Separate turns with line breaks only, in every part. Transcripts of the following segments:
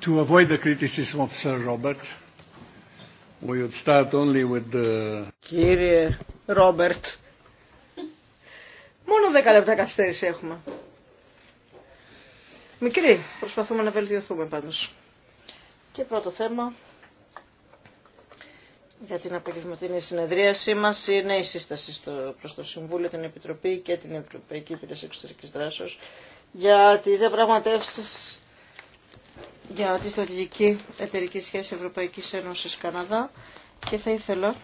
to avoid the criticism of Sir Robert, we would start only with the... Κύριε
Ρόμπερτ, μόνο δέκα λεπτά καθυστέρηση έχουμε. Μικρή, προσπαθούμε να βελτιωθούμε πάντως. Και πρώτο θέμα για την απογευματινή συνεδρίασή μας είναι η σύσταση στο, προς το Συμβούλιο, την Επιτροπή και την Ευρωπαϊκή Υπηρεσία Εξωτερικής Δράσεως για τις διαπραγματεύσεις για τη στρατηγική εταιρική σχέση Ευρωπαϊκής Ένωσης Καναδά και θα ήθελα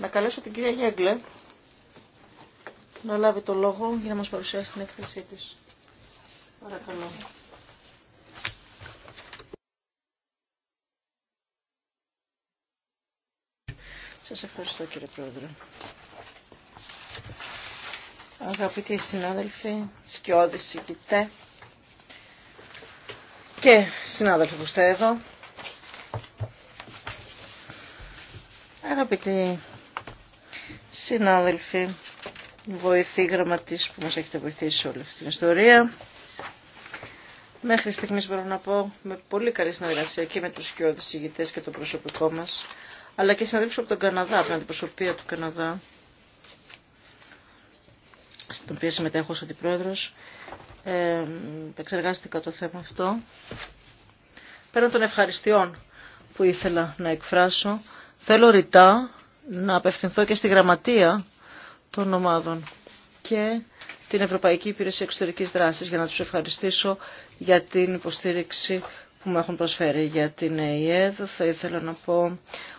να καλέσω την κυρία Γέγκλε να λάβει το λόγο για να μας παρουσιάσει την έκθεσή της. Παρακαλώ. Σας ευχαριστώ κύριε Πρόεδρε. Αγαπητοί συνάδελφοι, σκιώδη συγκητέ, και συνάδελφοι που είστε εδώ. Αγαπητοί συνάδελφοι, βοηθή γραμματής που μας έχετε βοηθήσει σε όλη αυτή την ιστορία. Μέχρι στιγμής μπορώ να πω με πολύ καλή συνεργασία και με τους σκιώδεις ηγητές και το προσωπικό μας, αλλά και συναδέλφους από τον Καναδά, από την αντιπροσωπεία του Καναδά, στην οποία συμμετέχω ως αντιπρόεδρος, ε, εξεργάστηκα το θέμα αυτό. Πέραν των ευχαριστειών που ήθελα να εκφράσω, θέλω ρητά να απευθυνθώ και στη γραμματεία των ομάδων και την Ευρωπαϊκή Υπηρεσία Εξωτερικής Δράσης για να τους ευχαριστήσω για την υποστήριξη που μου έχουν προσφέρει για την ΕΕΔ. Θα ήθελα να πω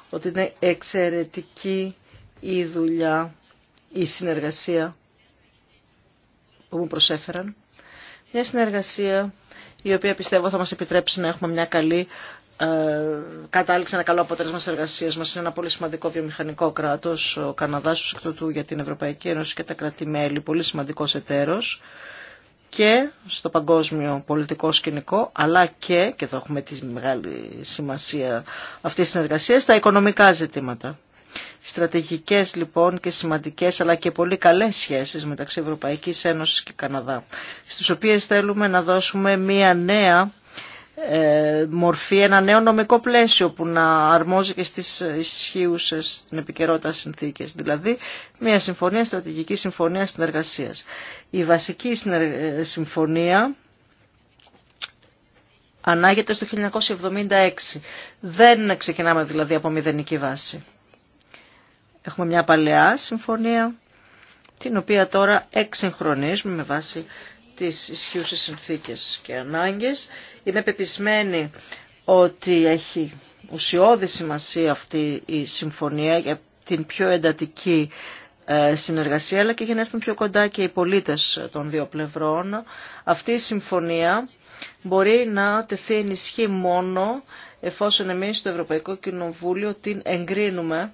ότι είναι εξαιρετική η δουλειά, η συνεργασία που μου προσέφεραν. Μια συνεργασία η οποία πιστεύω θα μας επιτρέψει να έχουμε μια καλή ε, ένα καλό αποτέλεσμα της εργασίας μα. Είναι ένα πολύ σημαντικό βιομηχανικό κράτος, ο Καναδάς, ο εκ για την Ευρωπαϊκή Ένωση και τα κρατημέλη, πολύ σημαντικό εταίρος και στο παγκόσμιο πολιτικό σκηνικό, αλλά και, και εδώ έχουμε τη μεγάλη σημασία αυτή τη συνεργασία, τα οικονομικά ζητήματα. Στρατηγικές λοιπόν και σημαντικές αλλά και πολύ καλές σχέσεις μεταξύ Ευρωπαϊκής Ένωσης και Καναδά, στις οποίες θέλουμε να δώσουμε μία νέα ε, μορφή, ένα νέο νομικό πλαίσιο που να αρμόζει και στις ισχύουσες την επικαιρότητα συνθήκες, δηλαδή μια συμφωνία στρατηγική συμφωνία συνεργασίας. Η βασική ε, συμφωνία ανάγεται στο 1976. Δεν ξεκινάμε δηλαδή από μηδενική βάση. Έχουμε μια παλαιά συμφωνία, την οποία τώρα εξυγχρονίζουμε με βάση τις ισχύουσες συνθήκες και ανάγκες. Είμαι πεπισμένη ότι έχει ουσιώδη σημασία αυτή η συμφωνία για την πιο εντατική ε, συνεργασία, αλλά και για να έρθουν πιο κοντά και οι πολίτες των δύο πλευρών. Αυτή η συμφωνία μπορεί να τεθεί ενισχύ μόνο εφόσον εμείς στο Ευρωπαϊκό Κοινοβούλιο την εγκρίνουμε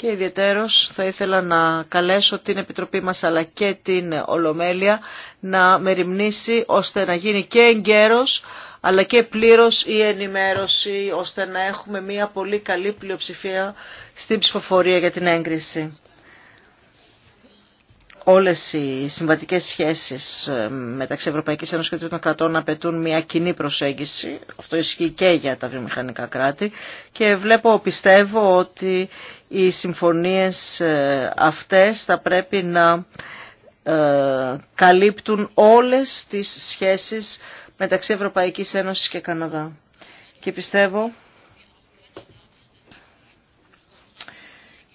και ιδιαίτερος θα ήθελα να καλέσω την Επιτροπή μας αλλά και την Ολομέλεια να μεριμνήσει ώστε να γίνει και εγκαίρος αλλά και πλήρως η ενημέρωση ώστε να έχουμε μια πολύ καλή πλειοψηφία στην ψηφοφορία για την έγκριση όλες οι συμβατικές σχέσεις ε, μεταξύ Ευρωπαϊκής Ένωσης και Τρίτων Κρατών απαιτούν μια κοινή προσέγγιση. Αυτό ισχύει και για τα βιομηχανικά κράτη. Και βλέπω, πιστεύω ότι οι συμφωνίες ε, αυτές θα πρέπει να ε, καλύπτουν όλες τις σχέσεις μεταξύ Ευρωπαϊκής Ένωσης και Καναδά. Και πιστεύω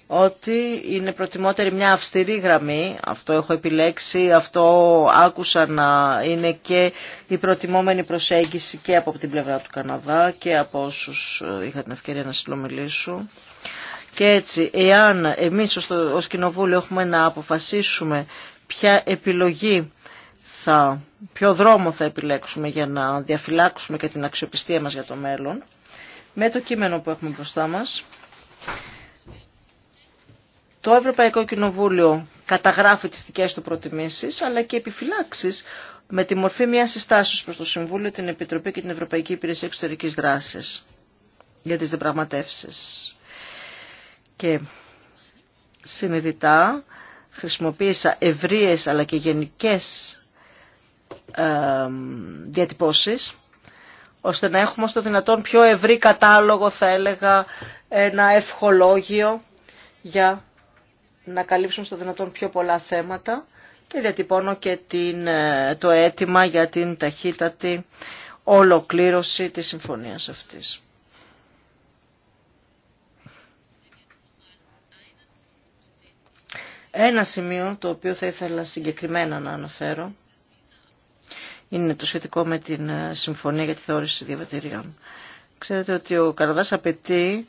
ότι είναι προτιμότερη μια αυστηρή γραμμή, αυτό έχω επιλέξει, αυτό άκουσα να είναι και η προτιμόμενη προσέγγιση και από την πλευρά του Καναδά και από όσους ε, είχα την ευκαιρία να συλλομιλήσω. Και έτσι, εάν εμείς ως Κοινοβούλιο έχουμε να αποφασίσουμε ποια επιλογή θα, ποιο δρόμο θα επιλέξουμε για να διαφυλάξουμε και την αξιοπιστία μας για το μέλλον, με το κείμενο που έχουμε μπροστά μας, το Ευρωπαϊκό Κοινοβούλιο καταγράφει τις δικές του προτιμήσεις, αλλά και επιφυλάξεις με τη μορφή μιας συστάσεως προς το Συμβούλιο, την Επιτροπή και την Ευρωπαϊκή Υπηρεσία Εξωτερικής Δράσης για τις διαπραγματεύσεις. Και συνειδητά χρησιμοποίησα ευρείες αλλά και γενικές ε, διατυπώσεις, ώστε να έχουμε στο δυνατόν πιο ευρύ κατάλογο, θα έλεγα, ένα ευχολόγιο για να καλύψουν στο δυνατόν πιο πολλά θέματα και διατυπώνω και την, ε, το αίτημα για την ταχύτατη ολοκλήρωση της συμφωνίας αυτής. Ένα σημείο το οποίο θα ήθελα συγκεκριμένα να αναφέρω είναι το σχετικό με την ε, συμφωνία για τη θεώρηση διαβατηρίων. Ξέρετε ότι ο Καναδάς απαιτεί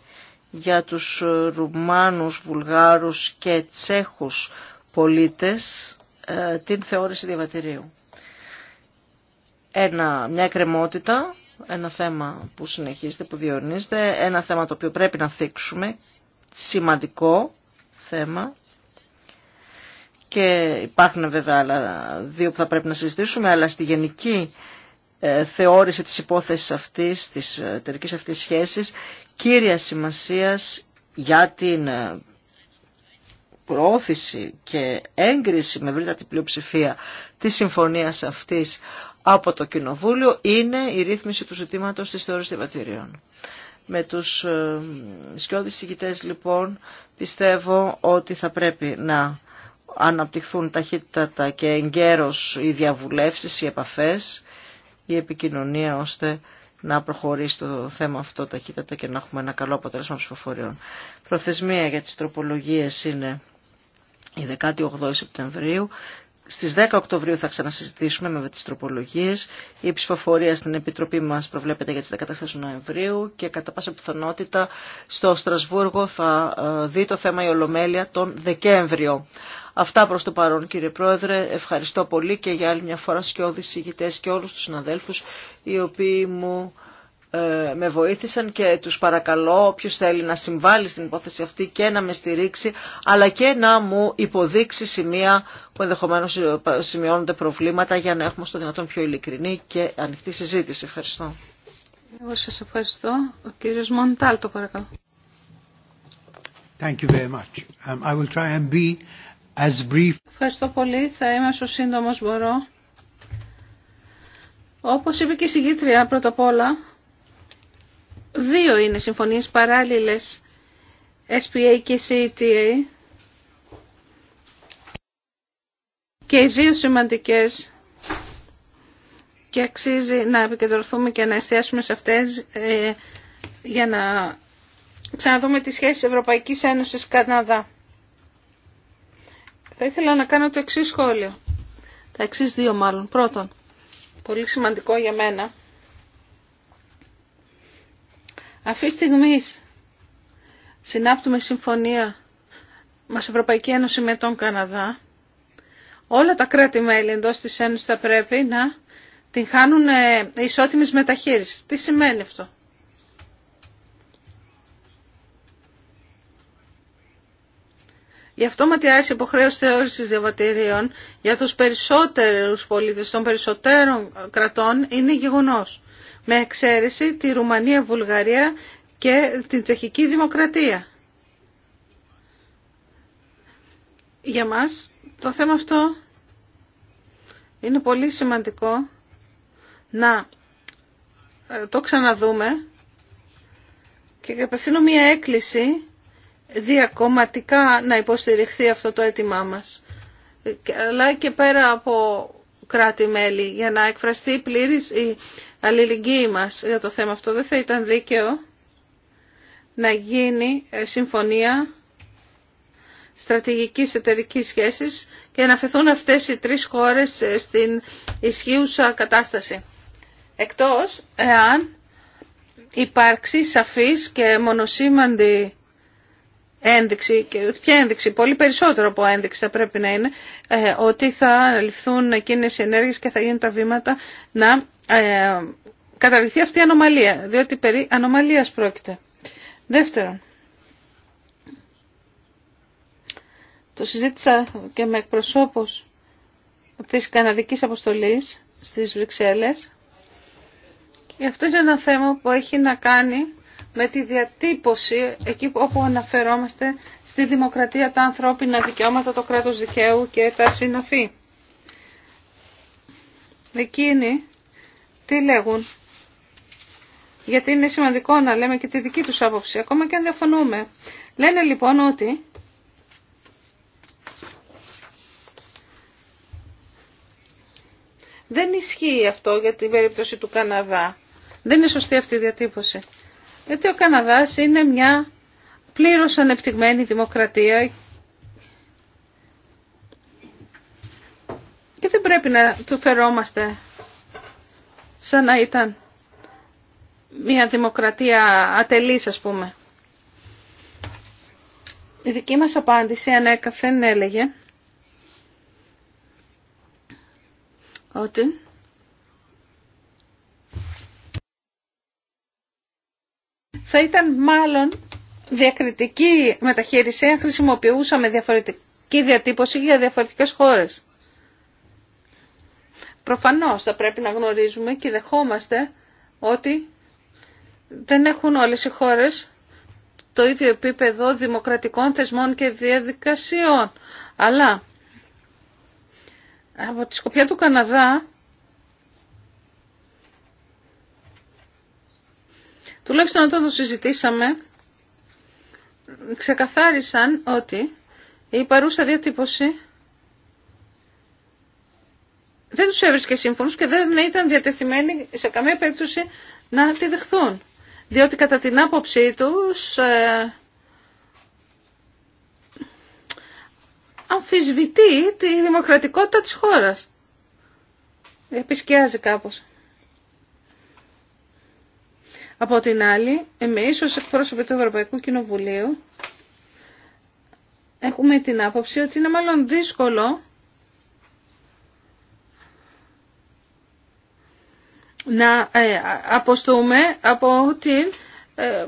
για τους Ρουμάνους, Βουλγάρους και Τσέχους πολίτες ε, την θεώρηση διαβατηρίου. Ένα, μια κρεμότητα, ένα θέμα που συνεχίστε, που διορνίζεται, ένα θέμα το οποίο πρέπει να θίξουμε, σημαντικό θέμα, και υπάρχουν βέβαια άλλα δύο που θα πρέπει να συζητήσουμε, αλλά στη γενική ε, θεώρηση της υπόθεσης αυτής, της εταιρικής αυτής σχέσης, κύρια σημασίας για την ε, προώθηση και έγκριση με βρήτα την πλειοψηφία της συμφωνίας αυτής από το Κοινοβούλιο είναι η ρύθμιση του ζητήματος της θεώρησης διαβατηρίων. Με τους ε, σκιώδεις λοιπόν πιστεύω ότι θα πρέπει να αναπτυχθούν ταχύτατα και εγκαίρως οι διαβουλεύσεις, οι επαφές, η επικοινωνία ώστε να προχωρήσει το θέμα αυτό ταχύτατα και να έχουμε ένα καλό αποτέλεσμα ψηφοφοριών. Προθεσμία για τις τροπολογίες είναι η 18 Σεπτεμβρίου στις 10 Οκτωβρίου θα ξανασυζητήσουμε με τις τροπολογίες. Η ψηφοφορία στην Επιτροπή μας προβλέπεται για τις 14 Νοεμβρίου και κατά πάσα πιθανότητα στο Στρασβούργο θα ε, δει το θέμα η Ολομέλεια τον Δεκέμβριο. Αυτά προς το παρόν κύριε Πρόεδρε. Ευχαριστώ πολύ και για άλλη μια φορά σκιώδη και όλους τους συναδέλφους οι οποίοι μου ε, με βοήθησαν και τους παρακαλώ όποιος θέλει να συμβάλλει στην υπόθεση αυτή και να με στηρίξει αλλά και να μου υποδείξει σημεία που ενδεχομένως ε, σημειώνονται προβλήματα για να έχουμε στο δυνατόν πιο ειλικρινή και ανοιχτή συζήτηση. Ευχαριστώ.
Εγώ σας ευχαριστώ. Ο κύριος Μοντάλ το παρακαλώ.
Thank you very much. Um, I will try and be as brief.
Ευχαριστώ πολύ. Θα είμαι όσο σύντομος μπορώ. Όπως είπε και η συγκήτρια πρώτα απ' όλα, Δύο είναι συμφωνίες παράλληλες SPA και CETA και οι δύο σημαντικές και αξίζει να επικεντρωθούμε και να εστιάσουμε σε αυτές ε, για να ξαναδούμε τις σχέσεις Ευρωπαϊκής Ένωσης Καναδά. Θα ήθελα να κάνω το εξής σχόλιο. Τα εξής δύο μάλλον. Πρώτον, πολύ σημαντικό για μένα αυτή τη στιγμή συνάπτουμε συμφωνία μας Ευρωπαϊκή Ένωση με τον Καναδά. Όλα τα κράτη-μέλη εντός της Ένωσης θα πρέπει να την χάνουν ε, ισότιμη μεταχείριση. Τι σημαίνει αυτό. Η αυτόματη άρση υποχρέωση θεώρηση διαβατηρίων για τους περισσότερους πολίτες των περισσότερων κρατών είναι γεγονός με εξαίρεση τη Ρουμανία, Βουλγαρία και την Τσεχική Δημοκρατία. Για μας το θέμα αυτό είναι πολύ σημαντικό να ε, το ξαναδούμε και απευθύνω μια έκκληση διακομματικά να υποστηριχθεί αυτό το αίτημά μας. Ε, αλλά και πέρα από κράτη-μέλη για να εκφραστεί πλήρης η αλληλεγγύη μας για το θέμα αυτό. Δεν θα ήταν δίκαιο να γίνει ε, συμφωνία στρατηγικής εταιρική σχέσης και να φεθούν αυτές οι τρεις χώρες ε, στην ισχύουσα κατάσταση. Εκτός εάν υπάρξει σαφής και μονοσήμαντη ένδειξη, και ποια ένδειξη, πολύ περισσότερο από ένδειξη θα πρέπει να είναι, ε, ότι θα ληφθούν εκείνες οι ενέργειες και θα γίνουν τα βήματα να ε, καταβληθεί αυτή η ανομαλία, διότι περί ανομαλίας πρόκειται. Δεύτερον, το συζήτησα και με εκπροσώπους της Καναδικής Αποστολής στις Βρυξέλλες και αυτό είναι ένα θέμα που έχει να κάνει με τη διατύπωση εκεί όπου αναφερόμαστε στη δημοκρατία, τα ανθρώπινα δικαιώματα, το κράτος δικαίου και τα συναφή. Εκείνοι τι λέγουν. Γιατί είναι σημαντικό να λέμε και τη δική τους άποψη, ακόμα και αν διαφωνούμε. Λένε λοιπόν ότι δεν ισχύει αυτό για την περίπτωση του Καναδά. Δεν είναι σωστή αυτή η διατύπωση. Γιατί ο Καναδάς είναι μια πλήρως ανεπτυγμένη δημοκρατία και δεν πρέπει να του φερόμαστε σαν να ήταν μια δημοκρατία ατελής ας πούμε. Η δική μας απάντηση ανέκαθεν έλεγε ότι Θα ήταν μάλλον διακριτική μεταχείριση αν χρησιμοποιούσαμε διαφορετική διατύπωση για διαφορετικές χώρες. Προφανώς θα πρέπει να γνωρίζουμε και δεχόμαστε ότι δεν έχουν όλες οι χώρες το ίδιο επίπεδο δημοκρατικών θεσμών και διαδικασιών. Αλλά από τη σκοπιά του Καναδά τουλάχιστον όταν το συζητήσαμε, ξεκαθάρισαν ότι η παρούσα διατύπωση δεν τους έβρισκε σύμφωνο και δεν ήταν διατεθειμένοι σε καμία περίπτωση να τη δεχθούν. Διότι κατά την άποψή τους ε, αμφισβητεί τη δημοκρατικότητα της χώρας. Επισκιάζει κάπως. Από την άλλη, εμείς ως εκπρόσωποι του Ευρωπαϊκού Κοινοβουλίου έχουμε την άποψη ότι είναι μάλλον δύσκολο να ε, αποστούμε από την ε,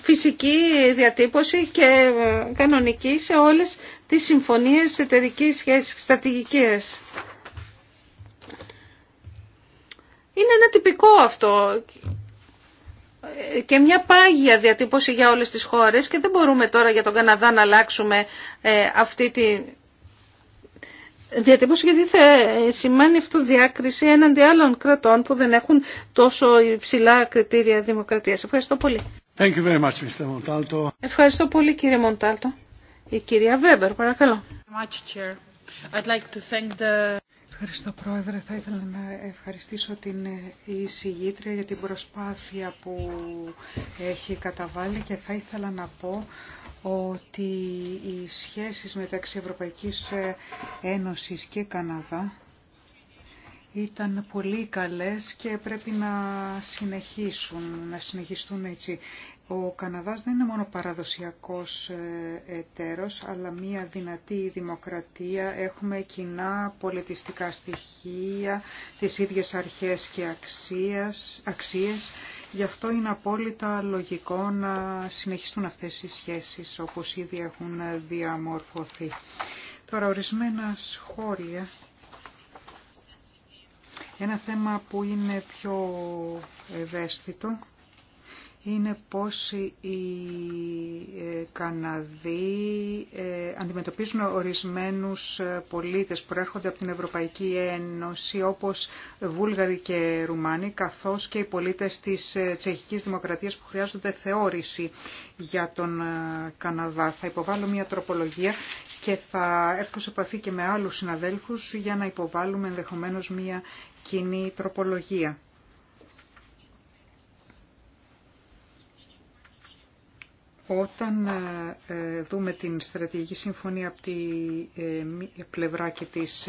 φυσική διατύπωση και ε, κανονική σε όλες τις συμφωνίες εταιρικής σχέσης στρατηγικές. Είναι ένα τυπικό αυτό ε, και μια πάγια διατύπωση για όλες τις χώρες και δεν μπορούμε τώρα για τον Καναδά να αλλάξουμε ε, αυτή τη διατύπωση γιατί θα ε, σημαίνει αυτό διάκριση έναντι άλλων κρατών που δεν έχουν τόσο υψηλά κριτήρια δημοκρατίας. Ευχαριστώ πολύ.
Thank you very much, Mr. Montalto.
Ευχαριστώ πολύ κύριε Μοντάλτο. Η κυρία Βέμπερ, παρακαλώ.
Ευχαριστώ Πρόεδρε. Θα ήθελα να ευχαριστήσω την εισηγήτρια για την προσπάθεια που έχει καταβάλει και θα ήθελα να πω ότι οι σχέσεις μεταξύ Ευρωπαϊκής Ένωσης και Καναδά ήταν πολύ καλές και πρέπει να συνεχίσουν, να συνεχιστούν έτσι. Ο Καναδάς δεν είναι μόνο παραδοσιακός ε, εταίρος, αλλά μια δυνατή δημοκρατία. Έχουμε κοινά πολιτιστικά στοιχεία, τις ίδιες αρχές και αξίες. αξίες. Γι' αυτό είναι απόλυτα λογικό να συνεχιστούν αυτές οι σχέσεις, όπως ήδη έχουν διαμορφωθεί. Τώρα, ορισμένα σχόλια. Ένα θέμα που είναι πιο ευαίσθητο είναι πώς οι ε, Καναδοί ε, αντιμετωπίζουν ορισμένους ε, πολίτες που έρχονται από την Ευρωπαϊκή Ένωση όπως Βούλγαροι και Ρουμάνοι καθώς και οι πολίτες της Τσεχικής Δημοκρατίας που χρειάζονται θεώρηση για τον Καναδά. Θα υποβάλω μια τροπολογία και θα έρθω σε επαφή και με άλλους συναδέλφους για να υποβάλουμε ενδεχομένως μια κοινή τροπολογία. Όταν ε, ε, δούμε την στρατηγική συμφωνία από τη ε, πλευρά και τις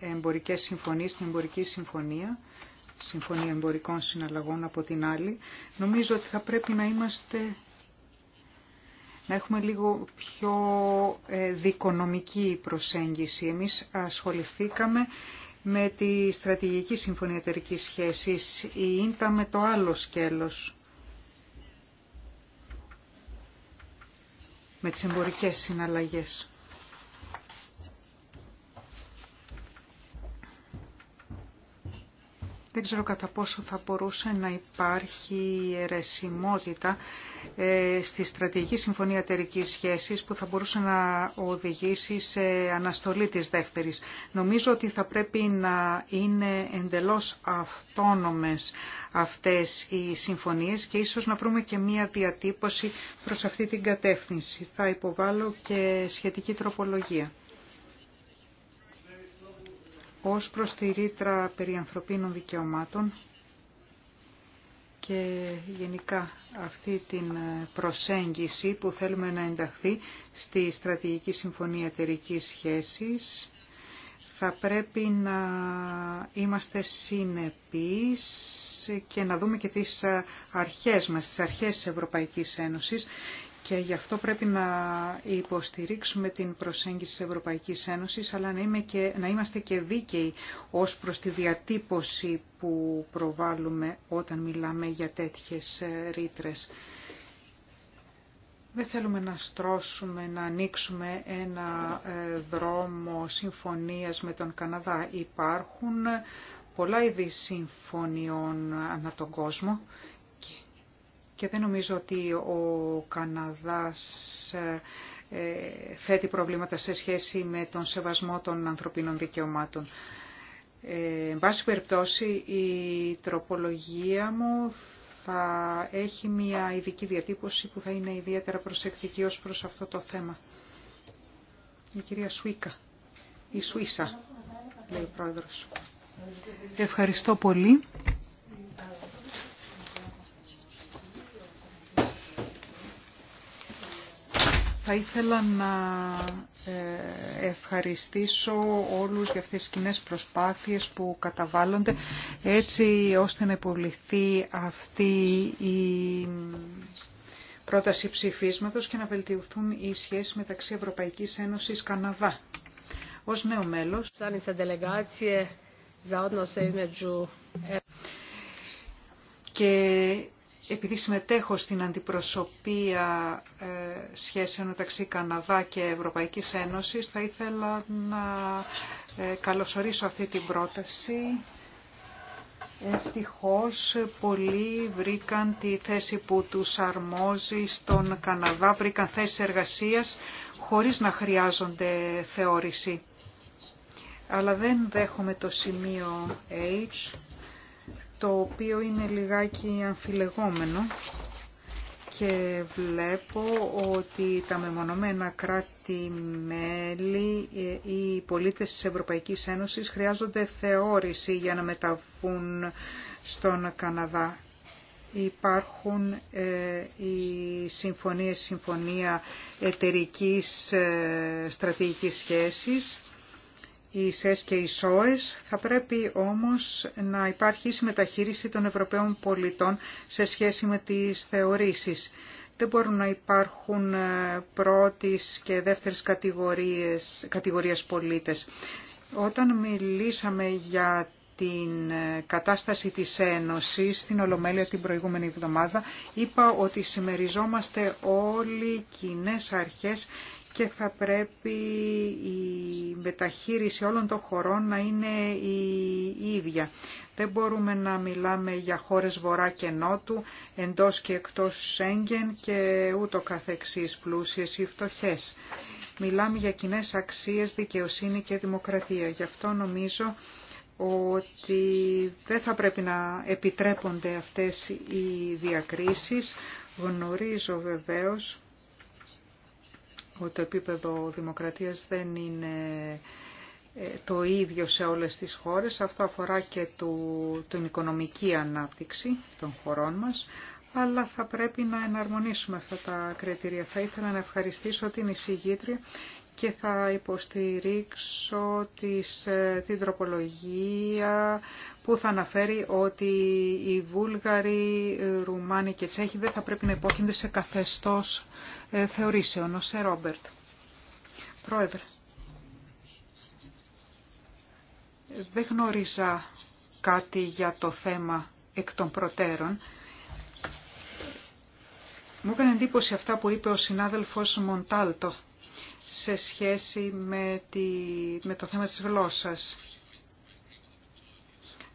εμπορικές συμφωνίες, την εμπορική συμφωνία, συμφωνία εμπορικών συναλλαγών από την άλλη, νομίζω ότι θα πρέπει να είμαστε να έχουμε λίγο πιο δικονομική προσέγγιση. Εμείς ασχοληθήκαμε με τη στρατηγική συμφωνία εταιρικής σχέσης, η ίντα με το άλλο σκέλος με τις εμπορικές συναλλαγές. Δεν ξέρω κατά πόσο θα μπορούσε να υπάρχει ερεσιμότητα ε, στη Στρατηγική Συμφωνία Εταιρικής Σχέσης που θα μπορούσε να οδηγήσει σε αναστολή της δεύτερης. Νομίζω ότι θα πρέπει να είναι εντελώς αυτόνομες αυτές οι συμφωνίες και ίσως να βρούμε και μία διατύπωση προς αυτή την κατεύθυνση. Θα υποβάλω και σχετική τροπολογία ως προς τη ρήτρα περί ανθρωπίνων δικαιωμάτων και γενικά αυτή την ε, προσέγγιση που θέλουμε να ενταχθεί στη Στρατηγική Συμφωνία Εταιρικής Σχέσης θα πρέπει να είμαστε συνεπείς και να δούμε και τις ε, αρχές μας, τις αρχές της Ευρωπαϊκής Ένωσης και γι' αυτό πρέπει να υποστηρίξουμε την προσέγγιση της Ευρωπαϊκής Ένωσης, αλλά να, και, να είμαστε και δίκαιοι ως προς τη διατύπωση που προβάλλουμε όταν μιλάμε για τέτοιες ε, ρήτρε. Δεν θέλουμε να στρώσουμε, να ανοίξουμε ένα ε, δρόμο συμφωνίας με τον Καναδά. Υπάρχουν ε, πολλά είδη συμφωνιών ανά τον κόσμο και δεν νομίζω ότι ο Καναδάς ε, ε, θέτει προβλήματα σε σχέση με τον σεβασμό των ανθρωπίνων δικαιωμάτων. Ε, εν πάση περιπτώσει, η τροπολογία μου θα έχει μια ειδική διατύπωση που θα είναι ιδιαίτερα προσεκτική ως προς αυτό το θέμα. Η κυρία Σουίκα, η Σουίσα, λέει ο πρόεδρος. Ευχαριστώ πολύ. Θα ήθελα να ε, ευχαριστήσω όλους για αυτές τις κοινέ προσπάθειες που καταβάλλονται έτσι ώστε να υποβληθεί αυτή η πρόταση ψηφίσματος και να βελτιωθούν οι σχέσεις μεταξύ Ευρωπαϊκής Ένωσης Καναδά. Ως νέο μέλος... Και επειδή συμμετέχω στην αντιπροσωπεία ε, σχέσεων μεταξύ Καναδά και Ευρωπαϊκής Ένωσης, θα ήθελα να ε, καλωσορίσω αυτή την πρόταση. Ευτυχώς πολλοί βρήκαν τη θέση που τους αρμόζει στον Καναδά, βρήκαν θέσεις εργασίας χωρίς να χρειάζονται θεώρηση. Αλλά δεν δέχομαι το σημείο H το οποίο είναι λιγάκι αμφιλεγόμενο και βλέπω ότι τα μεμονωμένα κράτη-μέλη, οι πολίτες της Ευρωπαϊκής Ένωσης χρειάζονται θεώρηση για να μεταβούν στον Καναδά. Υπάρχουν ε, οι συμφωνίες, συμφωνία εταιρικής ε, στρατηγικής σχέσης οι και οι ΣΟΕΣ, θα πρέπει όμως να υπάρχει συμμεταχείριση των Ευρωπαίων πολιτών σε σχέση με τις θεωρήσεις. Δεν μπορούν να υπάρχουν ε, πρώτης και δεύτερης κατηγορίες, κατηγορίας πολίτες. Όταν μιλήσαμε για την ε, κατάσταση της Ένωσης στην Ολομέλεια την προηγούμενη εβδομάδα είπα ότι συμμεριζόμαστε όλοι κοινέ αρχές και θα πρέπει η μεταχείριση όλων των χωρών να είναι η ίδια. Δεν μπορούμε να μιλάμε για χώρες βορρά και νότου, εντός και εκτός Σέγγεν και ούτω καθεξής πλούσιες ή φτωχές. Μιλάμε για κοινέ αξίες, δικαιοσύνη και δημοκρατία. Γι' αυτό νομίζω ότι δεν θα πρέπει να επιτρέπονται αυτές οι διακρίσεις. Γνωρίζω βεβαίως ότι το επίπεδο δημοκρατίας δεν είναι ε, το ίδιο σε όλες τις χώρες. Αυτό αφορά και την οικονομική ανάπτυξη των χωρών μας, αλλά θα πρέπει να εναρμονίσουμε αυτά τα κριτήρια. Θα ήθελα να ευχαριστήσω την εισηγήτρια και θα υποστηρίξω τις, ε, την τροπολογία που θα αναφέρει ότι οι Βούλγαροι, ε, Ρουμάνοι και Τσέχοι δεν θα πρέπει να υπόκεινται σε καθεστώς ε, θεωρήσεων. Ο Σε Ρόμπερτ. Πρόεδρε, δεν γνώριζα κάτι για το θέμα εκ των προτέρων. Μου έκανε εντύπωση αυτά που είπε ο συνάδελφος Μοντάλτο σε σχέση με, με το θέμα της γλώσσας.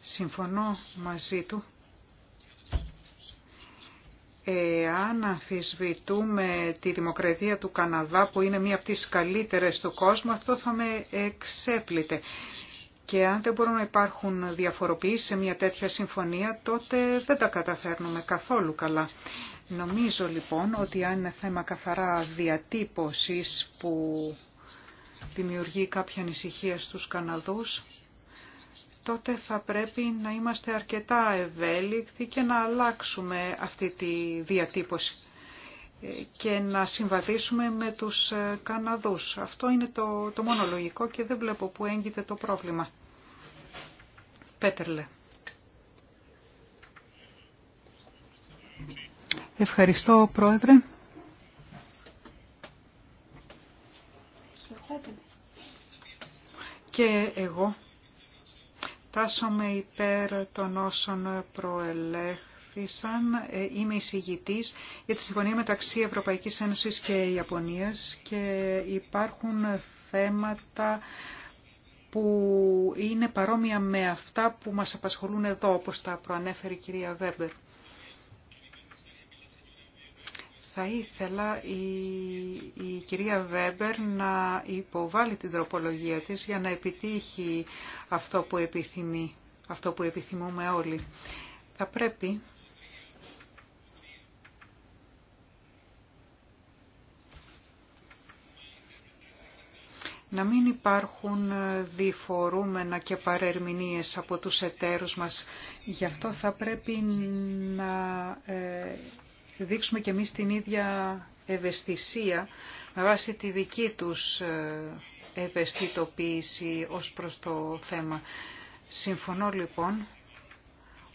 Συμφωνώ μαζί του. Εάν αμφισβητούμε τη δημοκρατία του Καναδά που είναι μία από τις καλύτερες του κόσμου, αυτό θα με εξέπλητε. Και αν δεν μπορούν να υπάρχουν διαφοροποιήσεις σε μια τέτοια συμφωνία, τότε δεν τα καταφέρνουμε καθόλου καλά. Νομίζω λοιπόν ότι αν είναι θέμα καθαρά διατύπωσης που δημιουργεί κάποια ανησυχία στους Καναδούς, τότε θα πρέπει να είμαστε αρκετά ευέλικτοι και να αλλάξουμε αυτή τη διατύπωση και να συμβαδίσουμε με τους ε, Καναδούς. Αυτό είναι το, το μόνο λογικό και δεν βλέπω που έγκυται το πρόβλημα. Πέτερλε. Ευχαριστώ, Πρόεδρε. Και εγώ τάσομαι υπέρ των όσων προελέχθησαν. Ε, είμαι εισηγητής για τη συμφωνία μεταξύ Ευρωπαϊκής Ένωσης και Ιαπωνίας και υπάρχουν θέματα που είναι παρόμοια με αυτά που μας απασχολούν εδώ, όπως τα προανέφερε η κυρία Βέμπερ. Θα ήθελα η, κυρία Βέμπερ να υποβάλει την τροπολογία της για να επιτύχει αυτό που αυτό που επιθυμούμε όλοι. Θα πρέπει να μην υπάρχουν διφορούμενα και παρερμηνίες από τους εταίρους μας. Γι' αυτό θα πρέπει να ε, δείξουμε και εμείς την ίδια ευαισθησία με βάση τη δική τους ε, ευαισθητοποίηση ως προς το θέμα. Συμφωνώ λοιπόν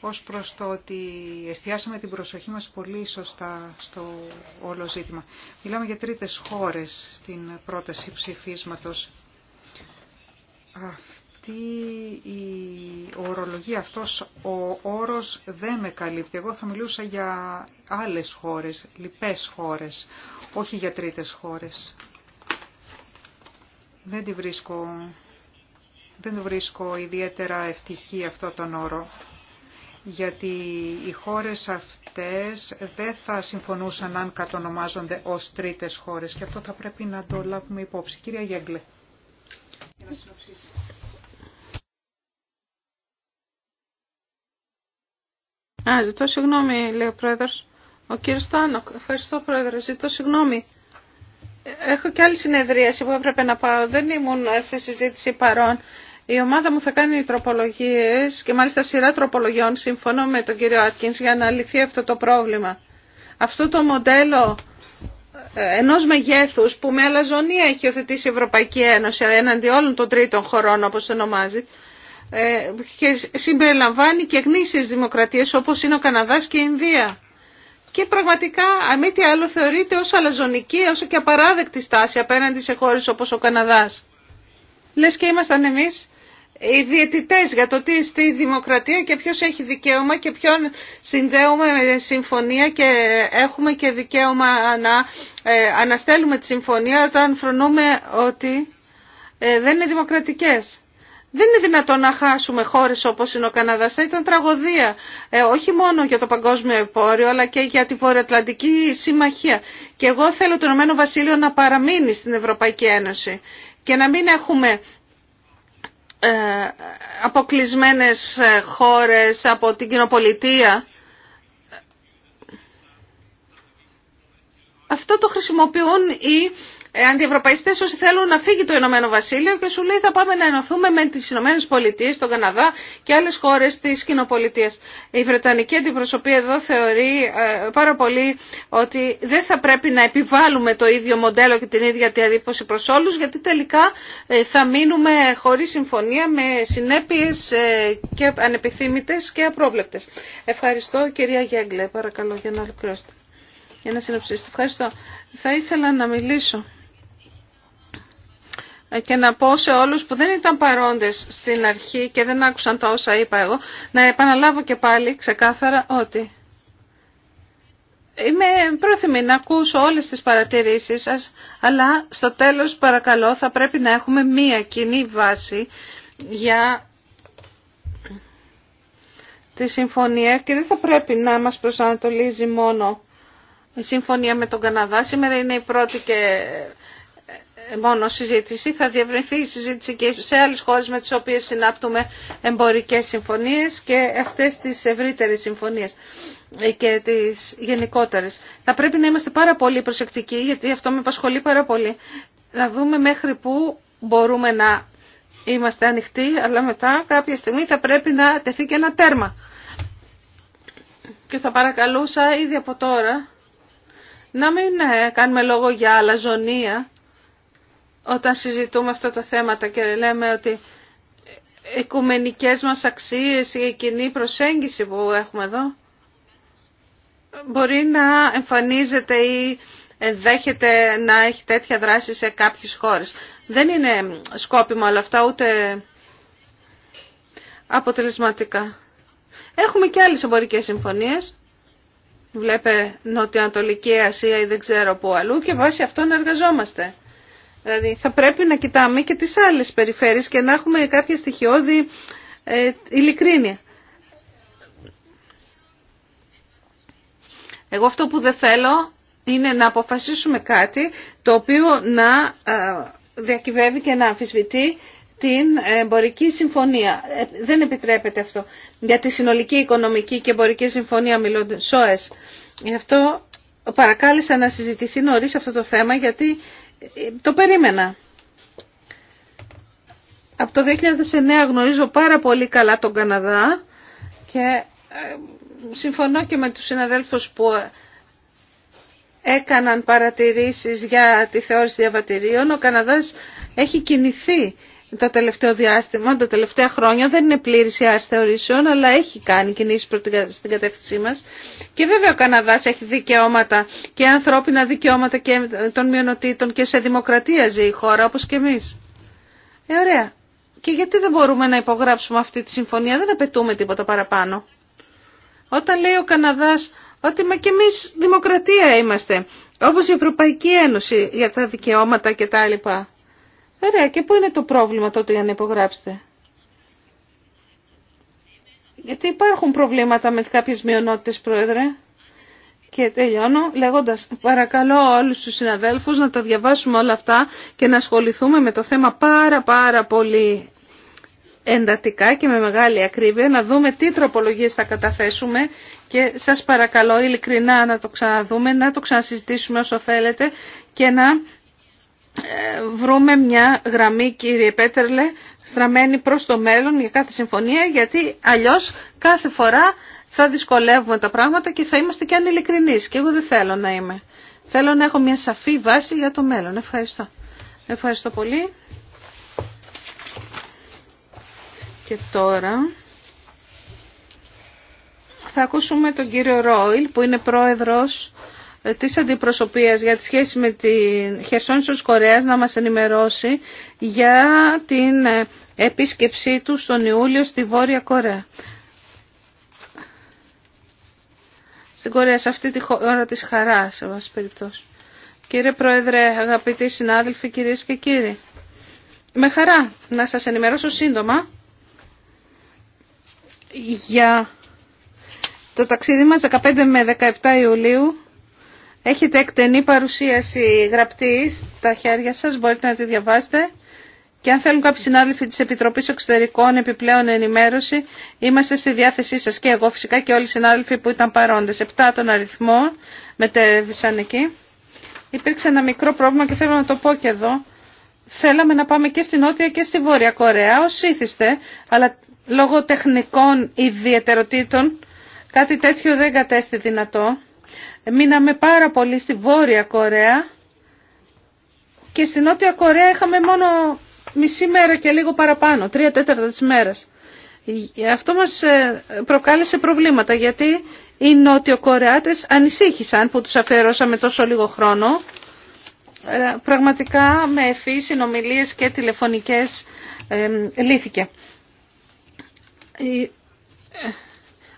ως προς το ότι εστιάσαμε την προσοχή μας πολύ σωστά στο όλο ζήτημα. Μιλάμε για τρίτες χώρες στην πρόταση ψηφίσματος. Γιατί η ορολογία, αυτός ο όρος δεν με καλύπτει. Εγώ θα μιλούσα για άλλες χώρες, λοιπές χώρες, όχι για τρίτες χώρες. Δεν τη βρίσκω, δεν βρίσκω ιδιαίτερα ευτυχή αυτό τον όρο, γιατί οι χώρες αυτές δεν θα συμφωνούσαν αν κατονομάζονται ως τρίτες χώρες και αυτό θα πρέπει να το λάβουμε υπόψη. Κυρία Γέγκλε.
Α, ζητώ συγγνώμη, λέει ο Πρόεδρο. Ο κύριο Τάνοκ, ευχαριστώ πρόεδρε, ζητώ συγγνώμη. Έχω και άλλη συνεδρίαση που έπρεπε να πάω. Δεν ήμουν στη συζήτηση παρόν. Η ομάδα μου θα κάνει τροπολογίε και μάλιστα σειρά τροπολογιών, συμφωνώ με τον κύριο Άτκιν για να λυθεί αυτό το πρόβλημα. Αυτό το μοντέλο ε, ενό μεγέθου που με αλαζονία έχει οθετήσει η Ευρωπαϊκή Ένωση έναντι όλων των τρίτων χωρών όπω ονομάζει, ε, και συμπεριλαμβάνει και γνήσιες δημοκρατίες όπως είναι ο Καναδάς και η Ινδία. Και πραγματικά, αν μη τι άλλο, θεωρείται ως αλαζονική, όσο και απαράδεκτη στάση απέναντι σε χώρες όπως ο Καναδάς. Λες και ήμασταν εμείς οι διαιτητές για το τι στη δημοκρατία και ποιος έχει δικαίωμα και ποιον συνδέουμε με συμφωνία και έχουμε και δικαίωμα να ε, αναστέλουμε τη συμφωνία όταν φρονούμε ότι ε, δεν είναι δημοκρατικές. Δεν είναι δυνατόν να χάσουμε χώρες όπως είναι ο Καναδάς. Θα ήταν τραγωδία ε, όχι μόνο για το παγκόσμιο εμπόριο, αλλά και για τη Βορειοατλαντική Συμμαχία. Και εγώ θέλω το Ηνωμένο Βασίλειο να παραμείνει στην Ευρωπαϊκή Ένωση και να μην έχουμε ε, αποκλεισμένες ε, χώρες από την κοινοπολιτεία. Αυτό το χρησιμοποιούν οι αντιευρωπαϊστέ όσοι θέλουν να φύγει το Ηνωμένο Βασίλειο και σου λέει θα πάμε να ενωθούμε με τι Ηνωμένε Πολιτείε, τον Καναδά και άλλε χώρε τη κοινοπολιτεία. Η Βρετανική αντιπροσωπεία εδώ θεωρεί ε, πάρα πολύ ότι δεν θα πρέπει να επιβάλλουμε το ίδιο μοντέλο και την ίδια διαδίπωση προ όλου, γιατί τελικά ε, θα μείνουμε χωρί συμφωνία με συνέπειες ε, και ανεπιθύμητε και απρόβλεπτε. Ευχαριστώ κυρία Γέγκλε, παρακαλώ για να ολοκληρώσετε. Για να συνοψίσετε. Ευχαριστώ. Θα ήθελα να μιλήσω ε, και να πω σε όλους που δεν ήταν παρόντες στην αρχή και δεν άκουσαν τα όσα είπα εγώ, να επαναλάβω και πάλι ξεκάθαρα ότι είμαι πρόθυμη να ακούσω όλες τις παρατηρήσεις σας, αλλά στο τέλος παρακαλώ θα πρέπει να έχουμε μία κοινή βάση για τη συμφωνία και δεν θα πρέπει να μας προσανατολίζει μόνο η συμφωνία με τον Καναδά. Σήμερα είναι η πρώτη και μόνο συζήτηση, θα διευρυνθεί η συζήτηση και σε άλλες χώρες με τις οποίες συνάπτουμε εμπορικές συμφωνίες και αυτές τις ευρύτερες συμφωνίες και τις γενικότερες. Θα πρέπει να είμαστε πάρα πολύ προσεκτικοί, γιατί αυτό με απασχολεί πάρα πολύ. Να δούμε μέχρι πού μπορούμε να είμαστε ανοιχτοί, αλλά μετά κάποια στιγμή θα πρέπει να τεθεί και ένα τέρμα. Και θα παρακαλούσα ήδη από τώρα να μην ε, κάνουμε λόγο για αλαζονία όταν συζητούμε αυτά τα θέματα και λέμε ότι οικουμενικές μας αξίες, η η κοινή προσέγγιση που έχουμε εδώ, μπορεί να εμφανίζεται ή ενδέχεται να έχει τέτοια δράση σε κάποιες χώρες. Δεν είναι σκόπιμο όλα αυτά, ούτε αποτελεσματικά. Έχουμε και άλλες εμπορικές συμφωνίες. Βλέπε Νοτιοανατολική Ασία ή δεν ξέρω πού αλλού και βάσει αυτών εργαζόμαστε. Δηλαδή θα πρέπει να κοιτάμε και τις άλλες περιφέρειες και να έχουμε κάποια στοιχειώδη ε, ειλικρίνεια. Εγώ αυτό που δεν θέλω είναι να αποφασίσουμε κάτι το οποίο να ε, διακυβεύει και να αμφισβητεί την εμπορική συμφωνία. Ε, δεν επιτρέπεται αυτό. Για τη συνολική οικονομική και εμπορική συμφωνία μιλώνται ΣΟΕΣ. Γι' αυτό παρακάλεσα να συζητηθεί νωρίς αυτό το θέμα γιατί το περίμενα. Από το 2009 γνωρίζω πάρα πολύ καλά τον Καναδά και ε, συμφωνώ και με τους συναδέλφους που ε, έκαναν παρατηρήσεις για τη θεώρηση διαβατηρίων. Ο Καναδάς έχει κινηθεί το τελευταίο διάστημα, τα τελευταία χρόνια. Δεν είναι πλήρης η άρση θεωρήσεων, αλλά έχει κάνει κινήσεις στην κατεύθυνσή μας. Και βέβαια ο Καναδάς έχει δικαιώματα και ανθρώπινα δικαιώματα και των μειονοτήτων και σε δημοκρατία ζει η χώρα, όπως και εμείς. Ε, ωραία. Και γιατί δεν μπορούμε να υπογράψουμε αυτή τη συμφωνία, δεν απαιτούμε τίποτα παραπάνω. Όταν λέει ο Καναδάς ότι μα και εμείς δημοκρατία είμαστε, όπως η Ευρωπαϊκή Ένωση για τα δικαιώματα και τα λοιπά. Ωραία, και πού είναι το πρόβλημα τότε για να υπογράψετε. Γιατί υπάρχουν προβλήματα με κάποιες μειονότητες, Πρόεδρε. Και τελειώνω λέγοντας, παρακαλώ όλους τους συναδέλφους να τα διαβάσουμε όλα αυτά και να ασχοληθούμε με το θέμα πάρα πάρα πολύ εντατικά και με μεγάλη ακρίβεια, να δούμε τι τροπολογίες θα καταθέσουμε και σας παρακαλώ ειλικρινά να το ξαναδούμε, να το ξανασυζητήσουμε όσο θέλετε και να ε, βρούμε μια γραμμή, κύριε Πέτερλε, στραμμένη προς το μέλλον για κάθε συμφωνία, γιατί αλλιώς κάθε φορά θα δυσκολεύουμε τα πράγματα και θα είμαστε και ανηλικρινείς. Και εγώ δεν θέλω να είμαι. Θέλω να έχω μια σαφή βάση για το μέλλον. Ευχαριστώ. Ευχαριστώ πολύ. Και τώρα θα ακούσουμε τον κύριο Ρόιλ που είναι πρόεδρος Τη αντιπροσωπεία για τη σχέση με την της Κορέα να μας ενημερώσει για την ε, επίσκεψή του στον Ιούλιο στη Βόρεια Κορέα. Στην Κορέα, σε αυτή τη χώρα της χαράς, σε βάση περιπτώσει. Κύριε Πρόεδρε, αγαπητοί συνάδελφοι, κυρίες και κύριοι, με χαρά να σας ενημερώσω σύντομα για το ταξίδι μας 15 με 17 Ιουλίου Έχετε εκτενή παρουσίαση γραπτή στα χέρια σα, μπορείτε να τη διαβάσετε. Και αν θέλουν κάποιοι συνάδελφοι τη Επιτροπή Εξωτερικών επιπλέον ενημέρωση, είμαστε στη διάθεσή σα και εγώ φυσικά και όλοι οι συνάδελφοι που ήταν παρόντες. Επτά τον αριθμό μετέβησαν εκεί. Υπήρξε ένα μικρό πρόβλημα και θέλω να το πω και εδώ. Θέλαμε να πάμε και στη Νότια και στη Βόρεια Κορέα, ω ήθιστε, αλλά λόγω τεχνικών ιδιαιτεροτήτων κάτι τέτοιο δεν κατέστη δυνατό μείναμε πάρα πολύ στη Βόρεια Κορέα και στη Νότια Κορέα είχαμε μόνο μισή μέρα και λίγο παραπάνω, τρία τέταρτα της μέρας. Αυτό μας ε, προκάλεσε προβλήματα γιατί οι Νότιο Κορεάτες ανησύχησαν που τους αφιερώσαμε τόσο λίγο χρόνο. Ε, πραγματικά με ευφύ συνομιλίες και τηλεφωνικές ε, λύθηκε. Η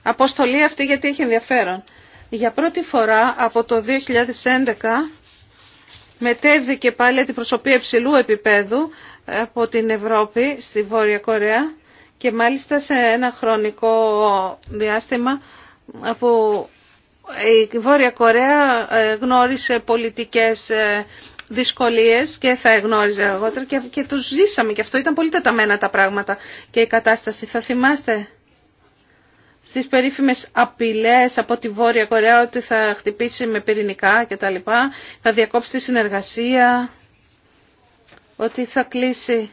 αποστολή αυτή γιατί έχει ενδιαφέρον για πρώτη φορά από το 2011 μετέβηκε πάλι την προσωπή υψηλού επίπεδου από την Ευρώπη στη Βόρεια Κορέα και μάλιστα σε ένα χρονικό διάστημα που η Βόρεια Κορέα ε, γνώρισε πολιτικές ε, δυσκολίες και θα γνώριζε αργότερα και, και τους ζήσαμε και αυτό ήταν πολύ τεταμένα τα πράγματα και η κατάσταση. Θα θυμάστε τις περίφημες απειλές από τη Βόρεια Κορέα ότι θα χτυπήσει με πυρηνικά λοιπά, Θα διακόψει τη συνεργασία, ότι θα κλείσει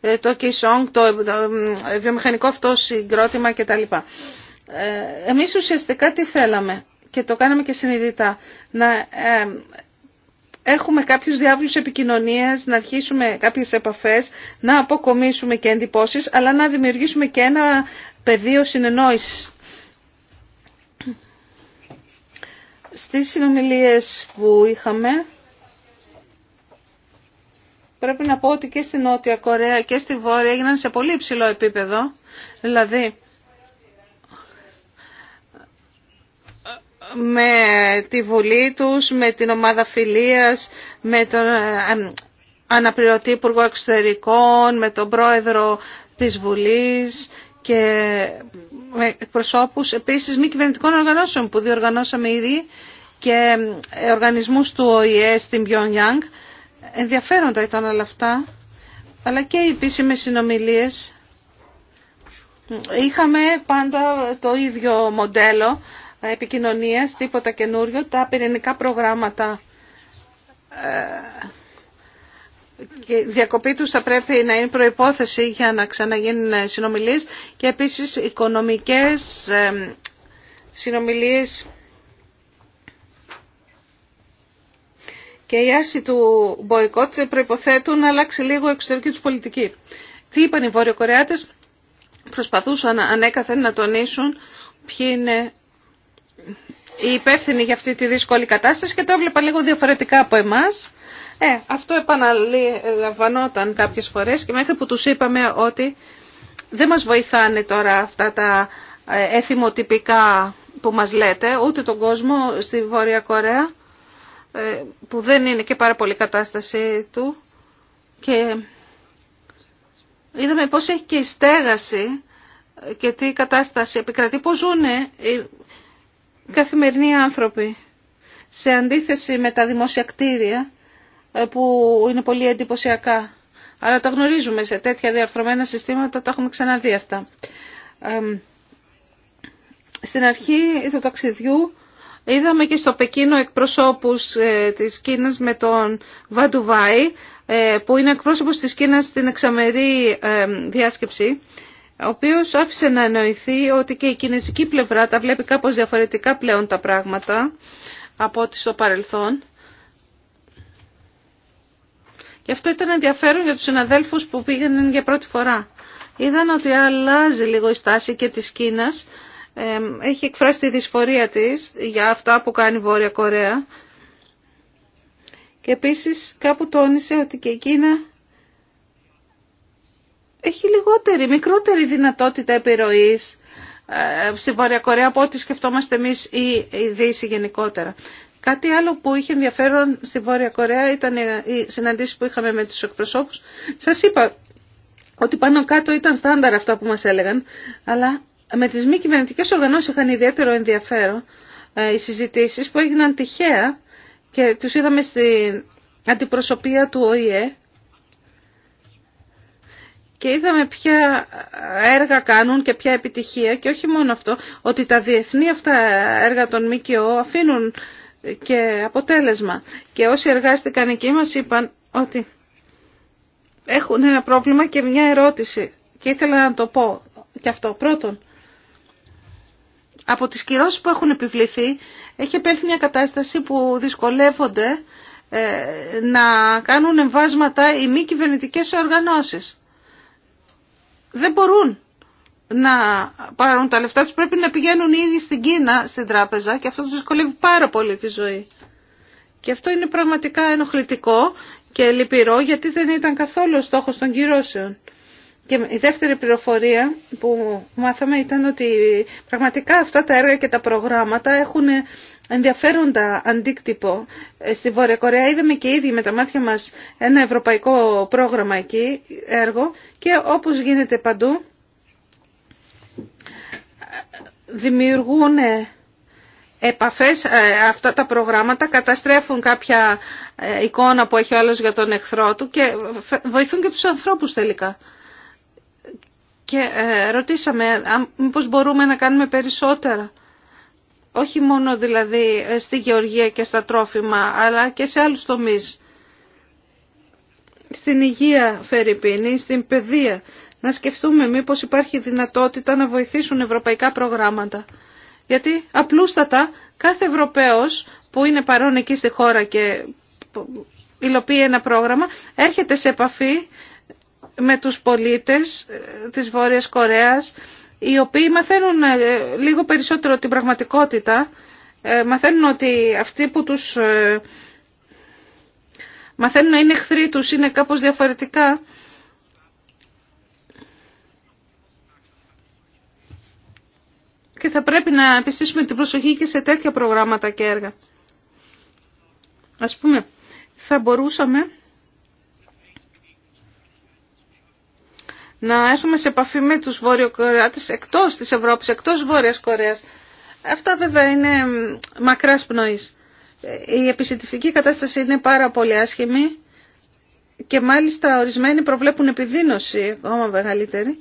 ε, το Κισόγκ, το ε, ε, βιομηχανικό αυτό συγκρότημα κτλ. Εμείς ουσιαστικά τι θέλαμε και το κάναμε και συνειδητά. Να έχουμε κάποιους διάβλους επικοινωνίας, να αρχίσουμε κάποιες επαφές, να αποκομίσουμε και εντυπώσεις, αλλά να δημιουργήσουμε και ένα πεδίο συνεννόησης. Στις συνομιλίες που είχαμε, πρέπει να πω ότι και στη Νότια Κορέα και στη Βόρεια έγιναν σε πολύ υψηλό επίπεδο. Δηλαδή, με τη Βουλή τους, με την ομάδα φιλίας, με τον ε, αναπληρωτή Υπουργό Εξωτερικών, με τον Πρόεδρο της Βουλής και με εκπροσώπους επίσης μη κυβερνητικών οργανώσεων που διοργανώσαμε ήδη και ε, οργανισμούς του ΟΗΕ στην Pyongyang. Ενδιαφέροντα ήταν όλα αυτά, αλλά και οι επίσημες συνομιλίες. Είχαμε πάντα το ίδιο μοντέλο ε, επικοινωνίας, τίποτα καινούριο, τα πυρηνικά προγράμματα ε, η διακοπή τους θα πρέπει να είναι προϋπόθεση για να ξαναγίνουν συνομιλίες και επίσης οικονομικές ε, συνομιλίες και η άση του μποϊκότ προϋποθέτουν να αλλάξει λίγο η εξωτερική τους πολιτική. Τι είπαν οι Βόρειο-Κορεάτες, προσπαθούσαν ανέκαθεν να τονίσουν ποιοι είναι οι υπεύθυνοι για αυτή τη δύσκολη κατάσταση και το έβλεπα λίγο διαφορετικά από εμάς ε, αυτό επαναλαμβανόταν κάποιες φορές και μέχρι που τους είπαμε ότι δεν μας βοηθάνε τώρα αυτά τα εθιμοτυπικά που μας λέτε, ούτε τον κόσμο στη Βόρεια Κορέα, ε, που δεν είναι και πάρα πολύ κατάσταση του. Και είδαμε πώς έχει και η στέγαση και τι κατάσταση επικρατεί, πώς ζουν οι καθημερινοί άνθρωποι σε αντίθεση με τα δημόσια κτίρια ε, που είναι πολύ εντυπωσιακά. Αλλά τα γνωρίζουμε σε τέτοια διαρθρωμένα συστήματα, τα έχουμε ξαναδεί αυτά. Στην αρχή του ταξιδιού είδαμε και στο Πεκίνο εκπροσώπους ε, της Κίνας με τον Βαντουβάη, ε, που είναι εκπρόσωπος της Κίνας στην εξαμερή διάσκεψη, ο οποίος άφησε να εννοηθεί ότι και η κινέζικη πλευρά τα βλέπει κάπως διαφορετικά πλέον τα πράγματα από ό,τι στο παρελθόν και αυτό ήταν ενδιαφέρον για τους συναδέλφους που πήγαιναν για πρώτη φορά. Είδαν ότι αλλάζει λίγο η στάση και της Κίνας. Έχει εκφράσει τη δυσφορία της για αυτά που κάνει η Βόρεια Κορέα. Και επίσης κάπου τόνισε ότι και η Κίνα έχει λιγότερη, μικρότερη δυνατότητα επιρροής ε, στη Βόρεια Κορέα από ό,τι σκεφτόμαστε εμείς ή η Δύση γενικότερα. Κάτι άλλο που είχε ενδιαφέρον στη Βόρεια Κορέα ήταν οι συναντήσεις που είχαμε με τους εκπροσώπους. Σας είπα ότι πάνω κάτω ήταν στάνταρ αυτά που μας έλεγαν, αλλά με τις μη κυβερνητικέ οργανώσεις είχαν ιδιαίτερο ενδιαφέρον ε, οι συζητήσεις που έγιναν τυχαία και τους είδαμε στην αντιπροσωπεία του ΟΗΕ και είδαμε ποια έργα κάνουν και ποια επιτυχία και όχι μόνο αυτό, ότι τα διεθνή αυτά έργα των ΜΚΟ αφήνουν και αποτέλεσμα. Και όσοι εργάστηκαν εκεί μας είπαν ότι έχουν ένα πρόβλημα και μια ερώτηση. Και ήθελα να το πω και αυτό. Πρώτον, από τις κυρώσεις που έχουν επιβληθεί έχει επέλθει μια κατάσταση που δυσκολεύονται ε, να κάνουν εμβάσματα οι μη κυβερνητικέ οργανώσεις. Δεν μπορούν να πάρουν τα λεφτά τους πρέπει να πηγαίνουν ήδη στην Κίνα στην τράπεζα και αυτό τους δυσκολεύει πάρα πολύ τη ζωή. Και αυτό είναι πραγματικά ενοχλητικό και λυπηρό γιατί δεν ήταν καθόλου ο στόχος των κυρώσεων. Και η δεύτερη πληροφορία που μάθαμε ήταν ότι πραγματικά αυτά τα έργα και τα προγράμματα έχουν ενδιαφέροντα αντίκτυπο. Στη Βόρεια Κορέα είδαμε και ήδη με τα μάτια μας ένα ευρωπαϊκό πρόγραμμα εκεί, έργο, και όπως γίνεται παντού δημιουργούν επαφές ε, αυτά τα προγράμματα, καταστρέφουν κάποια ε, εικόνα που έχει ο άλλος για τον εχθρό του και βοηθούν και τους ανθρώπους τελικά. Και ε, ρωτήσαμε μήπως μπορούμε να κάνουμε περισσότερα. Όχι μόνο δηλαδή στη γεωργία και στα τρόφιμα, αλλά και σε άλλους τομείς. Στην υγεία, Φερρυπίνη, στην παιδεία, να σκεφτούμε μήπως υπάρχει δυνατότητα να βοηθήσουν ευρωπαϊκά προγράμματα. Γιατί απλούστατα κάθε Ευρωπαίος που είναι παρόν εκεί στη χώρα και υλοποιεί ένα πρόγραμμα έρχεται σε επαφή με τους πολίτες ε, της Βόρειας Κορέας οι οποίοι μαθαίνουν ε, λίγο περισσότερο την πραγματικότητα ε, μαθαίνουν ότι αυτοί που τους μαθαίνουν να είναι εχθροί τους είναι κάπως διαφορετικά και θα πρέπει να επιστήσουμε την προσοχή και σε τέτοια προγράμματα και έργα. Ας πούμε, θα μπορούσαμε να έρθουμε σε επαφή με τους Βόρειο-Κορεάτες εκτός της Ευρώπης, εκτός Βόρειας Κορέας. Αυτά βέβαια είναι μακράς πνοής. Η επιστημιστική κατάσταση είναι πάρα πολύ άσχημη και μάλιστα ορισμένοι προβλέπουν επιδείνωση ακόμα μεγαλύτερη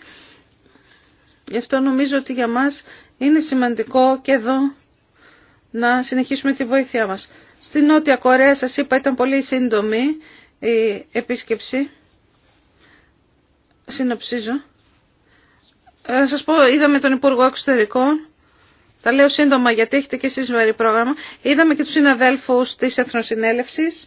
Γι' αυτό νομίζω ότι για μας είναι σημαντικό και εδώ να συνεχίσουμε τη βοήθειά μας. Στη Νότια Κορέα σας είπα ήταν πολύ σύντομη η επίσκεψη. Συνοψίζω. Ε, να σας πω, είδαμε τον Υπουργό Εξωτερικών. Τα λέω σύντομα γιατί έχετε και εσείς βαρύ πρόγραμμα. Είδαμε και τους συναδέλφους της Εθνοσυνέλευσης.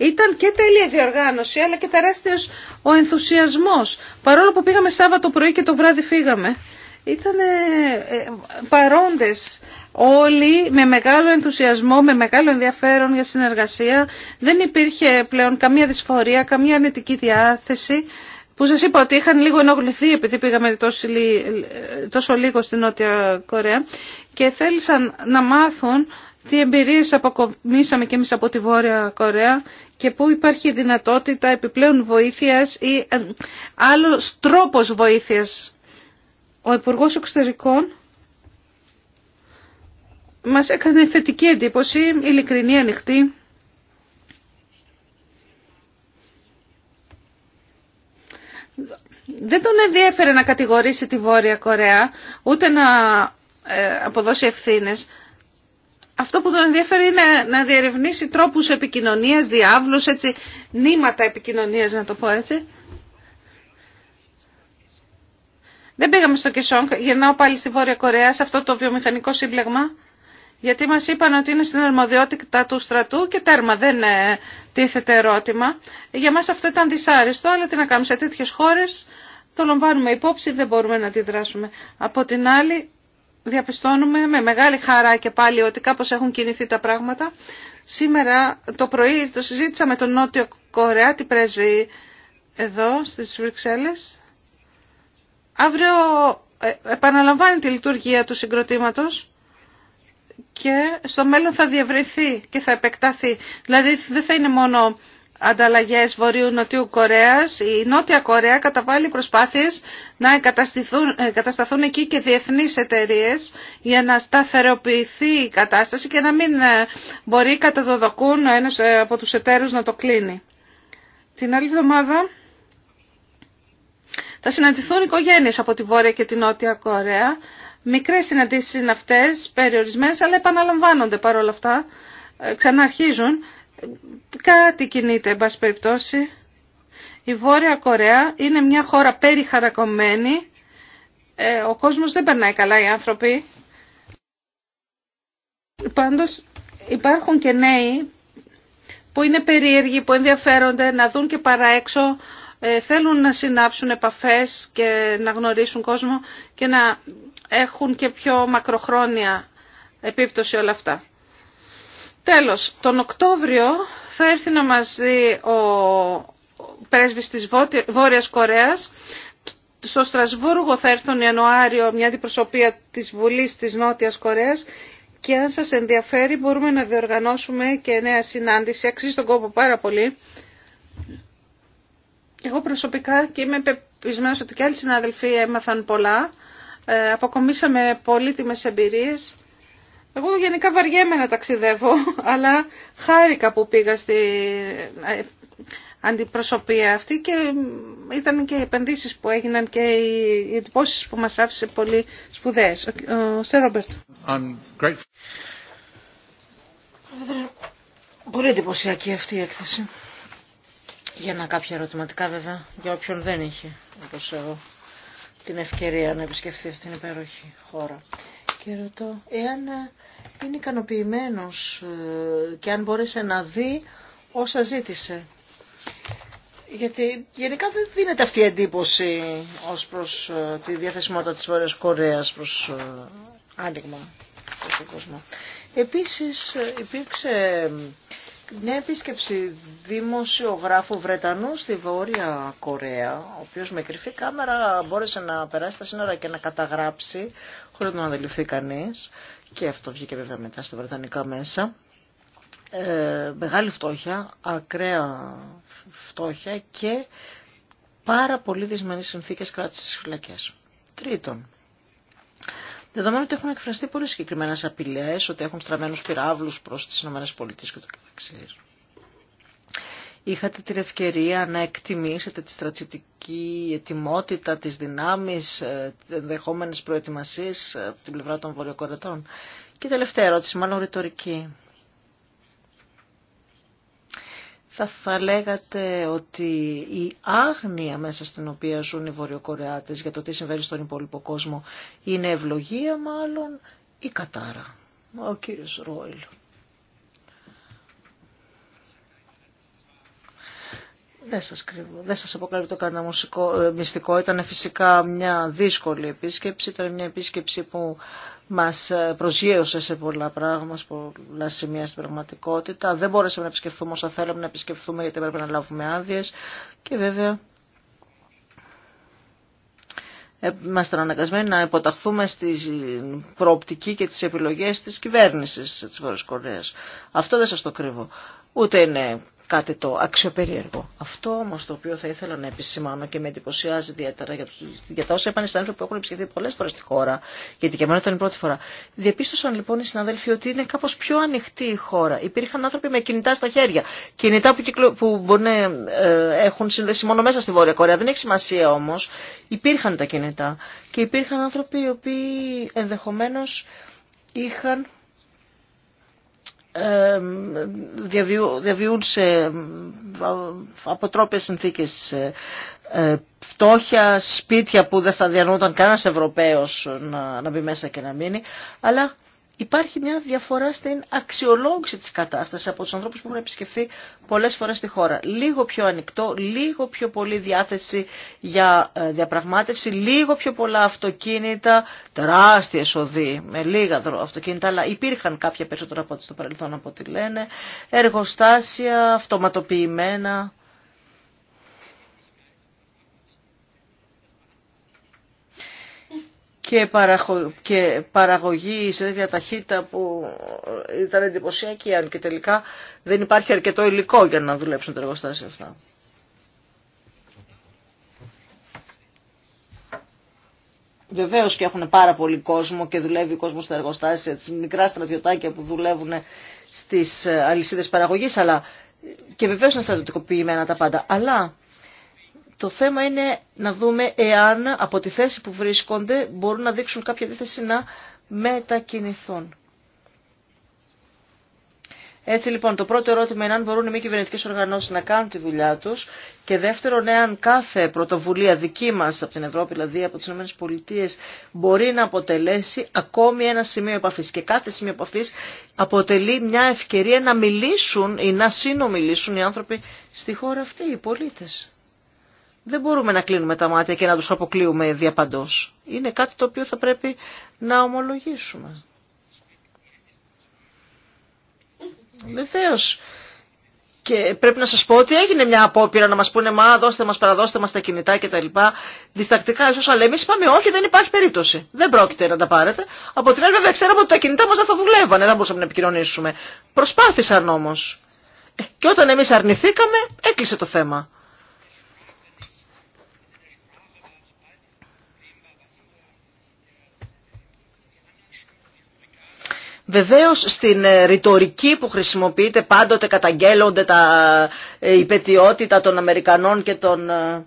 Ήταν και τέλεια διοργάνωση αλλά και τεράστιος ο ενθουσιασμός. Παρόλο που πήγαμε Σάββατο πρωί και το βράδυ φύγαμε. Ήταν ε, παρόντες όλοι με μεγάλο ενθουσιασμό, με μεγάλο ενδιαφέρον για συνεργασία. Δεν υπήρχε πλέον καμία δυσφορία, καμία ανετική διάθεση που σας είπα ότι είχαν λίγο ενοχληθεί επειδή πήγαμε τόσο λίγο στην Νότια Κορέα και θέλησαν να μάθουν τι εμπειρίες αποκομίσαμε και εμείς από τη Βόρεια Κορέα και πού υπάρχει δυνατότητα επιπλέον βοήθειας ή ε, άλλος τρόπος βοήθειας. Ο υπουργό Εξωτερικών μας έκανε θετική εντύπωση, ειλικρινή, ανοιχτή. Δεν τον ενδιέφερε να κατηγορήσει τη Βόρεια Κορέα, ούτε να ε, αποδώσει ευθύνες αυτό που τον ενδιαφέρει είναι να διερευνήσει τρόπους επικοινωνίας, διάβλους, έτσι, νήματα επικοινωνίας να το πω έτσι. Δεν πήγαμε στο Κεσόγκ, γυρνάω πάλι στη Βόρεια Κορέα, σε αυτό το βιομηχανικό σύμπλεγμα, γιατί μας είπαν ότι είναι στην αρμοδιότητα του στρατού και τέρμα, δεν ε, τίθεται ερώτημα. Για μας αυτό ήταν δυσάρεστο, αλλά τι να κάνουμε σε τέτοιες χώρες, το λαμβάνουμε υπόψη, δεν μπορούμε να αντιδράσουμε. Από την άλλη, διαπιστώνουμε με μεγάλη χαρά και πάλι ότι κάπως έχουν κινηθεί τα πράγματα. Σήμερα το πρωί το συζήτησα με τον Νότιο Κορεάτη πρέσβη εδώ στις Βρυξέλλες. Αύριο ε, επαναλαμβάνει τη λειτουργία του συγκροτήματος και στο μέλλον θα διευρυνθεί και θα επεκταθεί. Δηλαδή δεν θα είναι μόνο ανταλλαγές Βορείου-Νοτιού Κορέας, η Νότια Κορέα καταβάλει προσπάθειες να κατασταθούν εκεί και διεθνείς εταιρείες για να σταθεροποιηθεί η κατάσταση και να μην ε, μπορεί κατά το ένας ε, από τους εταίρους να το κλείνει. Την άλλη εβδομάδα θα συναντηθούν οικογένειες από τη Βόρεια και τη Νότια Κορέα. Μικρές συναντήσεις είναι αυτές, περιορισμένες, αλλά επαναλαμβάνονται παρόλα αυτά, ε, ξαναρχίζουν κάτι κινείται, εν πάση περιπτώσει. Η Βόρεια Κορέα είναι μια χώρα περιχαρακωμένη. Ε, ο κόσμος δεν περνάει καλά οι άνθρωποι. Πάντως υπάρχουν και νέοι που είναι περίεργοι, που ενδιαφέρονται να δουν και παρά έξω, ε, θέλουν να συνάψουν επαφές και να γνωρίσουν κόσμο και να έχουν και πιο μακροχρόνια επίπτωση όλα αυτά. Τέλος, τον Οκτώβριο θα έρθει να μας δει ο πρέσβης της Βόρειας Κορέας. Στο Στρασβούργο θα έρθουν Ιανουάριο μια αντιπροσωπεία της Βουλής της Νότιας Κορέας και αν σας ενδιαφέρει μπορούμε να διοργανώσουμε και νέα συνάντηση. Αξίζει τον κόπο πάρα πολύ. Εγώ προσωπικά και είμαι πεπισμένος ότι και άλλοι συνάδελφοι έμαθαν πολλά. Ε, αποκομίσαμε πολύτιμες εμπειρίες. Εγώ γενικά βαριέμαι να ταξιδεύω, αλλά χάρηκα που πήγα στην ε, αντιπροσωπεία αυτή και ήταν και οι επενδύσεις που έγιναν και οι εντυπώσεις που μας άφησε πολύ σπουδαίες. Σε Ρόμπερτ.
Πολύ εντυπωσιακή αυτή η έκθεση. Για να κάποια ερωτηματικά βέβαια, για όποιον δεν είχε, όπως εγώ, την ευκαιρία να επισκεφθεί αυτήν την υπέροχη χώρα και ρωτώ εάν ε, είναι ικανοποιημένος ε, και αν μπόρεσε να δει όσα ζήτησε. Γιατί γενικά δεν δίνεται αυτή η εντύπωση ως προς ε, τη διαθεσιμότητα της Βόρειας Κορέας προς άνοιγμα του κόσμου. κόσμο. Επίσης υπήρξε μια επίσκεψη δημοσιογράφου Βρετανού στη Βόρεια Κορέα, ο οποίο με κρυφή κάμερα μπόρεσε να περάσει τα σύνορα και να καταγράψει, χωρί να αντιληφθεί κανεί. και αυτό βγήκε βέβαια μετά στα Βρετανικά μέσα, ε, μεγάλη φτώχεια, ακραία φτώχεια και πάρα πολύ δυσμενείς συνθήκες κράτησης στις φυλακές. Τρίτον, Δεδομένου ότι έχουν εκφραστεί πολύ συγκεκριμένε απειλέ, ότι έχουν στραμμένου πυράβλου προ τι ΗΠΑ κ.ο.κ. Είχατε την ευκαιρία να εκτιμήσετε τη στρατιωτική ετοιμότητα, τις δυνάμεις, ε, ενδεχόμενες προετοιμασίες ε, από την πλευρά των βορειοκορετών. Και τελευταία ερώτηση, μάλλον ρητορική. θα, θα λέγατε ότι η άγνοια μέσα στην οποία ζουν οι Βορειοκορεάτες για το τι συμβαίνει στον υπόλοιπο κόσμο είναι ευλογία μάλλον ή κατάρα. Ο κύριος Ρόιλ. Δεν σας κρύβω, δεν σας αποκαλύπτω το κανένα ε, μυστικό. Ήταν φυσικά μια δύσκολη επίσκεψη, ήταν μια επίσκεψη που μας ε, προσγείωσε σε πολλά πράγματα, σε πολλά σημεία στην πραγματικότητα. Δεν μπορέσαμε να επισκεφθούμε όσα θέλαμε να επισκεφθούμε γιατί έπρεπε να λάβουμε άδειε. Και βέβαια είμαστε αναγκασμένοι να υποταχθούμε στην προοπτική και τις επιλογές της κυβέρνησης της Βόρειας Κορέας. Αυτό δεν σας το κρύβω. Ούτε είναι κάτι το αξιοπερίεργο. Αυτό όμω το οποίο θα ήθελα να επισημάνω και με εντυπωσιάζει ιδιαίτερα για, τους, για τα όσα είπαν οι συνάδελφοι που έχουν επισκεφθεί πολλέ φορέ στη χώρα, γιατί και μόνο ήταν η πρώτη φορά. Διαπίστωσαν λοιπόν οι συνάδελφοι ότι είναι κάπω πιο ανοιχτή η χώρα. Υπήρχαν άνθρωποι με κινητά στα χέρια. Κινητά που, που μπορεί ε, έχουν συνδέσει μόνο μέσα στη Βόρεια Κορέα. Δεν έχει σημασία όμω. Υπήρχαν τα κινητά και υπήρχαν άνθρωποι οι οποίοι ενδεχομένω είχαν διαβιούν σε αποτρόπιες συνθήκες ε, ε, φτώχεια, σπίτια που δεν θα διανοούνταν κανένας Ευρωπαίος να, να μπει μέσα και να μείνει, αλλά υπάρχει μια διαφορά στην αξιολόγηση της κατάστασης από τους ανθρώπους που έχουν επισκεφθεί πολλές φορές στη χώρα. Λίγο πιο ανοιχτό, λίγο πιο πολύ διάθεση για ε, διαπραγμάτευση, λίγο πιο πολλά αυτοκίνητα, τεράστιες οδοί με λίγα αυτοκίνητα, αλλά υπήρχαν κάποια περισσότερα από ό,τι στο παρελθόν από ό,τι λένε, εργοστάσια, αυτοματοποιημένα. και, παραγωγή σε τέτοια ταχύτητα που ήταν εντυπωσιακή, αν και τελικά δεν υπάρχει αρκετό υλικό για να δουλέψουν τα εργοστάσια αυτά. Βεβαίως και έχουν πάρα πολύ κόσμο και δουλεύει ο κόσμος στα εργοστάσια, τις μικρά στρατιωτάκια που δουλεύουν στις αλυσίδες παραγωγής, αλλά και βεβαίως είναι στρατιωτικοποιημένα τα πάντα. Αλλά το θέμα είναι να δούμε εάν από τη θέση που βρίσκονται μπορούν να δείξουν κάποια δίθεση να μετακινηθούν. Έτσι λοιπόν το πρώτο ερώτημα είναι αν μπορούν οι μη κυβερνητικέ οργανώσεις να κάνουν τη δουλειά τους και δεύτερον εάν κάθε πρωτοβουλία δική μας από την Ευρώπη, δηλαδή από τις ΗΠΑ μπορεί να αποτελέσει ακόμη ένα σημείο επαφής και κάθε σημείο επαφής αποτελεί μια ευκαιρία να μιλήσουν ή να συνομιλήσουν οι άνθρωποι στη χώρα αυτή, οι πολίτες δεν μπορούμε να κλείνουμε τα μάτια και να τους αποκλείουμε διαπαντός. Είναι κάτι το οποίο θα πρέπει να ομολογήσουμε. Βεβαίω. Και πρέπει να σας πω ότι έγινε μια απόπειρα να μας πούνε «Μα δώστε μας, παραδώστε μας τα κινητά και κτλ». Διστακτικά ίσως, αλλά εμείς είπαμε «Όχι, δεν υπάρχει περίπτωση. Δεν πρόκειται να τα πάρετε». Από την άλλη βέβαια ξέραμε ότι τα κινητά μας δεν θα δουλεύανε, δεν μπορούσαμε να επικοινωνήσουμε. Προσπάθησαν όμως. Ε, και όταν εμείς αρνηθήκαμε, έκλεισε το θέμα. Βεβαίως στην ε, ρητορική που χρησιμοποιείται πάντοτε καταγγέλλονται τα υπετιότητα ε, των Αμερικανών και των, ε,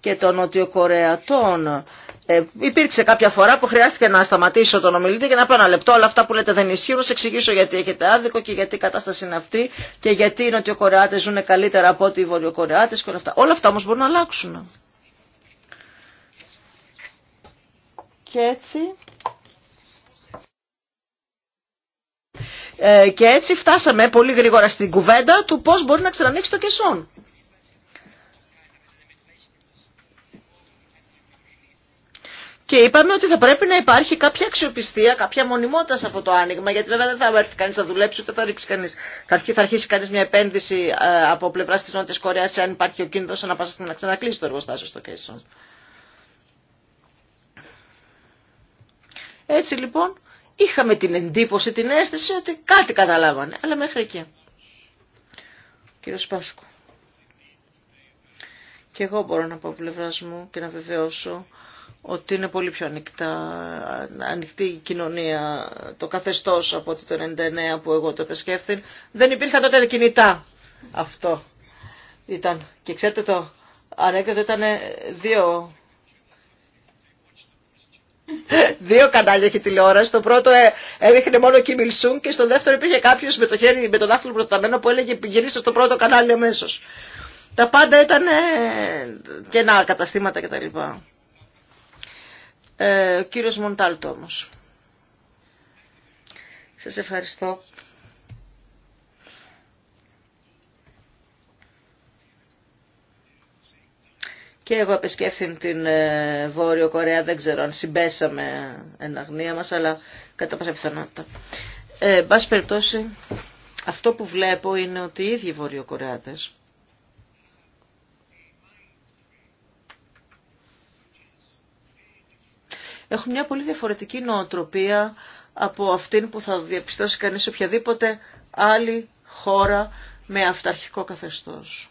και των Νοτιοκορεατών. Ε, υπήρξε κάποια φορά που χρειάστηκε να σταματήσω τον ομιλητή και να πω ένα λεπτό, όλα αυτά που λέτε δεν ισχύουν. Σε εξηγήσω γιατί έχετε άδικο και γιατί η κατάσταση είναι αυτή και γιατί οι Νοτιοκορεάτε ζουν καλύτερα από ότι οι Βορειοκορεάτε και όλα αυτά. Όλα αυτά όμω μπορούν να αλλάξουν. Και έτσι Ε, και έτσι φτάσαμε πολύ γρήγορα στην κουβέντα του πώς μπορεί να ξανανοίξει το κεσόν. Και είπαμε ότι θα πρέπει να υπάρχει κάποια αξιοπιστία, κάποια μονιμότητα σε αυτό το άνοιγμα, γιατί βέβαια δεν θα έρθει κανεί να δουλέψει, ούτε θα ρίξει Θα, αρχίσει κανεί μια επένδυση ε, από πλευρά τη Νότια Κορέα, αν υπάρχει ο κίνδυνο να πα να ξανακλείσει το εργοστάσιο στο ΚΕΣΟΝ. Έτσι λοιπόν, είχαμε την εντύπωση, την αίσθηση ότι κάτι καταλάβανε. Αλλά μέχρι εκεί. Κύριο Πάσκου. Και εγώ μπορώ να πω από πλευρά μου και να βεβαιώσω ότι είναι πολύ πιο ανοιχτά, ανοιχτή η κοινωνία, το καθεστώς από το 99 που εγώ το επεσκέφθη. Δεν υπήρχαν τότε κινητά. Αυτό ήταν. Και ξέρετε το ανέκδοτο ήταν δύο Δύο κανάλια έχει τηλεόραση. Το πρώτο ε, έδειχνε μόνο ο Κίμιλ Σουν και στο δεύτερο υπήρχε κάποιο με το χέρι, με το δάχτυλο προταμένο που έλεγε πηγαίνει στο πρώτο κανάλι αμέσω. Τα πάντα ήταν ε, κενά καταστήματα κτλ. Ε, ο κύριος Μοντάλτο όμως. Σας ευχαριστώ. Και εγώ επισκέφθην την ε, Βόρειο Κορέα, δεν ξέρω αν συμπέσαμε εν αγνία μας, αλλά κατά πάσα πιθανότητα. Ε, περιπτώσει, αυτό που βλέπω είναι ότι οι ίδιοι Βόρειο Κορεάτες έχουν μια πολύ διαφορετική νοοτροπία από αυτήν που θα διαπιστώσει κανείς οποιαδήποτε άλλη χώρα με αυταρχικό καθεστώς.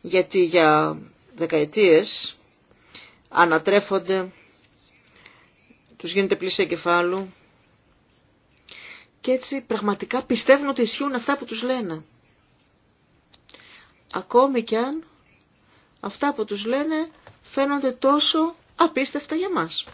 γιατί για δεκαετίες ανατρέφονται, τους γίνεται πλήση εγκεφάλου και έτσι πραγματικά πιστεύουν ότι ισχύουν αυτά που τους λένε. Ακόμη κι αν αυτά που τους λένε φαίνονται τόσο απίστευτα για μας.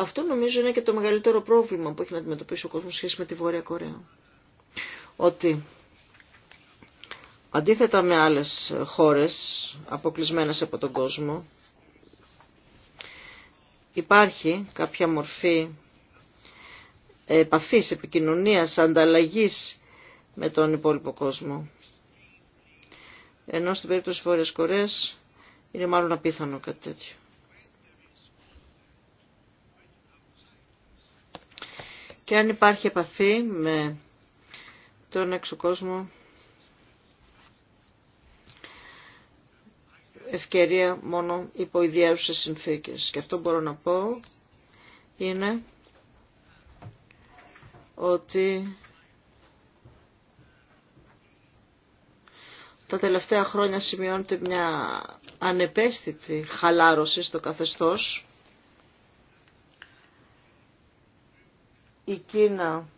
Αυτό νομίζω είναι και το μεγαλύτερο πρόβλημα που έχει να αντιμετωπίσει ο κόσμος σχέση με τη Βόρεια Κορέα. Ότι αντίθετα με άλλες χώρες αποκλεισμένες από τον κόσμο υπάρχει κάποια μορφή επαφής, επικοινωνίας, ανταλλαγής με τον υπόλοιπο κόσμο. Ενώ στην περίπτωση Βόρειας Κορέας είναι μάλλον απίθανο κάτι τέτοιο. και αν υπάρχει επαφή με τον έξω κόσμο ευκαιρία μόνο υπό ιδιαίτερες συνθήκες. Και αυτό μπορώ να πω είναι ότι τα τελευταία χρόνια σημειώνεται μια ανεπαίσθητη χαλάρωση στο καθεστώς η Κίνα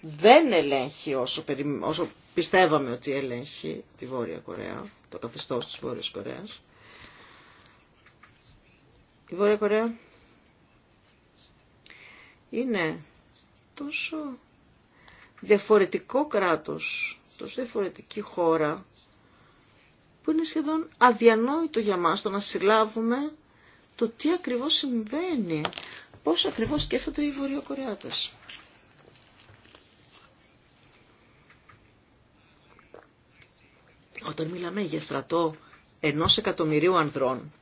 δεν ελέγχει όσο, όσο πιστεύαμε ότι ελέγχει τη Βόρεια Κορέα, το καθεστώς της Βόρειας Κορέας. Η Βόρεια Κορέα είναι τόσο διαφορετικό κράτος, τόσο διαφορετική χώρα, που είναι σχεδόν αδιανόητο για μας το να συλλάβουμε το τι ακριβώς συμβαίνει πώς ακριβώς σκέφτονται οι Βορειοκορεάτες. Όταν μιλάμε για στρατό ενός εκατομμυρίου ανδρών,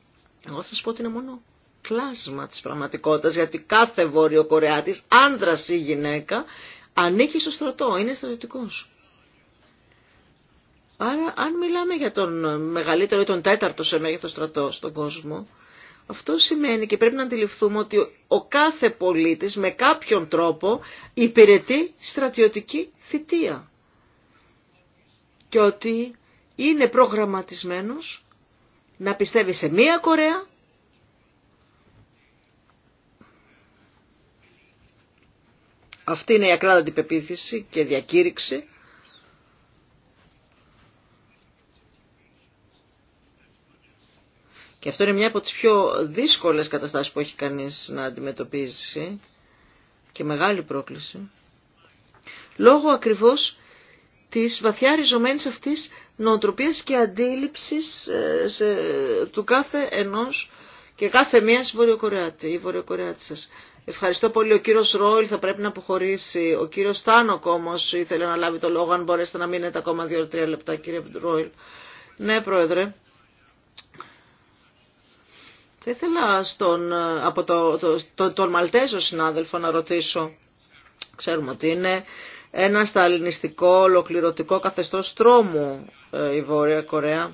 εγώ θα σας πω ότι είναι μόνο κλάσμα της πραγματικότητας, γιατί κάθε Βόρειο Κορεάτης, άνδρας ή γυναίκα, ανήκει στο στρατό, είναι στρατιωτικός. Άρα, αν μιλάμε για τον μεγαλύτερο ή τον τέταρτο σε μέγεθο στρατό στον κόσμο, αυτό σημαίνει και πρέπει να αντιληφθούμε ότι ο κάθε πολίτης με κάποιον τρόπο υπηρετεί στρατιωτική θητεία και ότι είναι προγραμματισμένος να πιστεύει σε μία Κορέα Αυτή είναι η ακράδαντη πεποίθηση και διακήρυξη Και αυτό είναι μια από τις πιο δύσκολες καταστάσεις που έχει κανείς να αντιμετωπίσει και μεγάλη πρόκληση. Λόγω ακριβώς της βαθιά ριζωμένης αυτής νοοτροπίας και αντίληψης ε, σε, του κάθε ενός και κάθε μίας Βορειοκορεάτη ή σας. Ευχαριστώ πολύ. Ο κύριος Ρόιλ θα πρέπει να αποχωρήσει. Ο κύριος Στάνοκ όμως ήθελε να λάβει το λόγο αν μπορέσετε να μείνετε ακόμα δύο-τρία λεπτά κύριε Ρόιλ. Ναι πρόεδρε. Θα ήθελα στον, ε, από το, τον Μαλτέζο συνάδελφο να ρωτήσω. Ξέρουμε ότι είναι ένα σταλινιστικό ολοκληρωτικό καθεστώς τρόμου ε, η Βόρεια Κορέα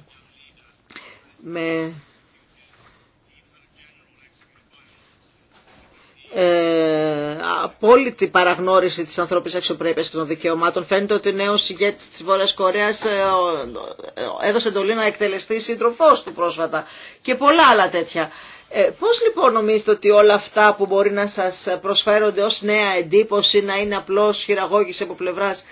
με ε, απόλυτη παραγνώριση της ανθρώπινης αξιοπρέπειας και των δικαιωμάτων. Φαίνεται ότι ο νέος ηγέτης της Βόρειας Κορέας ε, έδωσε εντολή να εκτελεστεί σύντροφός του πρόσφατα και πολλά άλλα τέτοια. Ε, πώς λοιπόν νομίζετε ότι όλα αυτά που μπορεί να σας προσφέρονται ως νέα εντύπωση να είναι απλώς χειραγώγηση από πλευράς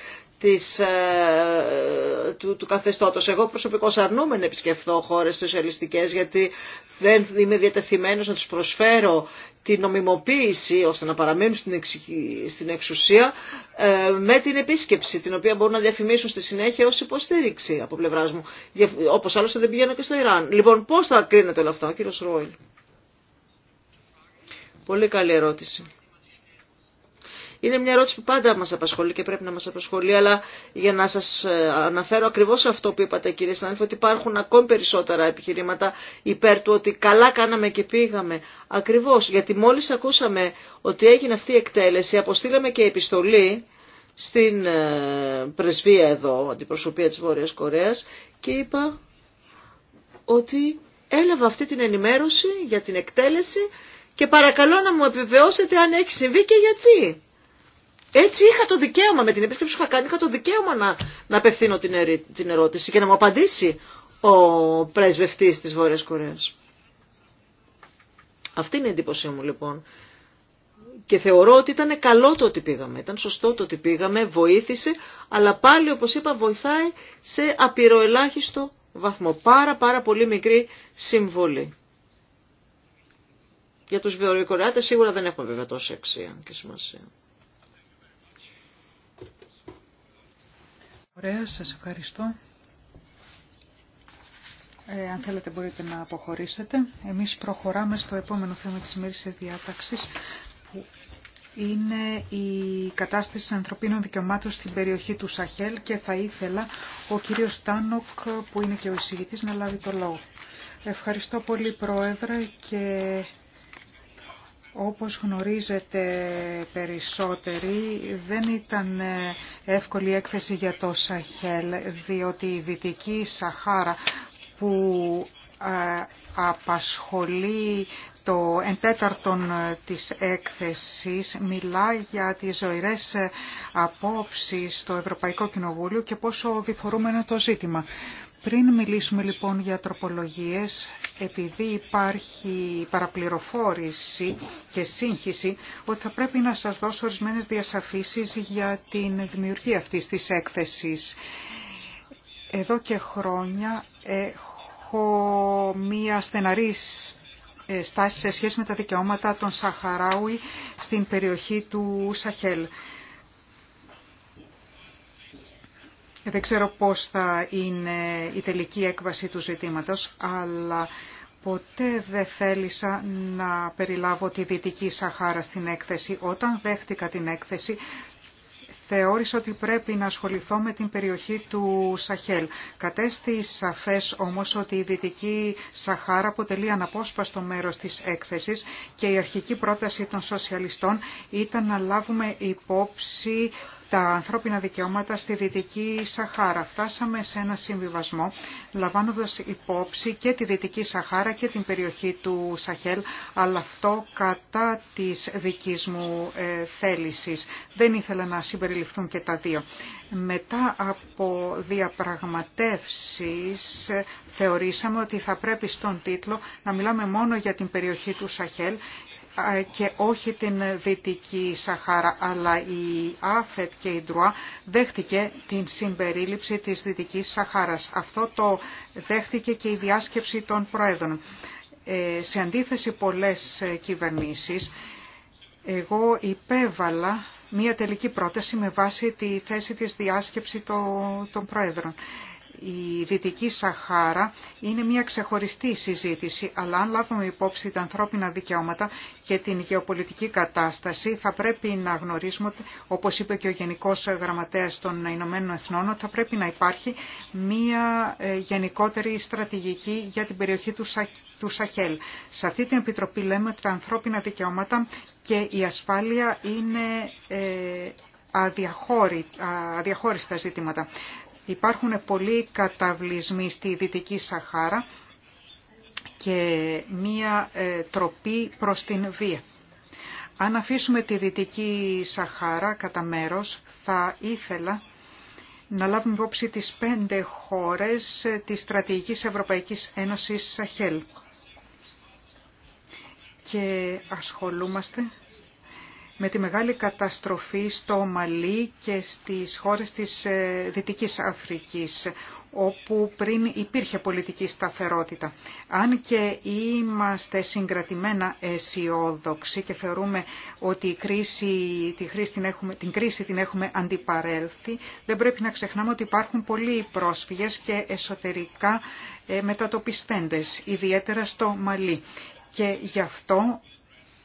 της, ε, του, του καθεστώτος. Εγώ προσωπικώ αρνούμαι να επισκεφθώ χώρες σοσιαλιστικές γιατί δεν είμαι διατεθειμένος να τους προσφέρω την νομιμοποίηση ώστε να παραμείνουν στην εξουσία ε, με την επίσκεψη την οποία μπορούν να διαφημίσουν στη συνέχεια ως υποστήριξη από πλευράς μου όπως άλλωστε δεν πηγαίνω και στο Ιράν. Λοιπόν πώς θα κρίνετε όλα αυτά κύριο Ρόιλ. Πολύ καλή ερώτηση. Είναι μια ερώτηση που πάντα μας απασχολεί και πρέπει να μας απασχολεί, αλλά για να σας ε, αναφέρω ακριβώς αυτό που είπατε κύριε συνάδελφο, ότι υπάρχουν ακόμη περισσότερα επιχειρήματα υπέρ του ότι καλά κάναμε και πήγαμε. Ακριβώς, γιατί μόλις ακούσαμε ότι έγινε αυτή η εκτέλεση, αποστήλαμε και επιστολή στην ε, πρεσβεία εδώ, αντιπροσωπεία της Βόρειας Κορέας και είπα ότι έλαβα αυτή την ενημέρωση για την εκτέλεση και παρακαλώ να μου επιβεβαιώσετε αν έχει συμβεί και γιατί. Έτσι είχα το δικαίωμα, με την επίσκεψη που είχα κάνει, είχα το δικαίωμα να, να απευθύνω την, την ερώτηση και να μου απαντήσει ο πρεσβευτής της Βόρειας Κορέας. Αυτή είναι η εντύπωσή μου λοιπόν. Και θεωρώ ότι ήταν καλό το ότι πήγαμε, ήταν σωστό το ότι πήγαμε, βοήθησε, αλλά πάλι όπως είπα βοηθάει σε απειροελάχιστο βαθμό. Πάρα πάρα πολύ μικρή συμβολή. Για τους Βεωρικορεάτες σίγουρα δεν έχουμε βέβαια τόση αξία και σημασία.
Ωραία, σας ευχαριστώ. Ε, αν θέλετε μπορείτε να αποχωρήσετε. Εμείς προχωράμε στο επόμενο θέμα της σημερινής διάταξης που είναι η κατάσταση ανθρωπίνων δικαιωμάτων στην περιοχή του Σαχέλ και θα ήθελα ο κύριος Τάνοκ που είναι και ο εισηγητής να λάβει το λόγο. Ευχαριστώ πολύ Πρόεδρε και όπως γνωρίζετε περισσότεροι, δεν ήταν ε, εύκολη έκθεση για το Σαχέλ, διότι η Δυτική Σαχάρα που ε, απασχολεί το εντέταρτον της έκθεσης μιλά για τις ζωηρές ε, απόψεις στο Ευρωπαϊκό Κοινοβούλιο και πόσο διφορούμενο το ζήτημα. Πριν μιλήσουμε λοιπόν για τροπολογίες, επειδή υπάρχει παραπληροφόρηση και σύγχυση, ότι θα πρέπει να σας δώσω ορισμένες διασαφήσεις για την δημιουργία αυτής της έκθεσης. Εδώ και χρόνια έχω μία στεναρή στάση σε σχέση με τα δικαιώματα των Σαχαράουι στην περιοχή του Σαχέλ. Δεν ξέρω πώς θα είναι η τελική έκβαση του ζητήματος, αλλά ποτέ δεν θέλησα να περιλάβω τη Δυτική Σαχάρα στην έκθεση. Όταν δέχτηκα την έκθεση, θεώρησα ότι πρέπει να ασχοληθώ με την περιοχή του Σαχέλ. Κατέστη σαφές όμως ότι η Δυτική Σαχάρα αποτελεί αναπόσπαστο μέρος της έκθεσης και η αρχική πρόταση των σοσιαλιστών ήταν να λάβουμε υπόψη τα ανθρώπινα δικαιώματα στη Δυτική Σαχάρα. Φτάσαμε σε ένα συμβιβασμό, λαμβάνοντας υπόψη και τη Δυτική Σαχάρα και την περιοχή του Σαχέλ, αλλά αυτό κατά της δικής μου ε, θέλησης. Δεν ήθελα να συμπεριληφθούν και τα δύο. Μετά από διαπραγματεύσεις ε, θεωρήσαμε ότι θα πρέπει στον τίτλο να μιλάμε μόνο για την περιοχή του Σαχέλ και όχι την Δυτική Σαχάρα, αλλά η ΑΦΕΤ και η Ντρουά δέχτηκε την συμπερίληψη της Δυτικής Σαχάρας. Αυτό το δέχτηκε και η διάσκεψη των Προέδρων. Ε, σε αντίθεση πολλές ε, κυβερνήσεις, εγώ υπέβαλα μία τελική πρόταση με βάση τη θέση της διάσκεψη των Προέδρων η Δυτική Σαχάρα είναι μια ξεχωριστή συζήτηση, αλλά αν λάβουμε υπόψη τα ανθρώπινα δικαιώματα και την γεωπολιτική κατάσταση, θα πρέπει να γνωρίζουμε, όπως είπε και ο Γενικός Γραμματέας των Ηνωμένων Εθνών, θα πρέπει να υπάρχει μια ε, γενικότερη στρατηγική για την περιοχή του, του Σαχέλ. Σε αυτή την Επιτροπή λέμε ότι τα ανθρώπινα δικαιώματα και η ασφάλεια είναι ε, αδιαχώριστα ζητήματα. Υπάρχουν πολλοί καταβλισμοί στη Δυτική Σαχάρα και μία ε, τροπή προς την βία. Αν αφήσουμε τη Δυτική Σαχάρα κατά μέρος, θα ήθελα να λάβουμε υπόψη τις πέντε χώρες ε, της Στρατηγικής Ευρωπαϊκής Ένωσης Σαχέλ. Και ασχολούμαστε με τη μεγάλη καταστροφή στο Μαλί και στις χώρες της ε, Δυτικής Αφρικής, όπου πριν υπήρχε πολιτική σταθερότητα. Αν και είμαστε συγκρατημένα αισιόδοξοι και θεωρούμε ότι η κρίση, την, την κρίση την έχουμε αντιπαρέλθει, δεν πρέπει να ξεχνάμε ότι υπάρχουν πολλοί πρόσφυγες και εσωτερικά ε, μετατοπιστέντες, ιδιαίτερα στο Μαλί. Και γι' αυτό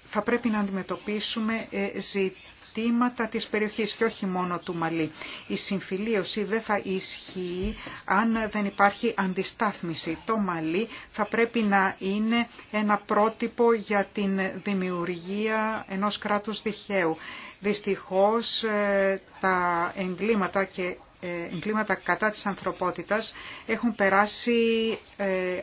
θα πρέπει να αντιμετωπίσουμε ε, ζητήματα της περιοχής και όχι μόνο του Μαλή. Η συμφιλίωση δεν θα ισχύει αν δεν υπάρχει αντιστάθμιση. Το Μαλή θα πρέπει να είναι ένα πρότυπο για την δημιουργία ενός κράτους δικαίου. Δυστυχώς ε, τα εγκλήματα και ε, εγκλήματα κατά της ανθρωπότητας έχουν περάσει ε,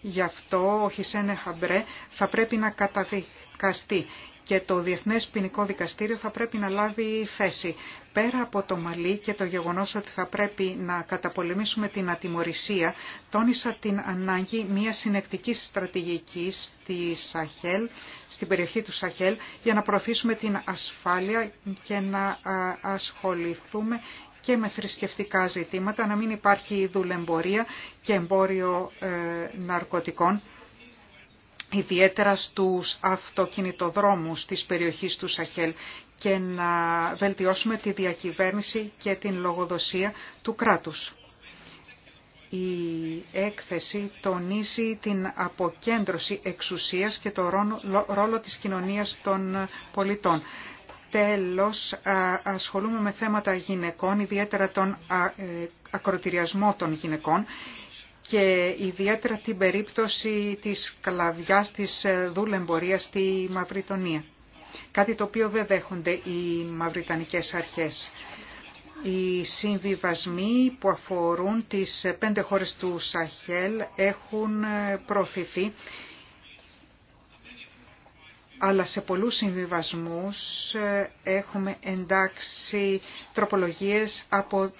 Γι' αυτό ο Χισένε Χαμπρέ θα πρέπει να καταδικαστεί και το Διεθνές Ποινικό Δικαστήριο θα πρέπει να λάβει θέση. Πέρα από το Μαλί και το γεγονός ότι θα πρέπει να καταπολεμήσουμε την ατιμορρησία, τόνισα την ανάγκη μια συνεκτικής στρατηγικής στη Σαχέλ, στην περιοχή του Σαχέλ για να προωθήσουμε την ασφάλεια και να ασχοληθούμε και με θρησκευτικά ζητήματα, να μην υπάρχει δουλεμπορία και εμπόριο ε, ναρκωτικών, ιδιαίτερα στους αυτοκινητοδρόμους της περιοχής του Σαχέλ και να βελτιώσουμε τη διακυβέρνηση και την λογοδοσία του κράτους. Η έκθεση τονίζει την αποκέντρωση εξουσίας και το ρόλο της κοινωνίας των πολιτών. Τέλος, ασχολούμαι με θέματα γυναικών, ιδιαίτερα τον ε, ακροτηριασμό των γυναικών και ιδιαίτερα την περίπτωση της καλαβιάς της ε, δούλεμπορίας στη Μαυριτονία. Κάτι το οποίο δεν δέχονται οι μαυριτανικές αρχές. Οι συμβιβασμοί που αφορούν τις πέντε χώρες του Σαχέλ έχουν ε, προωθηθεί αλλά σε πολλούς συμβιβασμούς ε, έχουμε εντάξει τροπολογίες από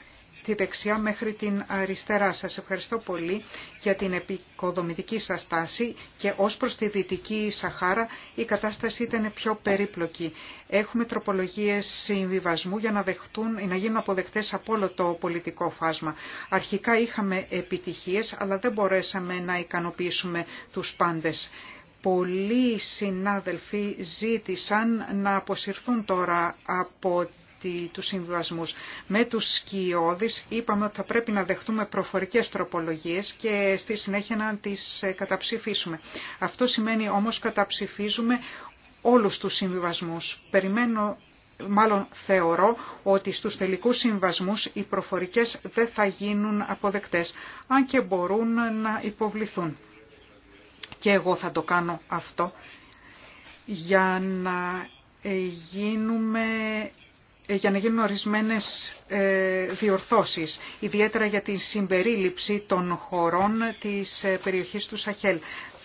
τη δεξιά μέχρι την αριστερά. Σας ευχαριστώ πολύ για την επικοδομητική σας τάση και ως προς τη Δυτική Σαχάρα η κατάσταση ήταν πιο περίπλοκη. Έχουμε τροπολογίες συμβιβασμού για να, δεχτούν, να γίνουν αποδεκτές από όλο το πολιτικό φάσμα. Αρχικά είχαμε επιτυχίες αλλά δεν μπορέσαμε να ικανοποιήσουμε τους πάντες πολλοί συνάδελφοι ζήτησαν να αποσυρθούν τώρα από τους συμβιβασμούς. Με τους σκιώδεις είπαμε ότι θα πρέπει να δεχτούμε προφορικές τροπολογίες και στη συνέχεια να τις ε, καταψηφίσουμε. Αυτό σημαίνει όμως καταψηφίζουμε όλους τους συμβιβασμούς. Περιμένω Μάλλον θεωρώ ότι στους τελικούς συμβασμούς οι προφορικές δεν θα γίνουν αποδεκτές, αν και μπορούν να υποβληθούν και εγώ θα το κάνω αυτό, για να ε, γίνουμε ε, για να γίνουν ορισμένες ε, διορθώσεις, ιδιαίτερα για την συμπερίληψη των χωρών της περιοχής του Σαχέλ.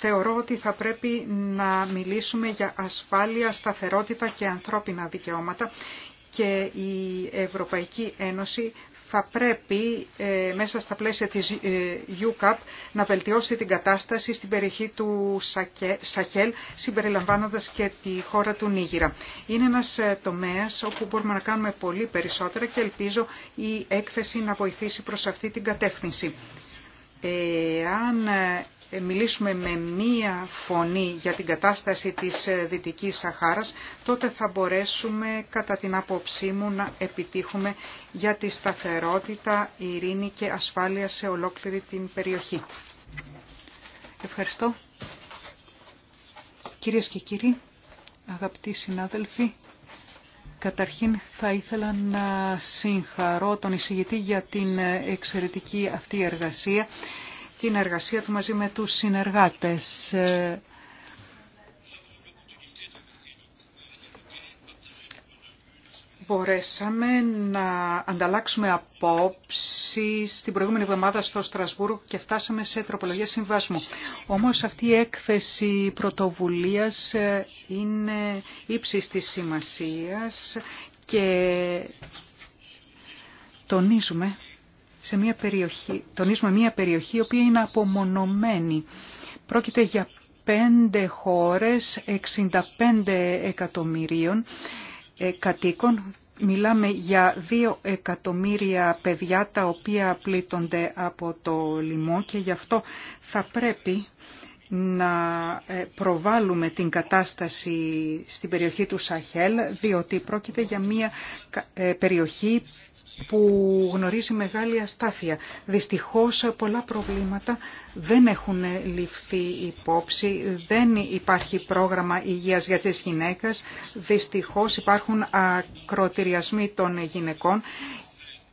Θεωρώ ότι θα πρέπει να μιλήσουμε για ασφάλεια, σταθερότητα και ανθρώπινα δικαιώματα και η Ευρωπαϊκή Ένωση θα πρέπει ε, μέσα στα πλαίσια της ε, UCAP να βελτιώσει την κατάσταση στην περιοχή του Σαχέλ, συμπεριλαμβάνοντας και τη χώρα του Νίγηρα. Είναι ένας ε, τομέας όπου μπορούμε να κάνουμε πολύ περισσότερα και ελπίζω η έκθεση να βοηθήσει προς αυτή την κατεύθυνση. Ε, μιλήσουμε με μία φωνή για την κατάσταση της ε, Δυτικής Σαχάρας, τότε θα μπορέσουμε κατά την άποψή μου να επιτύχουμε για τη σταθερότητα, ειρήνη και ασφάλεια σε ολόκληρη την περιοχή. Ευχαριστώ. Κυρίες και κύριοι, αγαπητοί συνάδελφοι, Καταρχήν θα ήθελα να συγχαρώ τον εισηγητή για την ε, εξαιρετική αυτή εργασία την εργασία του μαζί με τους συνεργάτες. Ε, μπορέσαμε να ανταλλάξουμε απόψει την προηγούμενη εβδομάδα στο Στρασβούργο και φτάσαμε σε τροπολογία συμβάσμου. Όμως αυτή η έκθεση πρωτοβουλίας ε, είναι ύψης της σημασίας και τονίζουμε σε μια περιοχή, τονίζουμε μια περιοχή η οποία είναι απομονωμένη. Πρόκειται για πέντε χώρες, 65 εκατομμυρίων ε, κατοίκων. Μιλάμε για δύο εκατομμύρια παιδιά τα οποία πλήττονται από το λοιμό και γι' αυτό θα πρέπει να ε, προβάλλουμε την κατάσταση στην περιοχή του Σαχέλ, διότι πρόκειται για μια ε, περιοχή που γνωρίζει μεγάλη αστάθεια. Δυστυχώς πολλά προβλήματα δεν έχουν ληφθεί υπόψη, δεν υπάρχει πρόγραμμα υγείας για τις γυναίκες, δυστυχώς υπάρχουν ακροτηριασμοί των γυναικών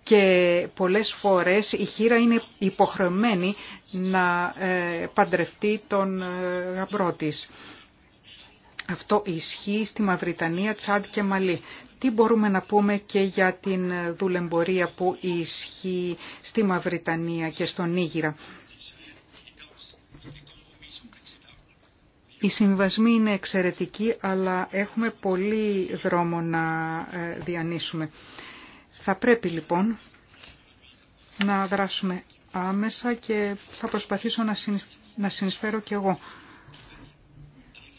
και πολλές φορές η χείρα είναι υποχρεωμένη να ε, παντρευτεί τον ε, γαμπρό της. Αυτό ισχύει στη Μαυριτανία, Τσάντ και Μαλή. Τι μπορούμε να πούμε και για την δουλεμπορία που ισχύει στη Μαυριτανία και στον Νίγηρα. Οι συμβασμοί είναι εξαιρετικοί, αλλά έχουμε πολύ δρόμο να ε, διανύσουμε. Θα πρέπει λοιπόν να δράσουμε άμεσα και θα προσπαθήσω να συνεισφέρω κι εγώ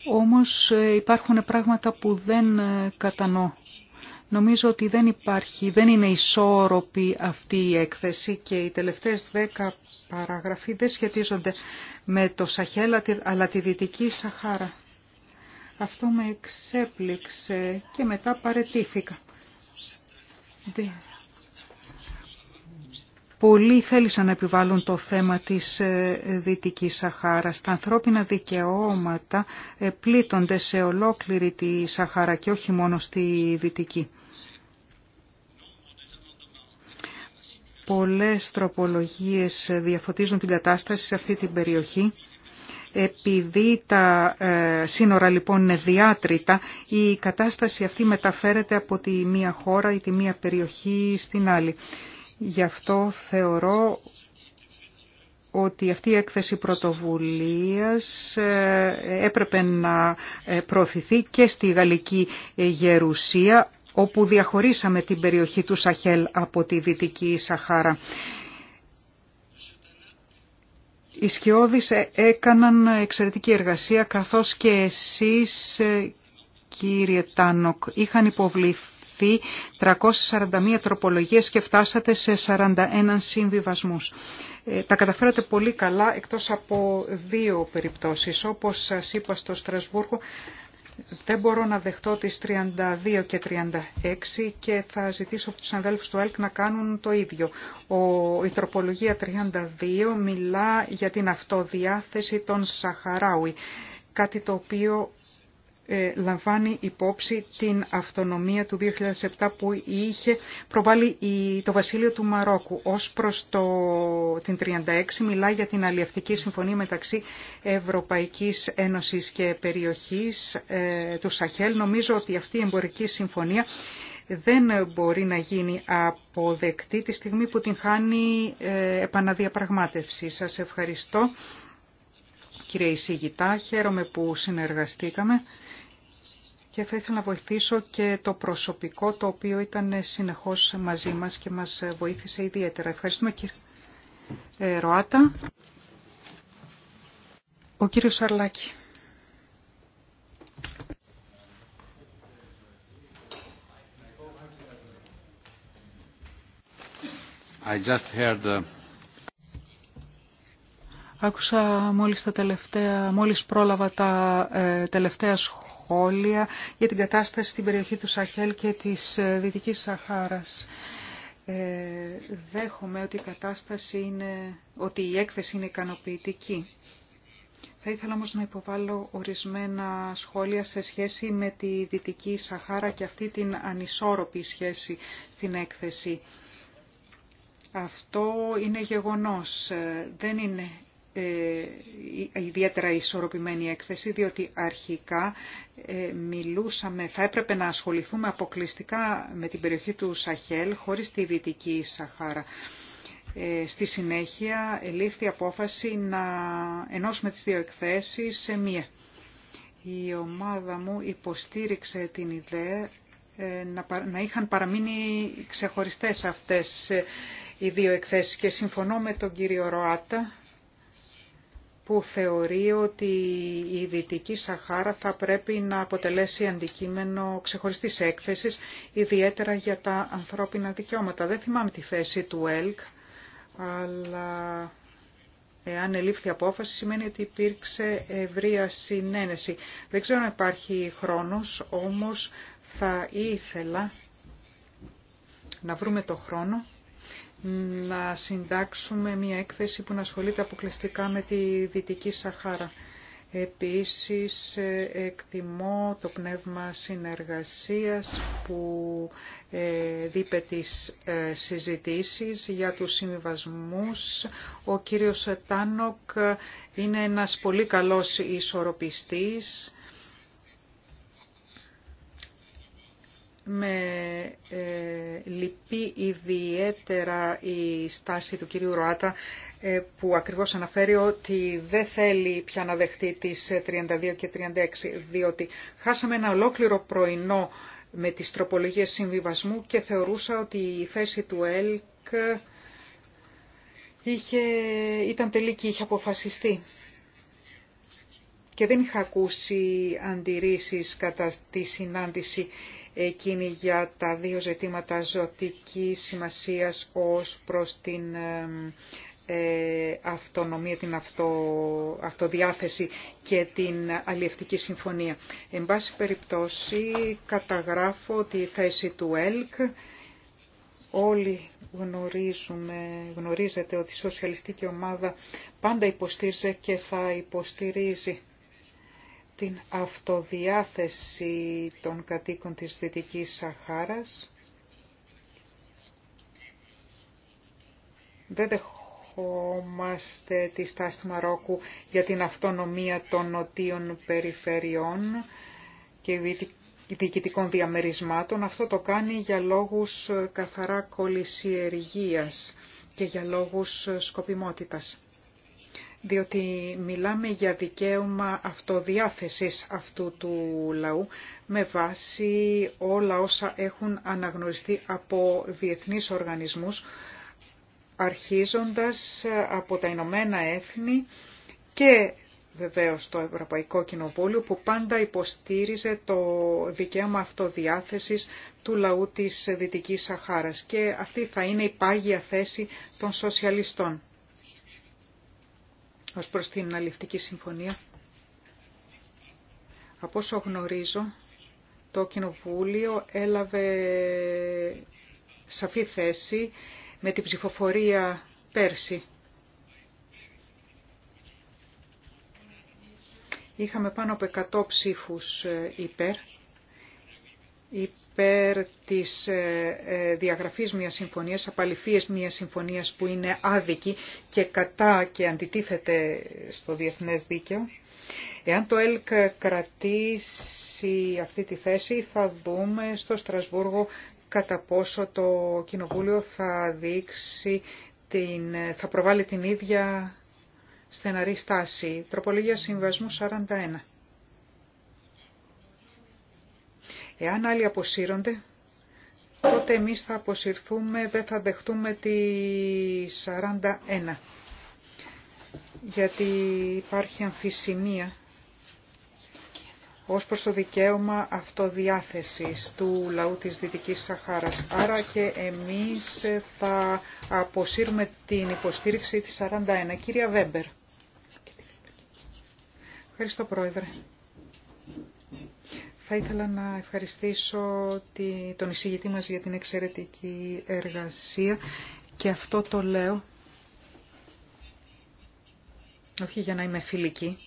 όμως ε, υπάρχουν πράγματα που δεν ε, κατανοώ. Νομίζω ότι δεν υπάρχει, δεν είναι ισόρροπη αυτή η έκθεση και οι τελευταίες δέκα παράγραφοι δεν σχετίζονται με το Σαχέλα αλλά τη Δυτική Σαχάρα. Αυτό με εξέπληξε και μετά παρετήθηκα. Πολλοί θέλησαν να επιβάλλουν το θέμα της ε, Δυτικής Σαχάρας. Τα ανθρώπινα δικαιώματα ε, πλήττονται σε ολόκληρη τη Σαχάρα και όχι μόνο στη Δυτική. Πολλές τροπολογίες ε, διαφωτίζουν την κατάσταση σε αυτή την περιοχή. Επειδή τα σύνορα λοιπόν είναι διάτρητα, η κατάσταση αυτή μεταφέρεται από τη μία χώρα ή τη μία περιοχή στην άλλη. Γι' αυτό θεωρώ ότι αυτή η έκθεση πρωτοβουλίας ε, έπρεπε να ε, προωθηθεί και στη Γαλλική Γερουσία, όπου διαχωρίσαμε την περιοχή του Σαχέλ από τη Δυτική Σαχάρα. Οι Σκιώδης ε, έκαναν εξαιρετική εργασία, καθώς και εσείς, κύριε Τάνοκ, είχαν υποβληθεί δεχθεί 341 τροπολογίες και φτάσατε σε 41 συμβιβασμούς. Ε, τα καταφέρατε πολύ καλά εκτός από δύο περιπτώσεις. Όπως σας είπα στο Στρασβούργο, δεν μπορώ να δεχτώ τις 32 και 36 και θα ζητήσω από τους αδέλφους του ΕΛΚ να κάνουν το ίδιο. Ο, η τροπολογία 32 μιλά για την αυτοδιάθεση των Σαχαράουι, κάτι το οποίο ε, λαμβάνει υπόψη την αυτονομία του 2007 που είχε προβάλει το βασίλειο του Μαρόκου. Ως προς το, την 36 μιλά για την αλλιευτική συμφωνία μεταξύ Ευρωπαϊκής Ένωσης και περιοχής ε, του Σαχέλ. Νομίζω ότι αυτή η εμπορική συμφωνία δεν μπορεί να γίνει αποδεκτή τη στιγμή που την χάνει ε, επαναδιαπραγμάτευση. Σας ευχαριστώ. Κύριε Ισηγητά, χαίρομαι που συνεργαστήκαμε και θα ήθελα να βοηθήσω και το προσωπικό το οποίο ήταν συνεχώς μαζί μας και μας βοήθησε ιδιαίτερα. Ευχαριστούμε κύριε ε, Ροάτα. Ο κύριος Σαρλάκη.
I just heard... Uh, Άκουσα
μόλις τα τελευταία, μόλις πρόλαβα τα ε, τελευταία σχόλια σχόλια για την κατάσταση στην περιοχή του Σαχέλ και της ε, Δυτικής Σαχάρας. Ε, δέχομαι ότι η κατάσταση είναι, ότι η έκθεση είναι ικανοποιητική. Θα ήθελα όμως να υποβάλω ορισμένα σχόλια σε σχέση με τη Δυτική Σαχάρα και αυτή την ανισόρροπη σχέση στην έκθεση. Αυτό είναι γεγονός, ε, δεν είναι ε, ιδιαίτερα ισορροπημένη έκθεση, διότι αρχικά ε, μιλούσαμε, θα έπρεπε να ασχοληθούμε αποκλειστικά με την περιοχή του Σαχέλ, χωρίς τη Δυτική Σαχάρα. Ε, στη συνέχεια λήφθη απόφαση να ενώσουμε τις δύο εκθέσεις σε μία. Η ομάδα μου υποστήριξε την ιδέα να, είχαν παραμείνει ξεχωριστές αυτές οι δύο εκθέσεις και συμφωνώ με τον κύριο Ροάτα που θεωρεί ότι η Δυτική Σαχάρα θα πρέπει να αποτελέσει αντικείμενο ξεχωριστής έκθεσης, ιδιαίτερα για τα ανθρώπινα δικαιώματα. Δεν θυμάμαι τη θέση του ΕΛΚ, αλλά εάν ελήφθη απόφαση σημαίνει ότι υπήρξε ευρεία συνένεση. Δεν ξέρω αν υπάρχει χρόνος, όμως θα ήθελα να βρούμε το χρόνο να συντάξουμε μια έκθεση που να ασχολείται αποκλειστικά με τη Δυτική Σαχάρα. Επίσης ε, εκτιμώ το πνεύμα συνεργασίας που ε, δίπε τις ε, συζητήσεις για τους συμβιβασμούς. Ο κύριος Τάνοκ είναι ένας πολύ καλός ισορροπιστής με ε, ιδιαίτερα η στάση του κυρίου Ροάτα ε, που ακριβώς αναφέρει ότι δεν θέλει πια να δεχτεί τις 32 και 36 διότι χάσαμε ένα ολόκληρο πρωινό με τις τροπολογίες συμβιβασμού και θεωρούσα ότι η θέση του ΕΛΚ είχε, ήταν τελική, είχε αποφασιστεί και δεν είχα ακούσει αντιρρήσεις κατά τη συνάντηση εκείνη για τα δύο ζητήματα ζωτικής σημασίας ως προς την ε, αυτονομία, την αυτο, αυτοδιάθεση και την αλλιευτική συμφωνία. Εν πάση περιπτώσει καταγράφω τη θέση του ΕΛΚ. Όλοι γνωρίζουμε, γνωρίζετε ότι η σοσιαλιστική ομάδα πάντα υποστήριζε και θα υποστηρίζει την αυτοδιάθεση των κατοίκων της Δυτικής Σαχάρας. Δεν δεχόμαστε τη στάση του Μαρόκου για την αυτονομία των νοτίων περιφερειών και διοικητικών διαμερισμάτων. Αυτό το κάνει για λόγους καθαρά κολυσιεργίας και για λόγους σκοπιμότητας διότι μιλάμε για δικαίωμα αυτοδιάθεσης αυτού του λαού με βάση όλα όσα έχουν αναγνωριστεί από διεθνείς οργανισμούς, αρχίζοντας ε, από τα Ηνωμένα Έθνη και βεβαίως το Ευρωπαϊκό Κοινοβούλιο που πάντα υποστήριζε το δικαίωμα αυτοδιάθεσης του λαού της Δυτικής Σαχάρας και αυτή θα είναι η πάγια θέση των σοσιαλιστών ως προς την αληφτική συμφωνία. Από όσο γνωρίζω, το Κοινοβούλιο έλαβε σαφή θέση με την ψηφοφορία πέρσι. Είχαμε πάνω από 100 ψήφους ε, υπέρ υπέρ της ε, ε, διαγραφής μιας συμφωνίας, απαλυφίες μιας συμφωνίας που είναι άδικη και κατά και αντιτίθεται στο διεθνές δίκαιο. Εάν το ΕΛΚ κρατήσει αυτή τη θέση θα δούμε στο Στρασβούργο κατά πόσο το Κοινοβούλιο θα δείξει την, θα προβάλλει την ίδια στεναρή στάση. Τροπολογία Συμβασμού 41. Εάν άλλοι αποσύρονται, τότε εμείς θα αποσυρθούμε, δεν θα δεχτούμε τη 41. Γιατί υπάρχει αμφισημία ως προς το δικαίωμα αυτοδιάθεσης του λαού της Δυτικής Σαχάρας. Άρα και εμείς θα αποσύρουμε την υποστήριξη της 41. Κύρια Βέμπερ. Ευχαριστώ Πρόεδρε. Θα ήθελα να ευχαριστήσω τον εισηγητή μας για την εξαιρετική εργασία και αυτό το λέω όχι για να είμαι φιλική,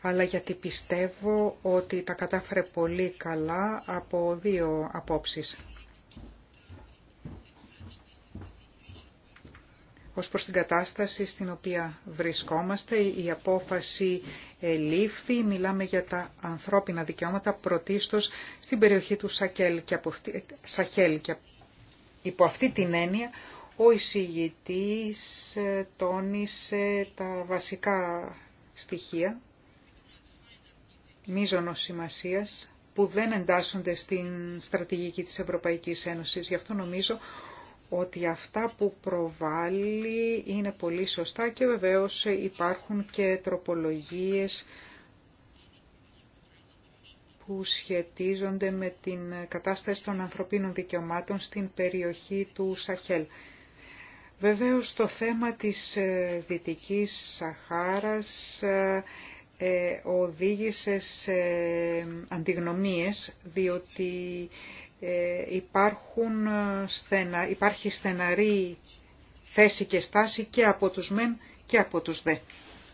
αλλά γιατί πιστεύω ότι τα κατάφερε πολύ καλά από δύο απόψεις. ως προς την κατάσταση στην οποία βρισκόμαστε. Η απόφαση λήφθη, μιλάμε για τα ανθρώπινα δικαιώματα πρωτίστως στην περιοχή του Σαχέλ και, από αυτή, υπό αυτή την έννοια ο εισηγητής ε, τόνισε τα βασικά στοιχεία μίζωνος σημασίας που δεν εντάσσονται στην στρατηγική της Ευρωπαϊκής Ένωσης. Γι' αυτό νομίζω ότι αυτά που προβάλλει είναι πολύ σωστά και βεβαίως υπάρχουν και τροπολογίες που σχετίζονται με την κατάσταση των ανθρωπίνων δικαιωμάτων στην περιοχή του Σαχέλ. Βεβαίως το θέμα της ε, Δυτικής Σαχάρας ε, ε, οδήγησε σε αντιγνωμίες διότι ε, υπάρχουν ε, στενα, υπάρχει στεναρή θέση και στάση και από τους μεν και από τους δε.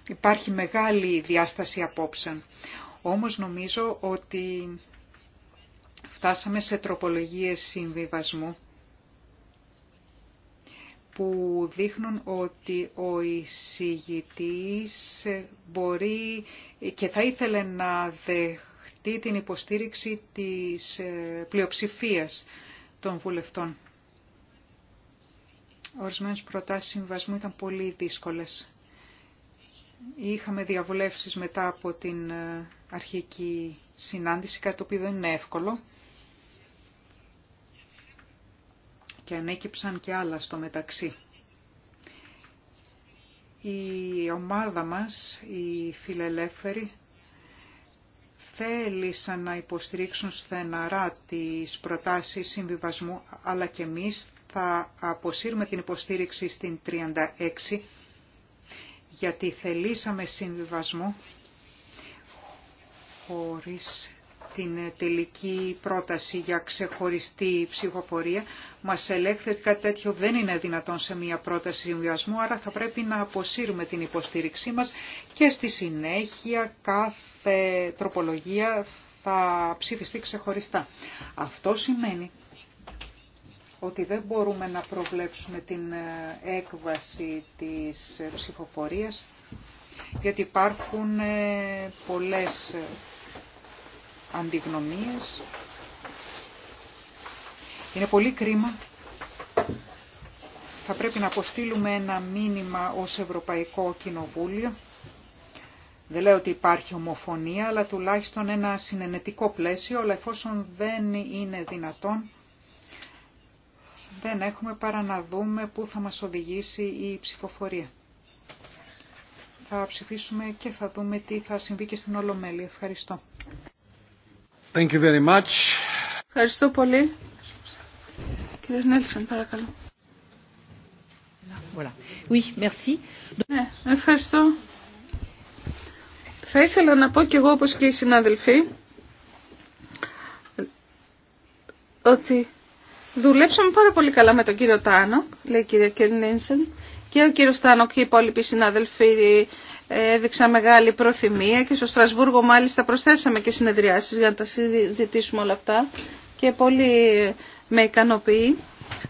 Υπάρχει μεγάλη διάσταση απόψεων. Όμως νομίζω ότι φτάσαμε σε τροπολογίες συμβιβασμού που δείχνουν ότι ο εισηγητής μπορεί και θα ήθελε να δεχθεί ή την υποστήριξη της ε, πλειοψηφίας των βουλευτών. Ορισμένες προτάσεις συμβασμού ήταν πολύ δύσκολες. Είχαμε διαβουλεύσεις μετά από την αρχική συνάντηση, κάτι το οποίο δεν είναι εύκολο, και ανέκυψαν και άλλα στο μεταξύ. Η την υποστήριξη της πλειοψηφίας των βουλευτών. Ορισμένε προτάσεις συμβασμού ήταν πολύ δύσκολες. Είχαμε διαβουλεύσεις μετά από την αρχική συνάντηση, κάτι το οποίο δεν είναι εύκολο. Και ανέκυψαν και άλλα στο μεταξύ. Η ομάδα μας, η φιλελεύθερη, θέλησαν να υποστηρίξουν στεναρά τις προτάσεις συμβιβασμού, αλλά και εμείς θα αποσύρουμε την υποστήριξη στην 36, γιατί θελήσαμε συμβιβασμό χωρίς την τελική πρόταση για ξεχωριστή ψηφοφορία. Μας ελέγχεται ότι κάτι τέτοιο δεν είναι δυνατόν σε μια πρόταση συμβιβασμού, άρα θα πρέπει να αποσύρουμε την υποστήριξή μας και στη συνέχεια κάθε τροπολογία θα ψηφιστεί ξεχωριστά. Αυτό σημαίνει ότι δεν μπορούμε να προβλέψουμε την ε, έκβαση της ε, ψηφοφορίας γιατί υπάρχουν ε, πολλές αντιγνωμίες. Είναι πολύ κρίμα. Θα πρέπει να αποστείλουμε ένα μήνυμα ως Ευρωπαϊκό Κοινοβούλιο δεν λέω ότι υπάρχει ομοφωνία, αλλά τουλάχιστον ένα συνενετικό πλαίσιο, αλλά εφόσον δεν είναι δυνατόν, δεν έχουμε παρά να δούμε πού θα μας οδηγήσει η ψηφοφορία. Θα ψηφίσουμε και θα δούμε τι θα συμβεί και στην Ολομέλη. Ευχαριστώ.
Thank you very much.
Ευχαριστώ πολύ. Κύριε Νέλσον, παρακαλώ. Voilà.
Oui, merci. Ναι, ευχαριστώ. Θα ήθελα να πω και εγώ όπως και οι συνάδελφοι ότι δουλέψαμε πάρα πολύ καλά με τον κύριο Τάνοκ, λέει η κυρία Κερνίνσεν, και ο κύριος Τάνοκ και οι υπόλοιποι συνάδελφοι ε, έδειξαν μεγάλη προθυμία και στο Στρασβούργο μάλιστα προσθέσαμε και συνεδριάσεις για να τα συζητήσουμε όλα αυτά και πολύ με ικανοποιεί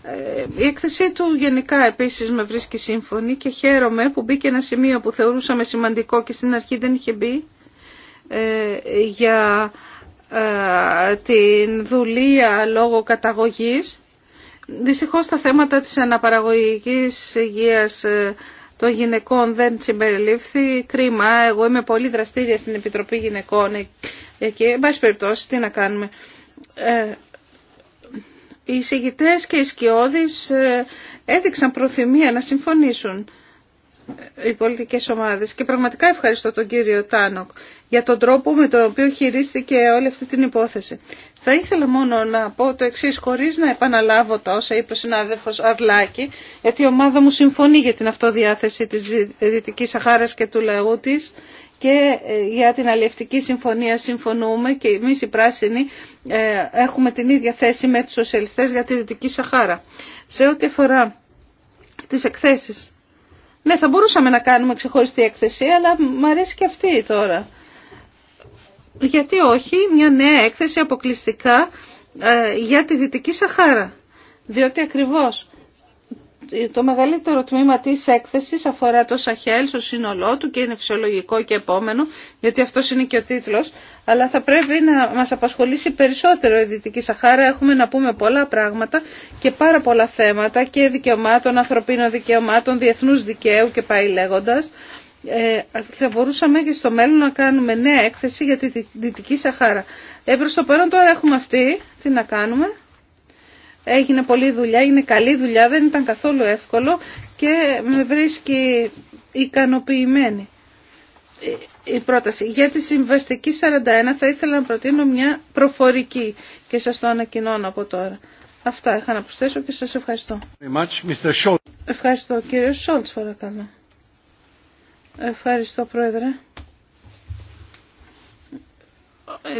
ε, η έκθεσή του γενικά επίσης με βρίσκει σύμφωνη και χαίρομαι που μπήκε ένα σημείο που θεωρούσαμε σημαντικό και στην αρχή δεν είχε μπει ε, για ε, την δουλεία λόγω καταγωγής. Δυστυχώς τα θέματα της αναπαραγωγικής υγείας των γυναικών δεν συμπεριλήφθη. Κρίμα, εγώ είμαι πολύ δραστήρια στην Επιτροπή Γυναικών και εν πάση περιπτώσει τι να κάνουμε οι συγητές και οι σκιώδεις ε, έδειξαν προθυμία να συμφωνήσουν ε, οι πολιτικές ομάδες και πραγματικά ευχαριστώ τον κύριο Τάνοκ για τον τρόπο με τον οποίο χειρίστηκε όλη αυτή την υπόθεση. Θα ήθελα μόνο να πω το εξή χωρίς να επαναλάβω τα όσα είπε ο συνάδελφος Αρλάκη, γιατί η ομάδα μου συμφωνεί για την αυτοδιάθεση της Δυτικής Σαχάρας και του λαού τη και ε, για την αλληλευτική συμφωνία συμφωνούμε και εμείς οι πράσινοι ε, έχουμε την ίδια θέση με τους σοσιαλιστές για τη Δυτική Σαχάρα. Σε ό,τι αφορά τις εκθέσεις. Ναι, θα μπορούσαμε να κάνουμε ξεχωριστή έκθεση, αλλά μου αρέσει και αυτή τώρα. Γιατί όχι, μια νέα έκθεση αποκλειστικά ε, για τη Δυτική Σαχάρα. Διότι ακριβώς το μεγαλύτερο τμήμα της έκθεσης αφορά το Σαχέλ στο σύνολό του και είναι φυσιολογικό και επόμενο, γιατί αυτό είναι και ο τίτλος, αλλά θα πρέπει να μας απασχολήσει περισσότερο η Δυτική Σαχάρα. Έχουμε να πούμε πολλά πράγματα και πάρα πολλά θέματα και δικαιωμάτων, ανθρωπίνων δικαιωμάτων, διεθνούς δικαίου και πάει λέγοντας. Ε, θα μπορούσαμε και στο μέλλον να κάνουμε νέα έκθεση για τη Δυτική Σαχάρα. Ε, προς το παρόν τώρα έχουμε αυτή, τι να κάνουμε... Έγινε πολλή δουλειά, είναι καλή δουλειά, δεν ήταν καθόλου εύκολο και με βρίσκει ικανοποιημένη η πρόταση. Για τη συμβαστική 41 θα ήθελα να προτείνω μια προφορική και σας το ανακοινώνω από τώρα. Αυτά είχα να προσθέσω και σας ευχαριστώ. Ευχαριστώ κύριο Σόλτς παρακαλώ. Ευχαριστώ πρόεδρε.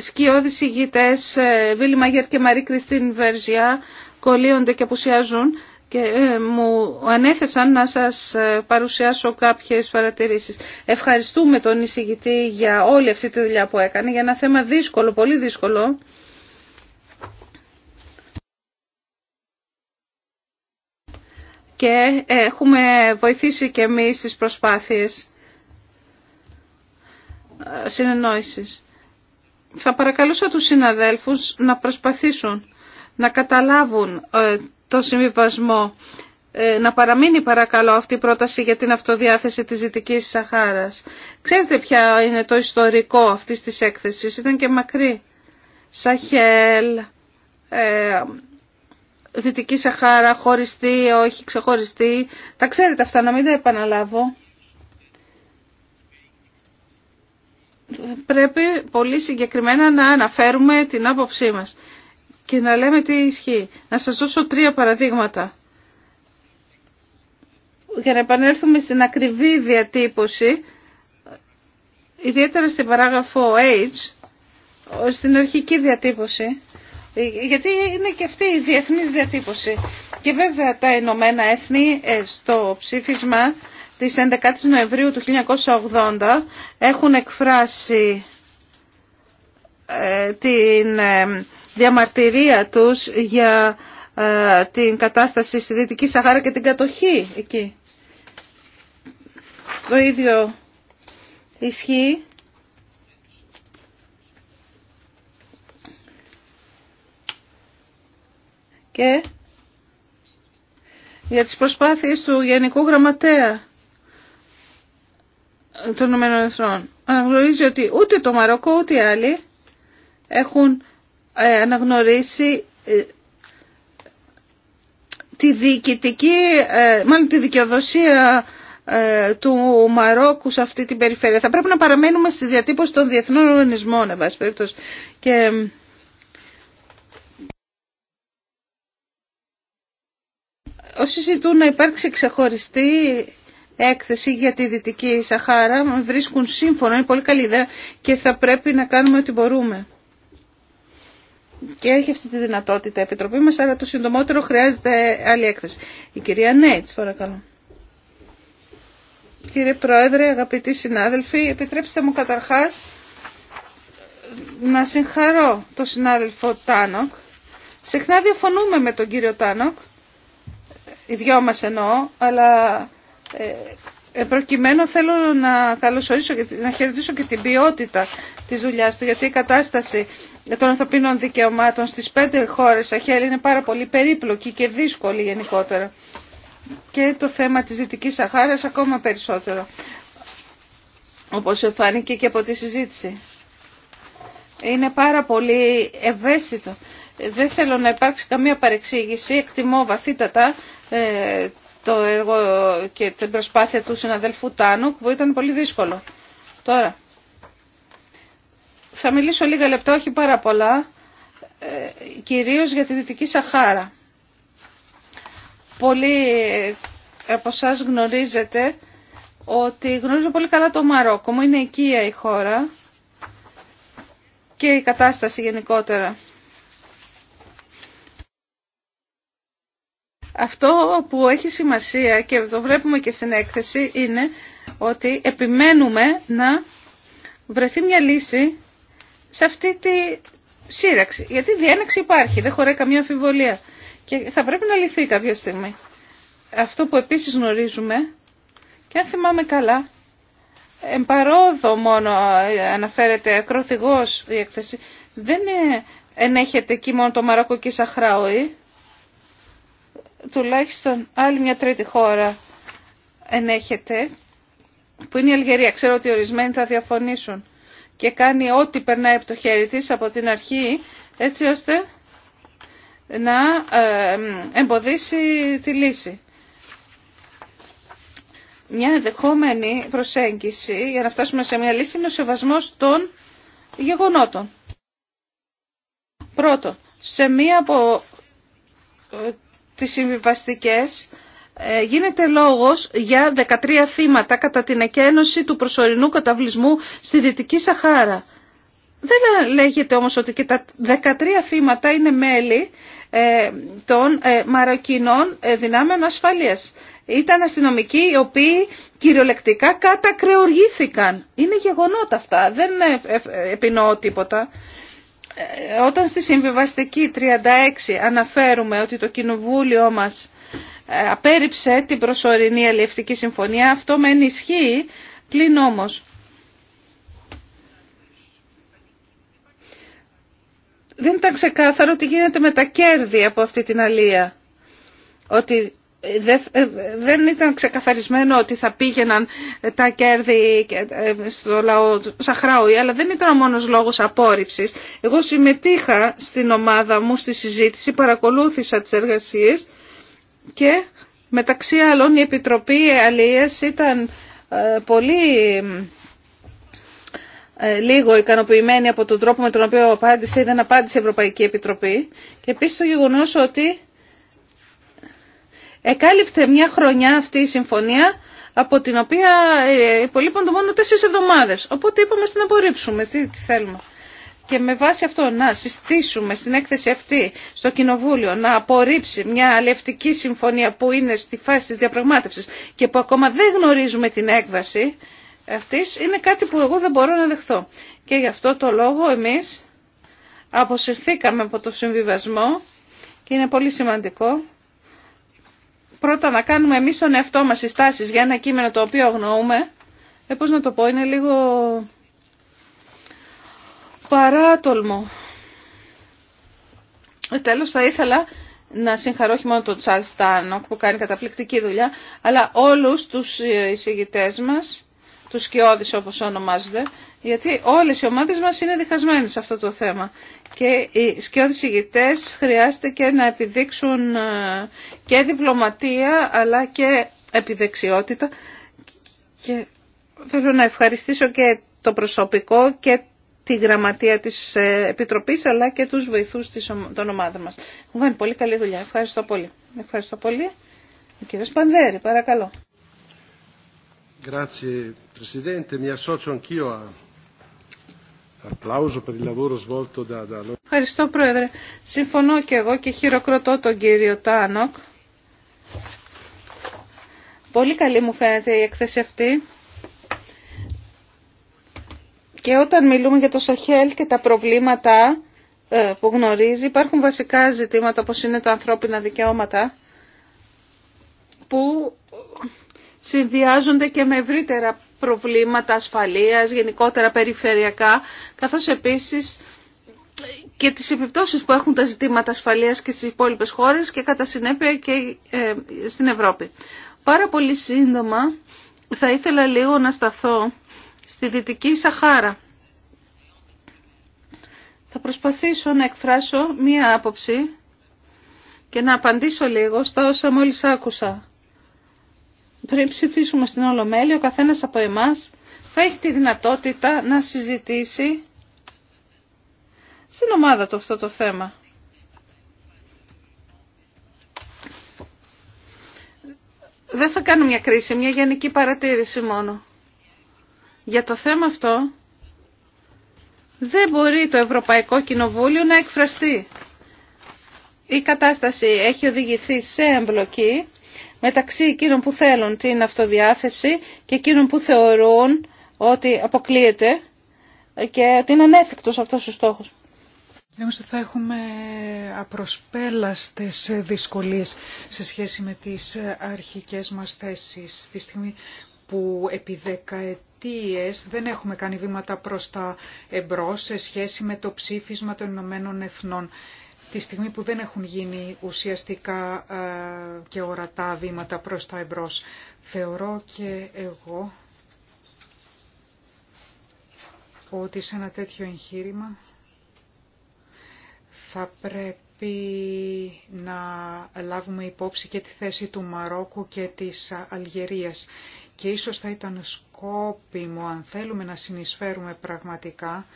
Σκιώδης ηγητές ε, Βίλι Μαγερ και Μαρή Κριστίν Βερζιά κολλείονται και απουσιάζουν και ε, μου ανέθεσαν να σας ε, παρουσιάσω κάποιες παρατηρήσεις. Ευχαριστούμε τον εισηγητή για όλη αυτή τη δουλειά που έκανε, για ένα θέμα δύσκολο, πολύ δύσκολο. Και ε, έχουμε βοηθήσει και εμείς στις προσπάθειες συνεννόησης. Θα παρακαλούσα τους συναδέλφους να προσπαθήσουν να καταλάβουν ε, το συμβιβασμό. Ε, να παραμείνει παρακαλώ αυτή η πρόταση για την αυτοδιάθεση της Δυτικής Σαχάρας. Ξέρετε ποια είναι το ιστορικό αυτής της έκθεσης. Ήταν και μακρύ. Σαχέλ, ε, Δυτική Σαχάρα, χωριστή, όχι ξεχωριστή. Τα ξέρετε αυτά, να μην τα επαναλάβω. Πρέπει πολύ συγκεκριμένα να αναφέρουμε την άποψή μας και να λέμε τι ισχύει. Να σας δώσω τρία παραδείγματα. Για να επανέλθουμε στην ακριβή διατύπωση, ιδιαίτερα στην παράγραφο H, στην αρχική διατύπωση, γιατί είναι και αυτή η διεθνής διατύπωση. Και βέβαια τα Ηνωμένα Έθνη ε, στο ψήφισμα της 11ης Νοεμβρίου του 1980 έχουν εκφράσει ε, την ε, διαμαρτυρία τους για ε, την κατάσταση στη Δυτική Σαχάρα και την κατοχή εκεί. Το ίδιο ισχύει. Και για τις προσπάθειες του Γενικού Γραμματέα των Ηνωμένων Εθνών. Αναγνωρίζει ότι ούτε το Μαρόκο ούτε άλλοι έχουν ε, αναγνωρίσει ε, τη διοικητική, ε, μάλλον τη δικαιοδοσία του Μαρόκου σε αυτή την περιφέρεια. Θα πρέπει να παραμένουμε στη διατύπωση των διεθνών οργανισμών, εν Όσοι ζητούν να υπάρξει ξεχωριστή έκθεση για τη Δυτική Σαχάρα, βρίσκουν σύμφωνα, είναι πολύ καλή ιδέα και θα πρέπει να κάνουμε ό,τι μπορούμε και έχει αυτή τη δυνατότητα η Επιτροπή μας, αλλά το συντομότερο χρειάζεται άλλη έκθεση. Η κυρία Νέιτς, παρακαλώ. Κύριε Πρόεδρε, αγαπητοί συνάδελφοι, επιτρέψτε μου καταρχάς να συγχαρώ τον συνάδελφο Τάνοκ. Συχνά διαφωνούμε με τον κύριο Τάνοκ, οι δυο μας εννοώ, αλλά ε, ε, προκειμένου θέλω να καλωσορίσω και να χαιρετήσω και την ποιότητα της δουλειάς του, γιατί η κατάσταση των ανθρωπίνων δικαιωμάτων στις πέντε χώρες Αχέλη είναι πάρα πολύ περίπλοκη και δύσκολη γενικότερα. Και το θέμα της Δυτικής Σαχάρας ακόμα περισσότερο, όπως φάνηκε και από τη συζήτηση. Είναι πάρα πολύ ευαίσθητο. Δεν θέλω να υπάρξει καμία παρεξήγηση, εκτιμώ βαθύτατα ε, το έργο και την προσπάθεια του συναδέλφου Τάνουκ που ήταν πολύ δύσκολο. Τώρα, θα μιλήσω λίγα λεπτά, όχι πάρα πολλά, ε, κυρίως για τη Δυτική Σαχάρα. Πολλοί ε, από εσά γνωρίζετε ότι γνωρίζω πολύ καλά το Μαρόκο μου, είναι οικία η χώρα και η κατάσταση γενικότερα. Αυτό που έχει σημασία και το βλέπουμε και στην έκθεση είναι ότι επιμένουμε να βρεθεί μια λύση σε αυτή τη σύραξη. Γιατί διένεξη υπάρχει, δεν χωράει καμία αμφιβολία. Και θα πρέπει να λυθεί κάποια στιγμή. Αυτό που επίσης γνωρίζουμε, και αν θυμάμαι καλά, εμπαρόδο μόνο ε, αναφέρεται ακροθυγός η έκθεση, δεν ε, ενέχεται εκεί μόνο το Μαρακό και τουλάχιστον άλλη μια τρίτη χώρα ενέχεται, που είναι η Αλγερία. Ξέρω ότι ορισμένοι θα διαφωνήσουν και κάνει ό,τι περνάει από το χέρι της από την αρχή, έτσι ώστε να ε, εμποδίσει τη λύση. Μια ενδεχόμενη προσέγγιση για να φτάσουμε σε μια λύση είναι ο σεβασμός των γεγονότων. Πρώτο, σε μία από ε, τις συμβιβαστικές γίνεται λόγος για 13 θύματα κατά την εκένωση του προσωρινού καταβλισμού στη Δυτική Σαχάρα. Δεν λέγεται όμως ότι και τα 13 θύματα είναι μέλη των Μαροκινών δυνάμεων ασφαλείας. Ήταν αστυνομικοί οι οποίοι κυριολεκτικά κατακρεουργήθηκαν. Είναι γεγονότα αυτά, δεν επινοώ τίποτα. Ε, όταν στη συμβιβαστική 36 αναφέρουμε ότι το κοινοβούλιο μας ε, απέριψε την προσωρινή αλληλευτική συμφωνία, αυτό με ενισχύει πλην όμως. Δεν ήταν ξεκάθαρο τι γίνεται με τα κέρδη από αυτή την αλία. Ότι ε, δεν ήταν ξεκαθαρισμένο ότι θα πήγαιναν τα κέρδη ε, στο λαό Σαχράουι, αλλά δεν ήταν ο μόνος λόγος απόρριψης. Εγώ συμμετείχα στην ομάδα μου στη συζήτηση, παρακολούθησα τις εργασίες και μεταξύ άλλων η Επιτροπή αλλιές ήταν ε, πολύ λίγο ικανοποιημένη από τον τρόπο με τον οποίο απάντησε ή δεν απάντησε η Ευρωπαϊκή Επιτροπή και επίσης το γεγονός ότι Εκάλυπτε μια χρονιά αυτή η συμφωνία από την οποία ε, το μόνο τέσσερις εβδομάδες. Οπότε είπαμε στην απορρίψουμε τι θέλουμε. Και με βάση αυτό να συστήσουμε στην έκθεση αυτή στο Κοινοβούλιο να απορρίψει μια αλληλευτική συμφωνία που είναι στη φάση της διαπραγμάτευσης και που ακόμα δεν γνωρίζουμε την έκβαση Αυτή είναι κάτι που εγώ δεν μπορώ να δεχθώ. Και γι' αυτό το λόγο εμείς αποσυρθήκαμε από το συμβιβασμό και είναι πολύ σημαντικό πρώτα να κάνουμε εμεί τον εαυτό μα συστάσει για ένα κείμενο το οποίο γνωρούμε. ε, πώς να το πω, είναι λίγο παράτολμο. Ε, τέλος θα ήθελα να συγχαρώ όχι μόνο τον Τσάλ τάνοκ που κάνει καταπληκτική δουλειά, αλλά όλους τους ε, εισηγητές μας, τους σκιώδεις όπως ονομάζονται, γιατί όλες οι ομάδες μας είναι διχασμένες σε αυτό το θέμα. Και οι σκιώδης ηγητές χρειάζεται και να επιδείξουν ε, και διπλωματία αλλά και επιδεξιότητα. Και θέλω να ευχαριστήσω και το προσωπικό και τη γραμματεία της ε, Επιτροπής αλλά και τους βοηθούς των ομάδων μας. Μου κάνει πολύ καλή δουλειά. Ευχαριστώ πολύ. Ευχαριστώ πολύ. Ο κύριος Παντζέρη, παρακαλώ.
Grazie Presidente, mi associo anch'io a
Ευχαριστώ Πρόεδρε. Συμφωνώ και εγώ και χειροκροτώ τον κύριο Τάνοκ. Πολύ καλή μου φαίνεται η έκθεση αυτή. Και όταν μιλούμε για το Σαχέλ και τα προβλήματα ε, που γνωρίζει, υπάρχουν βασικά ζητήματα όπως είναι τα ανθρώπινα δικαιώματα που συνδυάζονται και με ευρύτερα προβλήματα ασφαλείας, γενικότερα περιφερειακά, καθώς επίσης και τις επιπτώσεις που έχουν τα ζητήματα ασφαλείας και στις υπόλοιπες χώρες και κατά συνέπεια και ε, στην Ευρώπη. Πάρα πολύ σύντομα θα ήθελα λίγο να σταθώ στη Δυτική Σαχάρα. Θα προσπαθήσω να εκφράσω μία άποψη και να απαντήσω λίγο στα όσα μόλις άκουσα πριν ψηφίσουμε στην Ολομέλεια, ο καθένας από εμάς θα έχει τη δυνατότητα να συζητήσει στην ομάδα του αυτό το θέμα. Δεν θα κάνω μια κρίση, μια γενική παρατήρηση μόνο. Για το θέμα αυτό δεν μπορεί το Ευρωπαϊκό Κοινοβούλιο να εκφραστεί. Η κατάσταση έχει οδηγηθεί σε εμπλοκή μεταξύ εκείνων που θέλουν την αυτοδιάθεση και εκείνων που θεωρούν ότι αποκλείεται και ότι είναι ανέφικτος αυτός ο στόχος.
Νομίζω ότι θα έχουμε απροσπέλαστες δυσκολίες σε σχέση με τις αρχικές μας θέσεις. Τη στιγμή που επί δεκαετίες δεν έχουμε κάνει βήματα προς τα εμπρός σε σχέση με το ψήφισμα των Ηνωμένων Εθνών τη στιγμή που δεν έχουν γίνει ουσιαστικά ε, και ορατά βήματα προς τα εμπρός. Θεωρώ και εγώ ότι σε ένα τέτοιο εγχείρημα θα πρέπει να λάβουμε υπόψη και τη θέση του Μαρόκου και της Αλγερίας. Και ίσως θα ήταν σκόπιμο, αν θέλουμε να συνεισφέρουμε πραγματικά,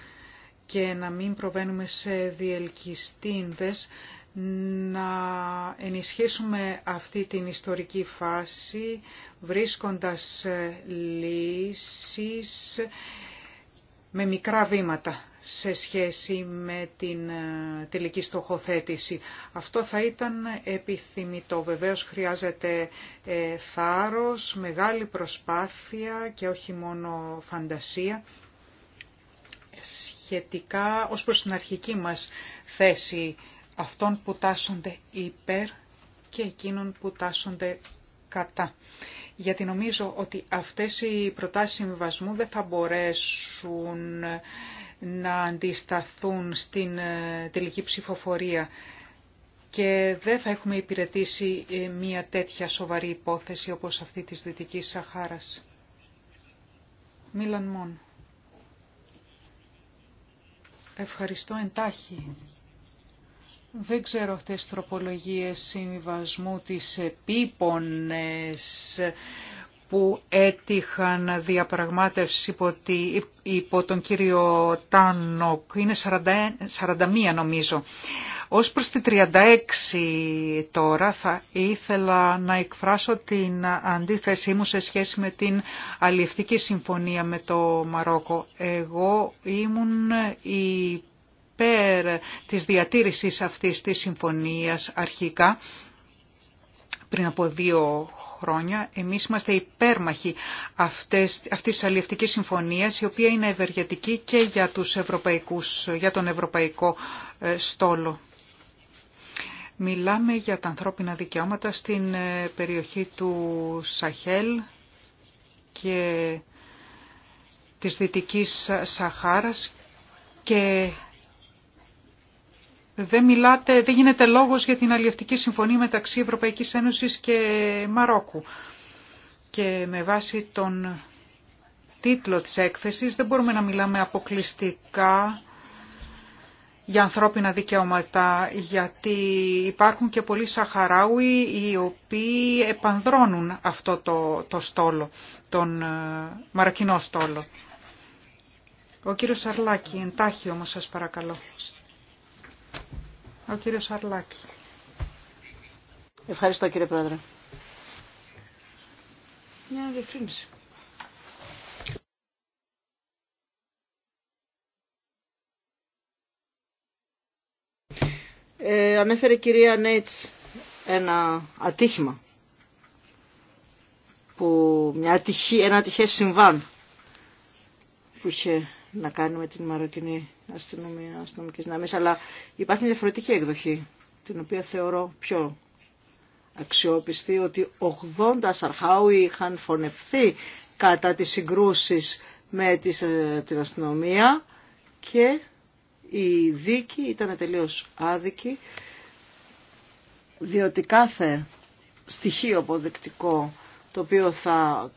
και να μην προβαίνουμε σε διελκυστίνδες, να ενισχύσουμε αυτή την ιστορική φάση βρίσκοντας ε, λύσεις με μικρά βήματα σε σχέση με την ε, τελική στοχοθέτηση. Αυτό θα ήταν επιθυμητό. Βεβαίως χρειάζεται ε, θάρρος, μεγάλη προσπάθεια και όχι μόνο φαντασία σχετικά ως προς την αρχική μας θέση αυτών που τάσσονται υπέρ και εκείνων που τάσσονται κατά. Γιατί νομίζω ότι αυτές οι προτάσεις συμβιβασμού δεν θα μπορέσουν να αντισταθούν στην ε, τελική ψηφοφορία και δεν θα έχουμε υπηρετήσει ε, μια τέτοια σοβαρή υπόθεση όπως αυτή της Δυτικής Σαχάρας. Μίλαν μόνο. Ευχαριστώ εντάχει. Δεν ξέρω αυτές τις τροπολογίες συμβιβασμού της επίπονες που έτυχαν διαπραγμάτευση υπό, υπό τον κύριο Τάνοκ. Είναι 41 νομίζω. Ως προς τη 36 τώρα θα ήθελα να εκφράσω την αντίθεσή μου σε σχέση με την αλληλευτική συμφωνία με το Μαρόκο. Εγώ ήμουν πέρ της διατήρησης αυτής της συμφωνίας αρχικά πριν από δύο χρόνια. Εμείς είμαστε υπέρμαχοι αυτές, αυτής της αλληλευτικής συμφωνίας, η οποία είναι ευεργετική και για, τους ευρωπαϊκούς, για τον ευρωπαϊκό ε, στόλο. Μιλάμε για τα ανθρώπινα δικαιώματα στην ε, περιοχή του Σαχέλ και της Δυτικής Σαχάρας και δεν, μιλάτε, δεν γίνεται λόγος για την αλληλευτική συμφωνία μεταξύ Ευρωπαϊκής Ένωσης και Μαρόκου. Και με βάση τον τίτλο της έκθεσης δεν μπορούμε να μιλάμε αποκλειστικά για ανθρώπινα δικαιώματα, γιατί υπάρχουν και πολλοί Σαχαράουι οι οποίοι επανδρώνουν αυτό το, το στόλο, τον ε, μαρακινό στόλο. Ο κύριος Σαρλάκη, εντάχει όμως σας παρακαλώ. Ο κύριος Σαρλάκη. Ευχαριστώ κύριε Πρόεδρε. Μια διευκρίνηση.
Ε, ανέφερε η κυρία Νέιτς ένα ατύχημα, που, μια ατυχή, ένα ατυχές συμβάν που είχε να κάνει με την μαροκινή αστυνομία, αστυνομικές δυνάμεις, αλλά υπάρχει μια διαφορετική εκδοχή, την οποία θεωρώ πιο αξιόπιστη, ότι 80 αρχάου είχαν φωνευθεί κατά τις συγκρούσεις με ε, την αστυνομία και η δίκη ήταν τελείως άδικη, διότι κάθε στοιχείο αποδεκτικό το οποίο θα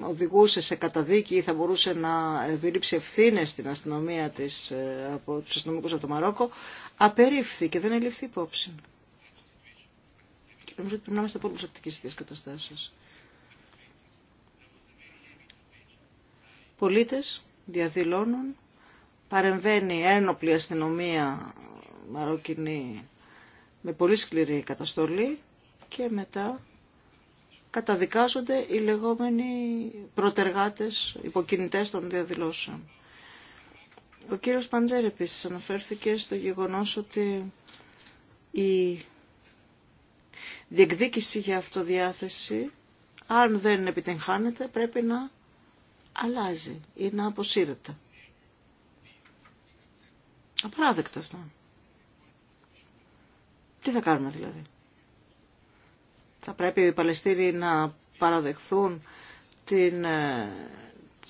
οδηγούσε σε καταδίκη ή θα μπορούσε να επιρρύψει ευθύνε στην αστυνομία της, ε, από τους αστυνομικούς από το Μαρόκο, απερίφθη και δεν ελήφθη υπόψη. Και νομίζω ότι πρέπει να είμαστε πολύ προσεκτικοί σε καταστάσεις. Πολίτες διαδηλώνουν παρεμβαίνει ένοπλη αστυνομία μαροκινή με πολύ σκληρή καταστολή και μετά καταδικάζονται οι λεγόμενοι προτεργάτες, υποκινητές των διαδηλώσεων. Ο κύριος Παντζέρη επίση αναφέρθηκε στο γεγονός ότι η διεκδίκηση για αυτοδιάθεση, αν δεν επιτυγχάνεται, πρέπει να αλλάζει ή να αποσύρεται. Απαράδεκτο αυτό. Τι θα κάνουμε δηλαδή. Θα πρέπει οι Παλαιστίνοι να παραδεχθούν την ε,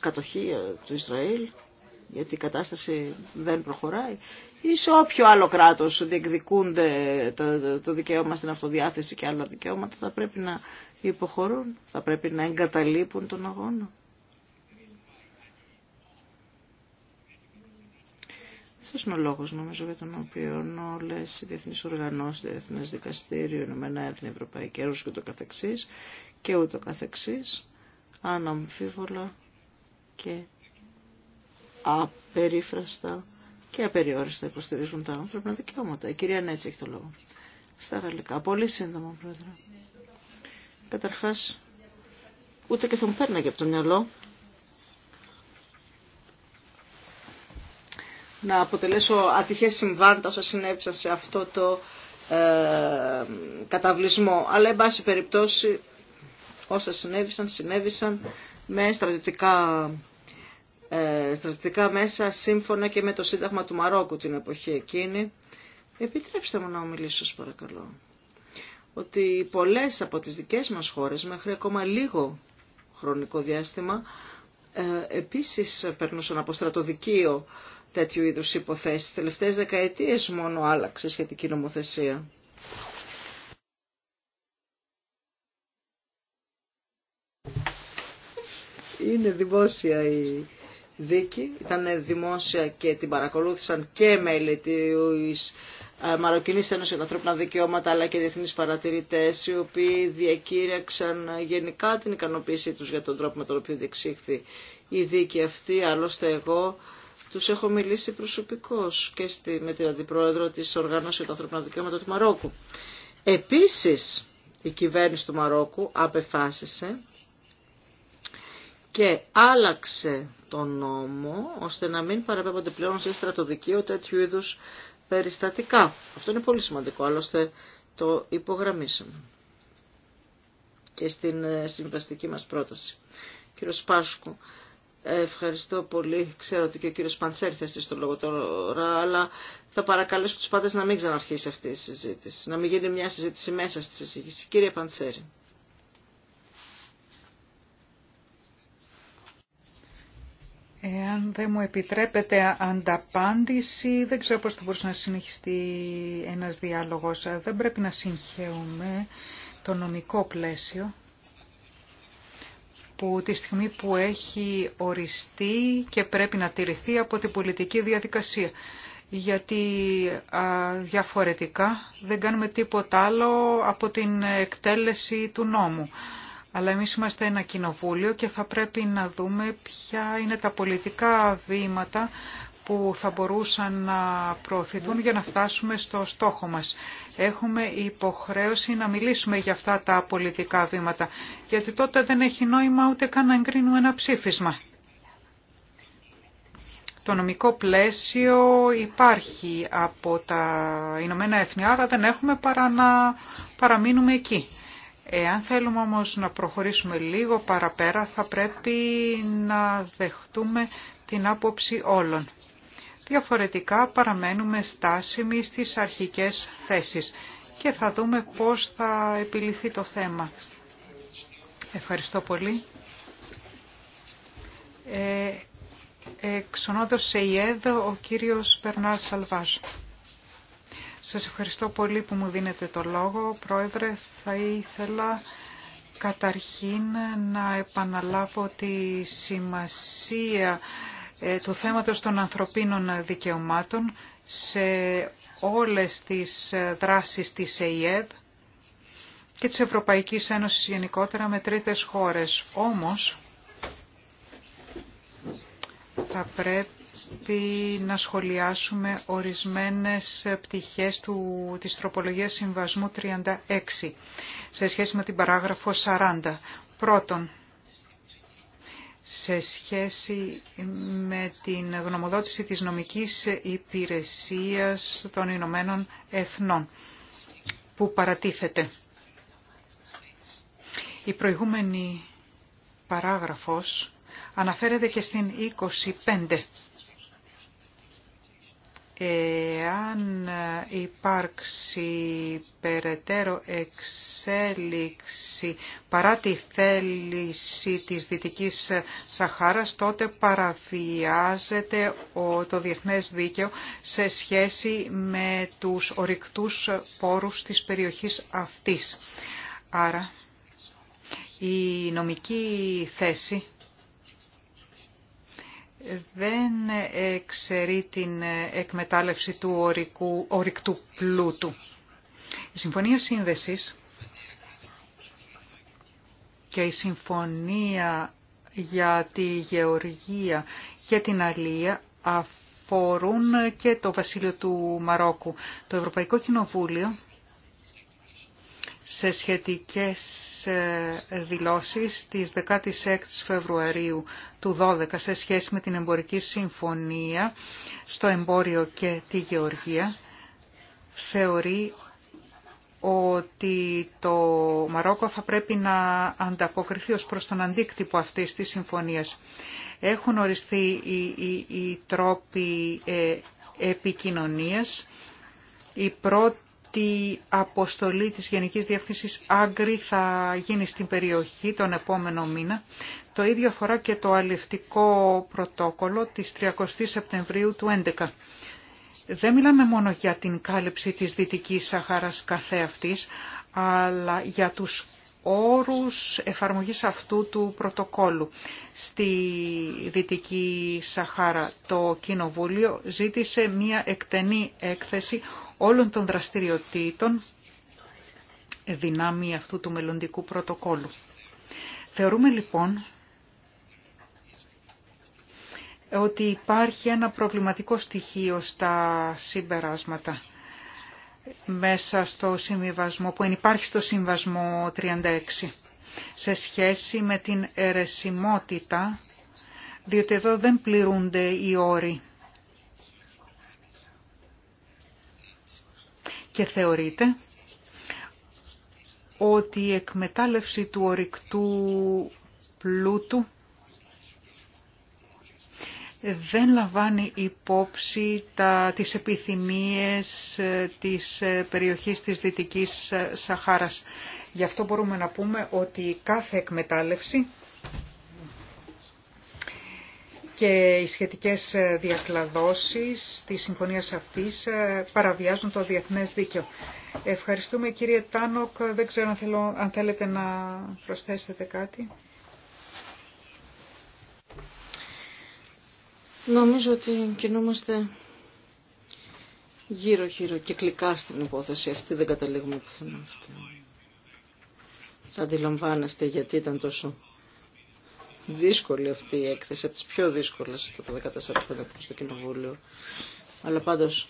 κατοχή ε, του Ισραήλ, γιατί η κατάσταση δεν προχωράει, ή σε όποιο άλλο κράτος διεκδικούνται το δικαίωμα στην αυτοδιάθεση και άλλα δικαιώματα, θα πρέπει να υποχωρούν, θα πρέπει να εγκαταλείπουν τον αγώνα. Αυτό είναι ο λόγο νομίζω για τον οποίο όλε οι διεθνεί οργανώσει, διεθνέ δικαστήριο, Ηνωμένα Έθνη, Ευρωπαϊκή Ένωση και το καθεξή και ούτω καθεξή αναμφίβολα και απερίφραστα και απεριόριστα υποστηρίζουν τα άνθρωπινα δικαιώματα. Η κυρία Νέτση έχει το λόγο. Στα γαλλικά. Πολύ σύντομα, πρόεδρε. Καταρχάς, ούτε και θα μου παίρναγε από το μυαλό να αποτελέσω ατυχές συμβάντα όσα συνέβησαν σε αυτό το ε, καταβλισμό. Αλλά, εν πάση περιπτώσει, όσα συνέβησαν, συνέβησαν με ε, στρατιωτικά, μέσα, σύμφωνα και με το Σύνταγμα του Μαρόκου την εποχή εκείνη. Επιτρέψτε μου να ομιλήσω, σας παρακαλώ. Ότι πολλές από τις δικές μας χώρες, μέχρι ακόμα λίγο χρονικό διάστημα, ε, επίσης περνούσαν από στρατοδικείο τέτοιου είδους υποθέσεις. τελευταίες δεκαετίες μόνο άλλαξε σχετική νομοθεσία. Είναι δημόσια η δίκη, ήταν δημόσια και την παρακολούθησαν και μέλη της ε, Μαροκινής Ένωσης για τα Ανθρώπινα Δικαιώματα αλλά και διεθνείς παρατηρητές οι οποίοι διακήρυξαν γενικά την ικανοποίησή τους για τον τρόπο με τον οποίο διεξήχθη η δίκη αυτή. Άλλωστε εγώ τους έχω μιλήσει προσωπικώς και με την Αντιπρόεδρο της Οργάνωσης των τα Ανθρωπινά του Μαρόκου. Επίσης, η κυβέρνηση του Μαρόκου απεφάσισε και άλλαξε τον νόμο ώστε να μην παραπέμπονται πλέον σε στρατοδικείο τέτοιου είδους περιστατικά. Αυτό είναι πολύ σημαντικό, άλλωστε το υπογραμμίσαμε και στην ε, συμβαστική μας πρόταση. Κύριο Σπάσκου, Ευχαριστώ πολύ. Ξέρω ότι και ο κύριος Παντσέρη θα στο λόγο τώρα, αλλά θα παρακαλέσω τους πάντες να μην ξαναρχίσει αυτή η συζήτηση, να μην γίνει μια συζήτηση μέσα στη συζήτηση. Κύριε Παντσέρη.
Εάν δεν μου επιτρέπετε ανταπάντηση, δεν ξέρω πώς θα μπορούσε να συνεχιστεί ένας διάλογος. Δεν πρέπει να συγχαίουμε το νομικό πλαίσιο που τη στιγμή που έχει οριστεί και πρέπει να τηρηθεί από την πολιτική διαδικασία. Γιατί διαφορετικά δεν κάνουμε τίποτα άλλο από την εκτέλεση του νόμου. Αλλά εμείς είμαστε ένα κοινοβούλιο και θα πρέπει να δούμε ποια είναι τα πολιτικά βήματα που θα μπορούσαν να προωθηθούν για να φτάσουμε στο στόχο μας. Έχουμε υποχρέωση να μιλήσουμε για αυτά τα πολιτικά βήματα, γιατί τότε δεν έχει νόημα ούτε καν να εγκρίνουμε ένα ψήφισμα. Το νομικό πλαίσιο υπάρχει από τα Ηνωμένα Έθνη, άρα δεν έχουμε παρά να παραμείνουμε εκεί. Εάν θέλουμε όμως να προχωρήσουμε λίγο παραπέρα, θα πρέπει να δεχτούμε την άποψη όλων. Διαφορετικά παραμένουμε στάσιμοι στις αρχικές θέσεις και θα δούμε πώς θα επιληθεί το θέμα. Ευχαριστώ πολύ. Ε, σε ΙΕΔ, ο κύριος Περνάς Σαλβάζ. Σας ευχαριστώ πολύ που μου δίνετε το λόγο. Πρόεδρε, θα ήθελα καταρχήν να επαναλάβω τη σημασία ε, του θέματος των ανθρωπίνων δικαιωμάτων σε όλες τις ε, δράσεις της ΕΙΕΔ και της Ευρωπαϊκής Ένωσης γενικότερα με τρίτες χώρες. Όμως, θα πρέπει να σχολιάσουμε ορισμένες πτυχές του, της τροπολογίας Συμβασμού 36 σε σχέση με την παράγραφο 40. Πρώτον, σε σχέση με την γνωμοδότηση της νομικής υπηρεσίας των Ηνωμένων Εθνών που παρατίθεται. Η προηγούμενη παράγραφος αναφέρεται και στην 25 Εάν υπάρξει περαιτέρω εξέλιξη παρά τη θέληση της Δυτικής Σαχάρας, τότε παραβιάζεται το διεθνές δίκαιο σε σχέση με τους ορικτούς πόρους της περιοχής αυτής. Άρα η νομική θέση δεν εξαιρεί την εκμετάλλευση του ορικού, ορυκτού πλούτου. Η Συμφωνία Σύνδεσης και η Συμφωνία για τη Γεωργία και την Αλία αφορούν και το Βασίλειο του Μαρόκου. Το Ευρωπαϊκό Κοινοβούλιο σε σχετικές ε, δηλώσεις της 16 Φεβρουαρίου του 12 σε σχέση με την εμπορική συμφωνία στο εμπόριο και τη γεωργία θεωρεί ότι το Μαρόκο θα πρέπει να ανταποκριθεί ως προς τον αντίκτυπο αυτής της συμφωνίας. Έχουν οριστεί οι, τρόποι ε, επικοινωνίας. Η πρώτη Τη αποστολή της Γενικής Διεύθυνσης Άγκρη θα γίνει στην περιοχή τον επόμενο μήνα. Το ίδιο αφορά και το αλευτικό πρωτόκολλο της 30 Σεπτεμβρίου του 2011. Δεν μιλάμε μόνο για την κάλυψη της Δυτικής Σαχάρας καθεαυτής, αλλά για τους όρους εφαρμογής αυτού του πρωτοκόλου. Στη Δυτική Σαχάρα το Κοινοβούλιο ζήτησε μια εκτενή έκθεση όλων των δραστηριοτήτων δυνάμει αυτού του μελλοντικού πρωτοκόλου. Θεωρούμε λοιπόν ότι υπάρχει ένα προβληματικό στοιχείο στα συμπεράσματα μέσα στο συμβιβασμό, που υπάρχει στο συμβασμό 36, σε σχέση με την αιρεσιμότητα, διότι εδώ δεν πληρούνται οι όροι. Και θεωρείται ότι η εκμετάλλευση του ορυκτού πλούτου δεν λαμβάνει υπόψη τα, τις επιθυμίες ε, της ε, περιοχής της Δυτικής ε, Σαχάρας. Γι' αυτό μπορούμε να πούμε ότι κάθε εκμετάλλευση και οι σχετικές διακλαδώσεις της συμφωνίας αυτής παραβιάζουν το διεθνές δίκαιο. Ευχαριστούμε κύριε Τάνοκ. Δεν ξέρω αν θέλετε να προσθέσετε κάτι. Νομίζω ότι
κινούμαστε γύρω-γύρω κυκλικά στην υπόθεση αυτή, δεν καταλήγουμε πουθενά αυτή. Θα αντιλαμβάνεστε γιατί ήταν τόσο δύσκολη αυτή η έκθεση, από τις πιο δύσκολες τα 14 χρόνια που στο Κοινοβούλιο. Αλλά πάντως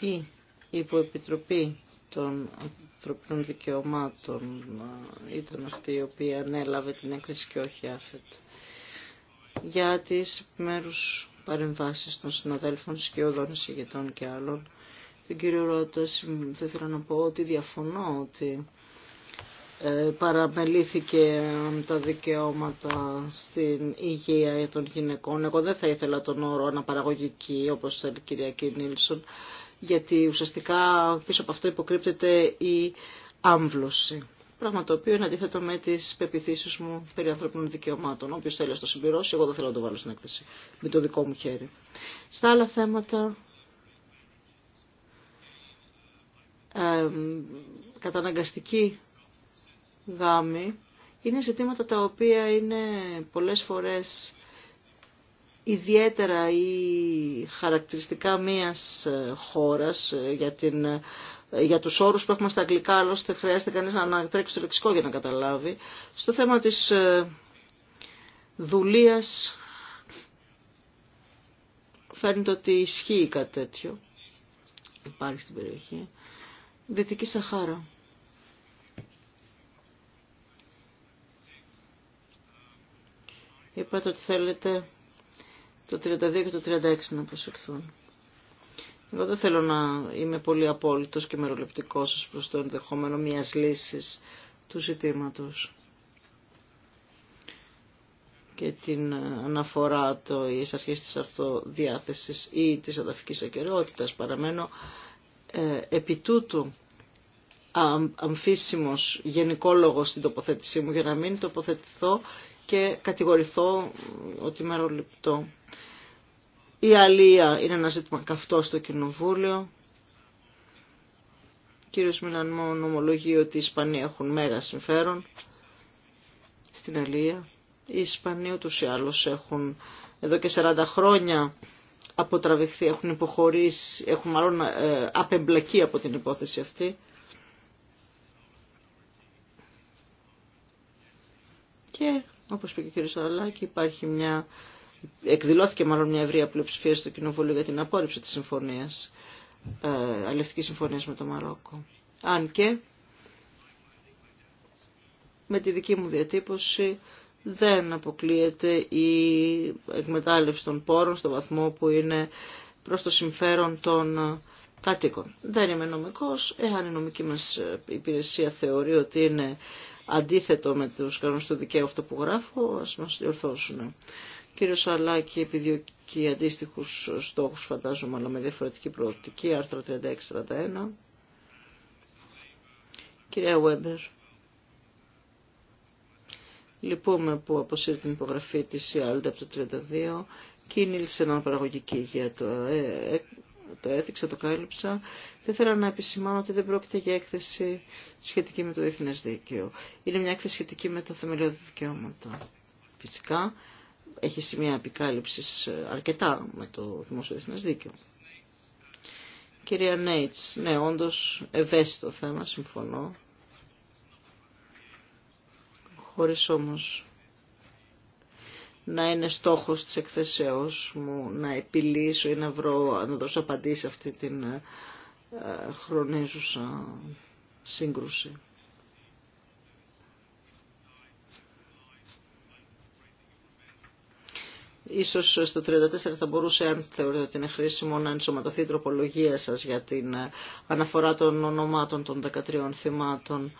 η υποεπιτροπή των ανθρωπινών δικαιωμάτων ε, ήταν αυτή η οποία ανέλαβε την έκθεση και όχι άφετ για τις μέρους παρεμβάσεις των συναδέλφων, σκιωδών, συγκεκριτών και άλλων. Τον κύριο Ρώτα, θα ήθελα να πω ότι διαφωνώ ότι ε, παραμελήθηκε τα δικαιώματα στην υγεία των γυναικών. Εγώ δεν θα ήθελα τον όρο αναπαραγωγική, όπως θέλει η κυρία Κινίλσον, γιατί ουσιαστικά πίσω από αυτό υποκρύπτεται η άμβλωση. Πράγμα το οποίο είναι αντίθετο με τι πεπιθήσει μου περί ανθρώπινων δικαιωμάτων. Όποιο θέλει να το συμπληρώσει, εγώ δεν θέλω να το βάλω στην έκθεση με το δικό μου χέρι. Στα άλλα θέματα. Ε, καταναγκαστική γάμη είναι ζητήματα τα οποία είναι πολλές φορές ιδιαίτερα ή χαρακτηριστικά μίας ε, χώρας ε, για την για τους όρους που έχουμε στα αγγλικά, άλλωστε χρειάζεται κανείς να ανατρέξει στο λεξικό για να καταλάβει, στο θέμα της ε, δουλείας φαίνεται ότι ισχύει κάτι τέτοιο. Υπάρχει στην περιοχή. Δυτική Σαχάρα. Είπατε ότι θέλετε το 32 και το 36 να προσεχθούν. Εγώ δεν θέλω να είμαι πολύ απόλυτος και μεροληπτικός ως προς το ενδεχόμενο μιας λύσης του ζητήματος και την αναφορά το εις αρχής της αυτοδιάθεσης ή της αδαφικής ακαιρεότητας. Παραμένω ε, επί τούτου αμφίσιμος γενικόλογος στην τοποθέτησή μου για να μην τοποθετηθώ και κατηγορηθώ ότι μεροληπτώ. Η αλία είναι ένα ζήτημα καυτό στο Κοινοβούλιο. Ο κύριος Μιλανμόν ομολογεί ότι οι Ισπανοί έχουν μέγα συμφέρον στην αλία. Οι Ισπανοί ούτως ή άλλως έχουν εδώ και 40 χρόνια αποτραβηχθεί, έχουν υποχωρήσει, έχουν μάλλον ε, απεμπλακεί από την υπόθεση αυτή. Και όπως είπε και ο κύριος υπάρχει μια εκδηλώθηκε μάλλον μια ευρεία πλειοψηφία στο Κοινοβούλιο για την απόρριψη της συμφωνίας, ε, αλληλευτικής συμφωνίας με το Μαρόκο. Αν και με τη δική μου διατύπωση δεν αποκλείεται η εκμετάλλευση των πόρων στο βαθμό που είναι προς το συμφέρον των ε, κατοίκων. Δεν είμαι νομικός, εάν η νομική μας ε, υπηρεσία θεωρεί ότι είναι αντίθετο με τους κανόνες του δικαίου αυτό που γράφω, ας μας διορθώσουν. Κύριο Σαλάκη επιδιωκεί αντίστοιχους στόχους φαντάζομαι αλλά με διαφορετική προοπτική, άρθρο 36-41. Κυρία Βέμπερ, λυπούμε που αποσύρει την υπογραφή της η από το 32 και σε έναν παραγωγική για το ε, ε το έδειξα, το κάλυψα. Θα ήθελα να επισημάνω ότι δεν πρόκειται για έκθεση σχετική με το διεθνέ δίκαιο. Είναι μια έκθεση σχετική με τα θεμελιώδη δικαιώματα. Φυσικά έχει σημεία επικάλυψης ε, αρκετά με το Δημόσιο Δίκαιο. Κυρία Νέιτς, ναι, όντως ευαίσθητο θέμα, συμφωνώ. Χωρίς όμως να είναι στόχος της εκθέσεώς μου να επιλύσω ή να, βρω, να δώσω απαντήσει αυτή την ε, ε, χρονίζουσα σύγκρουση. Ίσως στο 34 θα μπορούσε, αν θεωρείτε ότι είναι χρήσιμο, να ενσωματωθεί η τροπολογία σας για την ε, αναφορά των ονομάτων των 13 θυμάτων.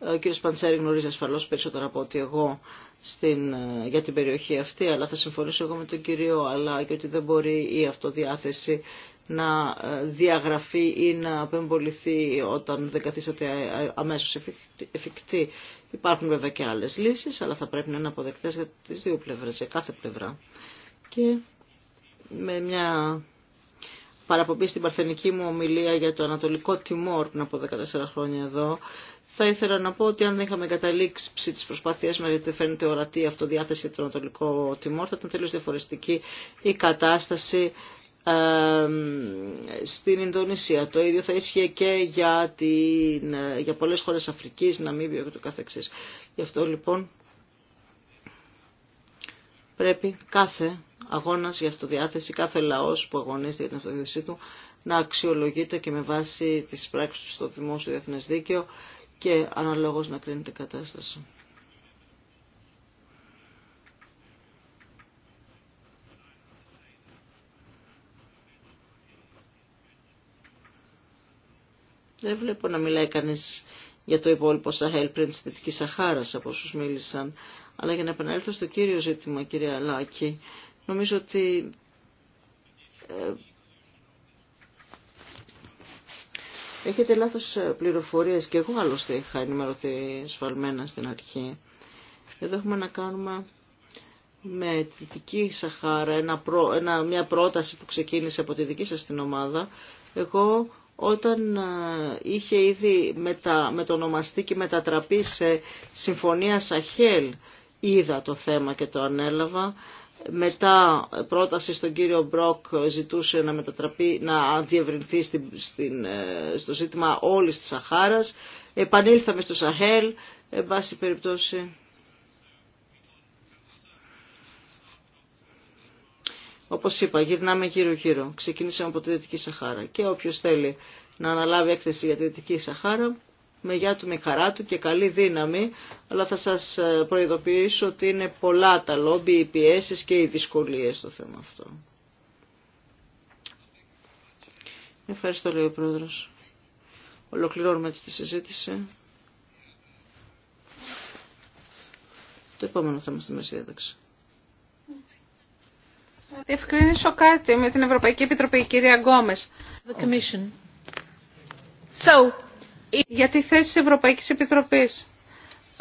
Ε, ο κύριος Παντσέρη γνωρίζει ασφαλώς περισσότερα από ότι εγώ στην, ε, για την περιοχή αυτή, αλλά θα συμφωνήσω εγώ με τον κύριο αλλά και ότι δεν μπορεί η αυτοδιάθεση να διαγραφεί ή να απεμποληθεί όταν δεν καθίσατε αμέσως εφικτή. Υπάρχουν βέβαια και άλλες λύσεις, αλλά θα πρέπει να είναι αποδεκτές για τις δύο πλευρές, για κάθε πλευρά και με μια παραπομπή στην παρθενική μου ομιλία για το Ανατολικό Τιμόρ πριν από 14 χρόνια εδώ, θα ήθελα να πω ότι αν δεν είχαμε καταλήξει τι προσπαθίε με γιατί φαίνεται ορατή αυτοδιάθεση του ανατολικού Τιμόρ, θα ήταν τελείω διαφορετική η κατάσταση στην Ινδονησία. Το ίδιο θα ίσχυε και για, την, για πολλές χώρες Αφρικής, Ναμίβιο και το καθεξής. Γι' αυτό λοιπόν πρέπει κάθε αγώνας για αυτοδιάθεση, κάθε λαός που αγωνίζεται για την αυτοδιάθεσή του να αξιολογείται και με βάση τις πράξεις του στο δημόσιο διεθνέ δίκαιο και αναλόγως να κρίνεται η κατάσταση. Δεν βλέπω να μιλάει κανείς για το υπόλοιπο Σαχέλ πριν τη Δυτική Σαχάρα από όσου μίλησαν. Αλλά για να επανέλθω στο κύριο ζήτημα, κύριε Αλάκη... Νομίζω ότι ε, έχετε λάθος ε, πληροφορίες και εγώ άλλωστε είχα ενημερωθεί σφαλμένα στην αρχή. Εδώ έχουμε να κάνουμε με τη δική Σαχάρα, ένα, ένα μια πρόταση που ξεκίνησε από τη δική σας την ομάδα. Εγώ όταν ε, είχε ήδη μετα, μετονομαστεί και μετατραπεί σε Συμφωνία Σαχέλ είδα το θέμα και το ανέλαβα. Μετά πρόταση στον κύριο Μπροκ ζητούσε να μετατραπεί, να διευρυνθεί στην, στην, ε, στο ζήτημα όλης της Σαχάρας. Επανήλθαμε στο Σαχέλ, εν πάση περιπτώσει. Όπως είπα, γυρνάμε γύρω-γύρω. Ξεκινήσαμε από τη Δυτική Σαχάρα. Και όποιος θέλει να αναλάβει έκθεση για τη Δυτική Σαχάρα, με γεια του, με χαρά του και καλή δύναμη, αλλά θα σας ε, προειδοποιήσω ότι είναι πολλά τα λόμπι, οι πιέσει και οι δυσκολίες στο θέμα αυτό. Ευχαριστώ, λέει ο Πρόεδρος. Ολοκληρώνουμε έτσι τη συζήτηση. Το επόμενο θέμα στη μέση Ένταξη.
Θα διευκρινίσω κάτι με την Ευρωπαϊκή Επιτροπή, η κυρία Γκόμες. The So, για τη θέση της Ευρωπαϊκής Επιτροπής.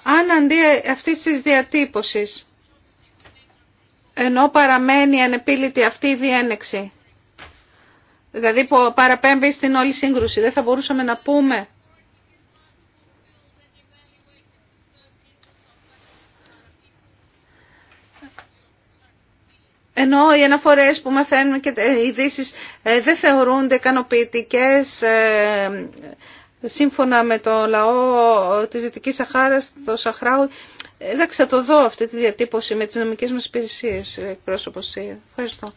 Αν αντί αυτής της διατύπωσης, ενώ παραμένει ανεπίλητη αυτή η διένεξη, δηλαδή που παραπέμπει στην όλη σύγκρουση, δεν θα μπορούσαμε να πούμε ενώ οι αναφορές που μαθαίνουμε και οι ειδήσει ε, δεν θεωρούνται ικανοποιητικέ ε, σύμφωνα με το λαό της Δυτικής Σαχάρας, το Σαχράου. Εντάξει, θα το δω αυτή τη διατύπωση με τις νομικές μας υπηρεσίες, εκπρόσωπος. Ευχαριστώ.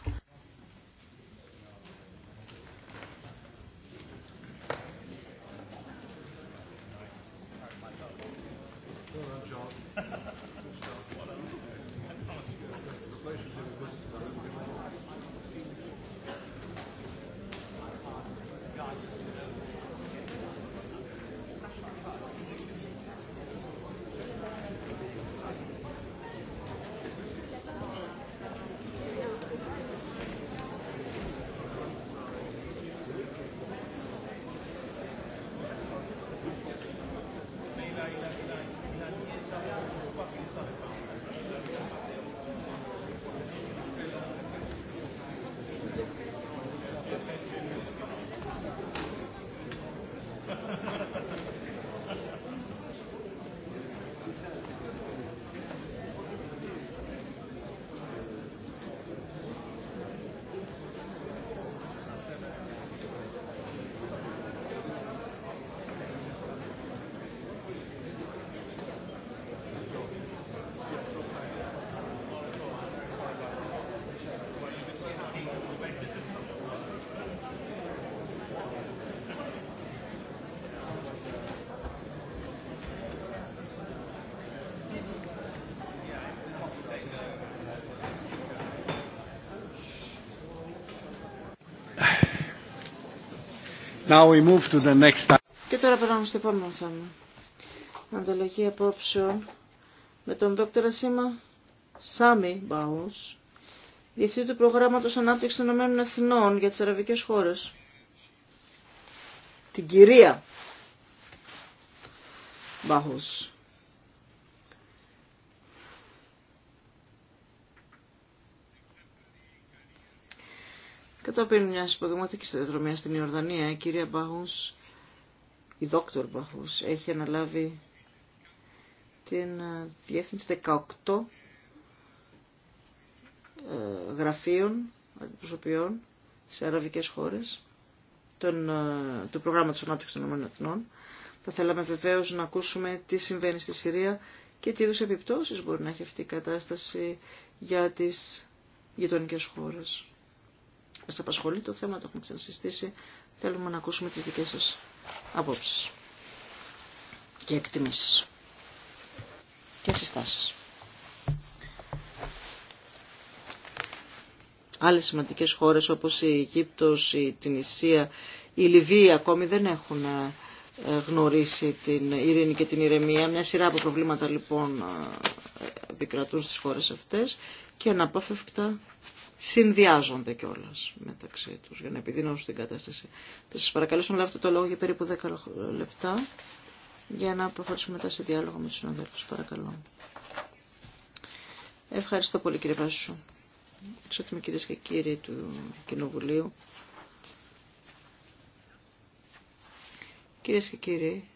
Και τώρα
περνάμε στο επόμενο θέμα. Ανταλλαγή απόψεων με τον δόκτωρα Σίμα Σάμι Μπαούς, Διευθύντου του προγράμματος ανάπτυξης των Ηνωμένων Εθνών για τι Αραβικέ χώρε. Την κυρία Μπαούς. Κατόπιν μιας υποδηματική σταδιοδρομία στην Ιορδανία, η κυρία Μπάχους, η δόκτωρ Μπάχους, έχει αναλάβει την ε, διεύθυνση 18 ε, γραφείων αντιπροσωπιών σε αραβικές χώρες τον, ε, του προγράμματος ανάπτυξης των Εθνών. Θα θέλαμε βεβαίως να ακούσουμε τι συμβαίνει στη Συρία και τι είδους επιπτώσεις μπορεί να έχει αυτή η κατάσταση για τις γειτονικές χώρες. Μα απασχολεί το θέμα, το έχουμε ξανασυστήσει. Θέλουμε να ακούσουμε τις δικέ σας απόψεις και εκτιμήσεις και συστάσεις. Άλλε σημαντικές χώρες όπως η Αιγύπτος, η Τινησία, η Λιβύη ακόμη δεν έχουν ε, γνωρίσει την ειρήνη και την ηρεμία. Μια σειρά από προβλήματα λοιπόν ε, επικρατούν στις χώρες αυτές και αναπόφευκτα συνδυάζονται κιόλα μεταξύ τους για να επιδεινώσουν την κατάσταση. Θα σα παρακαλέσω να λάβετε το λόγο για περίπου 10 λεπτά για να προχωρήσουμε μετά σε διάλογο με τους συναδέλφους. Παρακαλώ. Ευχαριστώ πολύ κύριε Βάσου. εξωτερικοί κυρίε και κύριοι του Κοινοβουλίου. Κυρίε και κύριοι,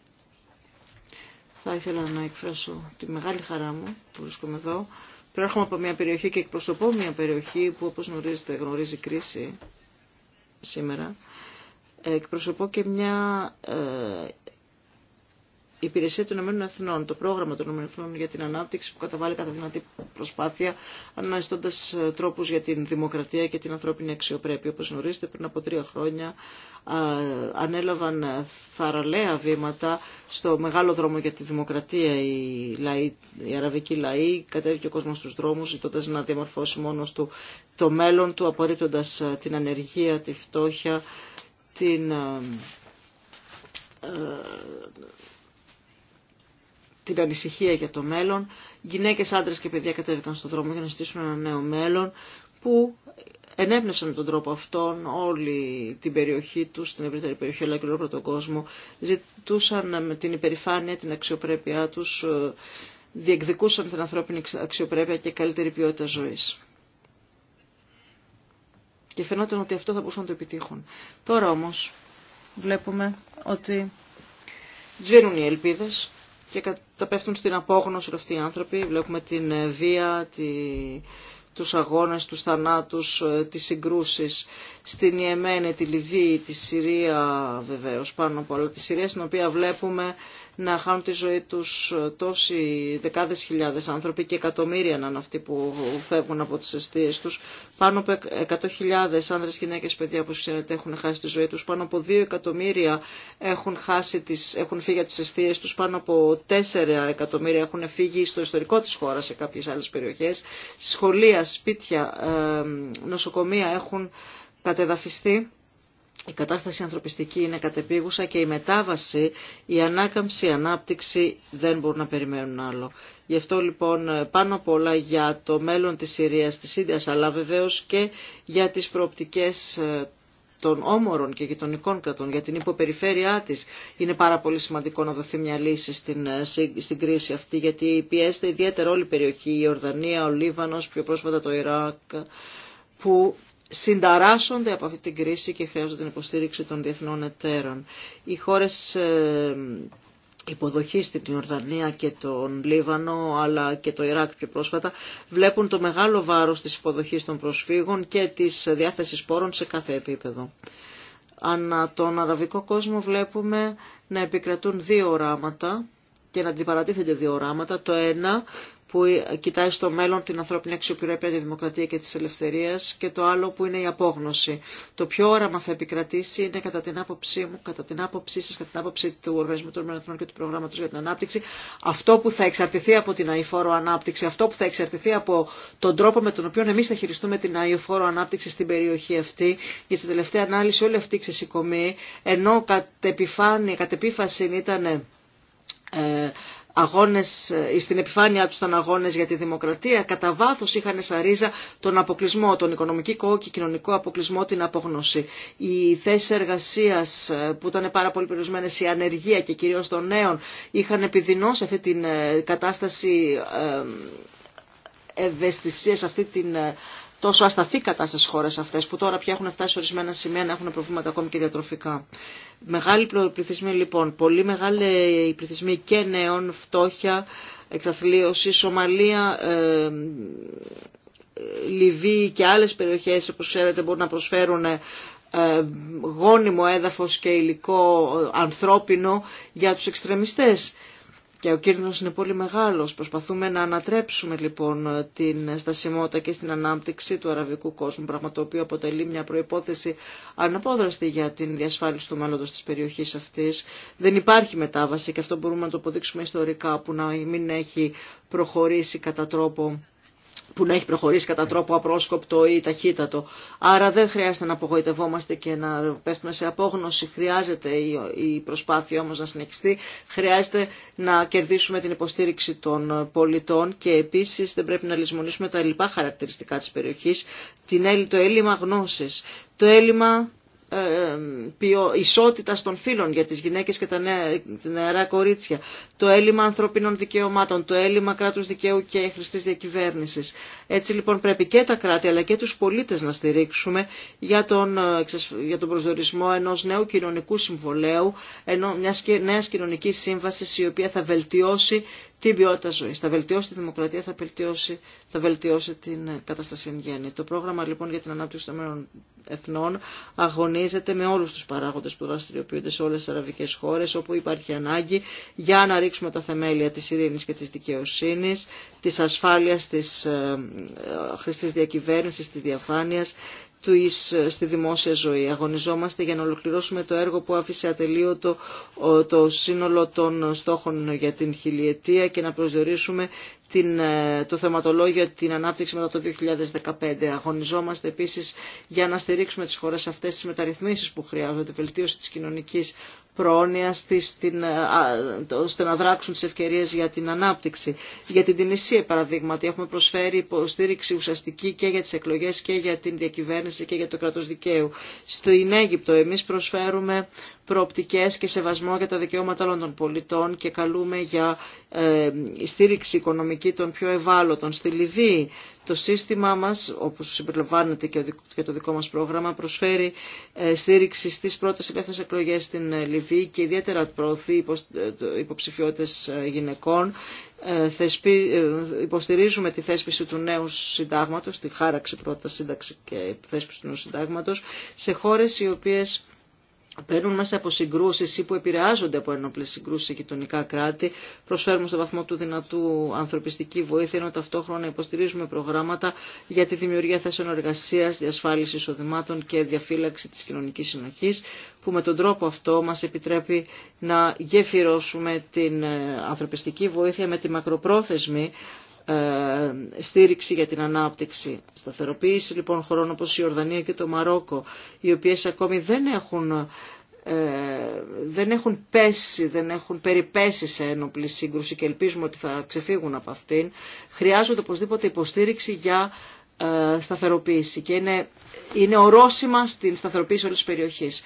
θα ήθελα να εκφράσω τη μεγάλη χαρά μου που βρίσκομαι εδώ Προέρχομαι από μια περιοχή και εκπροσωπώ μια περιοχή που όπως γνωρίζετε γνωρίζει κρίση σήμερα. Ε, εκπροσωπώ και μια ε, η Υπηρεσία των Ηνωμένων Εθνών, το πρόγραμμα των Ηνωμένων Εθνών για την ανάπτυξη που καταβάλει κατά δυνατή προσπάθεια, αναζητώντα ε, τρόπου για την δημοκρατία και την ανθρώπινη αξιοπρέπεια. Όπω γνωρίζετε, πριν από τρία χρόνια ανέλαβαν ε, θαραλέα βήματα στο μεγάλο δρόμο για τη δημοκρατία οι, λαοί, οι αραβικοί λαοί. Κατέβηκε ο κόσμο στου δρόμου, ζητώντα να διαμορφώσει μόνο του το μέλλον του, απορρίπτοντα ε, την ανεργία, τη φτώχεια, την την ανησυχία για το μέλλον. γυναίκε άντρε και παιδιά κατέβηκαν στον δρόμο για να στήσουν ένα νέο μέλλον που ενέπνευσαν με τον τρόπο αυτόν όλη την περιοχή του, την ευρύτερη περιοχή αλλά και όλο τον κόσμο. Ζητούσαν με την υπερηφάνεια, την αξιοπρέπειά τους, ε, διεκδικούσαν την ανθρώπινη αξιοπρέπεια και καλύτερη ποιότητα ζωή. Και φαινόταν ότι αυτό θα μπορούσαν να το επιτύχουν. Τώρα όμω βλέπουμε ότι σβήνουν οι ελπίδες και καταπέφτουν στην απόγνωση αυτοί οι άνθρωποι. Βλέπουμε την ε, βία, τη, τους αγώνες, τους θανάτους, ε, τις συγκρούσεις στην Ιεμένη, τη Λιβύη, τη Συρία βεβαίως πάνω από όλα τη Συρία στην οποία βλέπουμε να χάνουν τη ζωή τους τόσοι δεκάδες χιλιάδες άνθρωποι και εκατομμύρια να είναι αυτοί που φεύγουν από τις αιστείες τους. Πάνω από 100.000 άνδρες, γυναίκες, παιδιά που ξέρετε έχουν χάσει τη ζωή τους. Πάνω από 2 εκατομμύρια έχουν, χάσει τις, έχουν φύγει από τις αιστείες τους. Πάνω από 4 εκατομμύρια έχουν φύγει στο ιστορικό της χώρας σε κάποιες άλλες περιοχές. Σχολεία, σπίτια, ε, νοσοκομεία έχουν κατεδαφιστεί η κατάσταση ανθρωπιστική είναι κατεπίγουσα και η μετάβαση, η ανάκαμψη, η ανάπτυξη δεν μπορούν να περιμένουν άλλο. Γι' αυτό λοιπόν πάνω απ' όλα για το μέλλον της Συρίας, της Ίνδιας, αλλά βεβαίως και για τις προοπτικές ε, των όμορων και γειτονικών κρατών, για την υποπεριφέρειά της. Είναι πάρα πολύ σημαντικό να δοθεί μια λύση στην, ε, στην κρίση αυτή, γιατί πιέζεται ιδιαίτερα όλη η περιοχή, η Ορδανία, ο Λίβανος, πιο πρόσφατα το Ιράκ, που συνταράσσονται από αυτή την κρίση και χρειάζονται την υποστήριξη των διεθνών εταίρων. Οι χώρες ε, υποδοχή στην Ιορδανία και τον Λίβανο αλλά και το Ιράκ πιο πρόσφατα βλέπουν το μεγάλο βάρος της υποδοχής των προσφύγων και της διάθεσης πόρων σε κάθε επίπεδο. Ανά τον αραβικό κόσμο βλέπουμε να επικρατούν δύο οράματα και να αντιπαρατίθενται δύο οράματα. Το ένα που κοιτάει στο μέλλον την ανθρώπινη αξιοπρέπεια, τη δημοκρατία και τη ελευθερία και το άλλο που είναι η απόγνωση. Το πιο όραμα θα επικρατήσει είναι κατά την άποψή μου, κατά την άποψή σας, κατά την άποψη του Οργανισμού των Εθνών και του Προγράμματος για την Ανάπτυξη, αυτό που θα εξαρτηθεί από την αηφόρο ανάπτυξη, αυτό που θα εξαρτηθεί από τον τρόπο με τον οποίο εμείς θα χειριστούμε την αηφόρο ανάπτυξη στην περιοχή αυτή, για την τελευταία ανάλυση όλη αυτή η ενώ κατ, κατ' επίφαση ήταν... Ε, αγώνες, ε, στην επιφάνεια του ήταν αγώνες για τη δημοκρατία, κατά βάθο είχαν σαρίζα τον αποκλεισμό, τον οικονομικό και κοινωνικό αποκλεισμό, την απογνώση. Οι θέσει εργασία ε, που ήταν πάρα πολύ περιορισμένε η ανεργία και κυρίως των νέων είχαν επιδεινώσει αυτή την ε, κατάσταση ευαισθησία, αυτή την τόσο ασταθή κατάσταση στι χώρε αυτέ, που τώρα πια έχουν φτάσει σε ορισμένα σημεία να έχουν προβλήματα ακόμη και διατροφικά. Μεγάλοι πληθυσμοί λοιπόν, πολύ η πληθυσμοί και νέων, φτώχεια, εξαθλίωση, Σομαλία, ε, ε, Λιβύη και άλλες περιοχές, όπως ξέρετε, μπορούν να προσφέρουν ε, γόνιμο έδαφος και υλικό ε, ανθρώπινο για τους εξτρεμιστές. Και ο κίνδυνος είναι πολύ μεγάλος. Προσπαθούμε να ανατρέψουμε λοιπόν την στασιμότητα και στην ανάπτυξη του αραβικού κόσμου, πράγμα το οποίο αποτελεί μια προϋπόθεση αναπόδραστη για την διασφάλιση του μέλλοντος της περιοχής αυτής. Δεν υπάρχει μετάβαση και αυτό μπορούμε να το αποδείξουμε ιστορικά που να μην έχει προχωρήσει κατά τρόπο που να έχει προχωρήσει κατά τρόπο απρόσκοπτο ή ταχύτατο. Άρα δεν χρειάζεται να απογοητευόμαστε και να πέφτουμε σε απόγνωση. Χρειάζεται η προσπάθεια όμως να συνεχιστεί. Χρειάζεται να κερδίσουμε την υποστήριξη των πολιτών και επίσης δεν πρέπει να λησμονήσουμε τα λοιπά χαρακτηριστικά της περιοχής, την, το έλλειμμα γνώσης, το έλλειμμα ισότητας των φύλων για τις γυναίκες και τα νεαρά κορίτσια, το έλλειμμα ανθρωπίνων δικαιωμάτων, το έλλειμμα κράτους δικαίου και χρηστής διακυβέρνησης. Έτσι λοιπόν πρέπει και τα κράτη αλλά και τους πολίτες να στηρίξουμε για τον, ε, για τον προσδορισμό ενός νέου κοινωνικού συμβολέου, ενώ μιας νέας κοινωνικής σύμβασης η οποία θα βελτιώσει την ποιότητα ζωή, Θα βελτιώσει τη δημοκρατία, θα βελτιώσει, θα βελτιώσει την κατάσταση εν γέννη. Το πρόγραμμα λοιπόν για την ανάπτυξη των εθνών αγωνίζεται με όλους τους παράγοντες που δραστηριοποιούνται σε όλες τις αραβικές χώρες όπου υπάρχει ανάγκη για να ρίξουμε τα θεμέλια της ειρήνης και τη δικαιοσύνη, τη ασφάλεια, τη ε, ε, χρηστής διακυβέρνησης, της ε, στη δημόσια ζωή. Αγωνιζόμαστε για να ολοκληρώσουμε το έργο που άφησε ατελείωτο το σύνολο των στόχων για την χιλιετία και να προσδιορίσουμε την, ε, το θεματολόγιο την ανάπτυξη μετά το 2015. Αγωνιζόμαστε επίσης για να στηρίξουμε τις χώρες αυτές τις μεταρρυθμίσεις που χρειάζονται, βελτίωση της κοινωνικής πρόνοιας, της, ε, ώστε να δράξουν τις ευκαιρίες για την ανάπτυξη. Για την Τινησία, παραδείγματι, έχουμε προσφέρει υποστήριξη ουσιαστική και για τις εκλογές και για την διακυβέρνηση και για το κράτος δικαίου. Στην Αίγυπτο εμείς προσφέρουμε προοπτικές και σεβασμό για τα δικαιώματα όλων των πολιτών και καλούμε για ε, στήριξη οικονομική των πιο ευάλωτων. Στη Λιβύη το σύστημά μας, όπως συμπεριλαμβάνεται και το δικό μας πρόγραμμα, προσφέρει ε, στήριξη στις πρώτες ελεύθερες εκλογές στην ε, Λιβύη και ιδιαίτερα προωθεί ε, υποψηφιότητες γυναικών. Υποστηρίζουμε τη θέσπιση του νέου συντάγματος, τη χάραξη πρώτα σύνταξη και θέσπιση του νέου συντάγματος, σε χώρες οι οποίες παίρνουν μέσα από συγκρούσει ή που επηρεάζονται από ενόπλε συγκρούσει σε γειτονικά κράτη. Προσφέρουμε στο βαθμό του δυνατού ανθρωπιστική βοήθεια, ενώ ταυτόχρονα υποστηρίζουμε προγράμματα για τη δημιουργία θέσεων εργασία, διασφάλιση εισοδημάτων και διαφύλαξη τη κοινωνική συνοχή, που με τον τρόπο αυτό μα επιτρέπει να γεφυρώσουμε την ε, ανθρωπιστική βοήθεια με τη μακροπρόθεσμη ε, στήριξη για την ανάπτυξη. Σταθεροποίηση λοιπόν χωρών όπως η Ορδανία και το Μαρόκο, οι οποίες ακόμη δεν έχουν ε, δεν έχουν πέσει, δεν έχουν περιπέσει σε ένοπλη σύγκρουση και ελπίζουμε ότι θα ξεφύγουν από αυτήν, χρειάζονται οπωσδήποτε υποστήριξη για ε, σταθεροποίηση και είναι, είναι ορόσημα στην σταθεροποίηση όλης της περιοχής.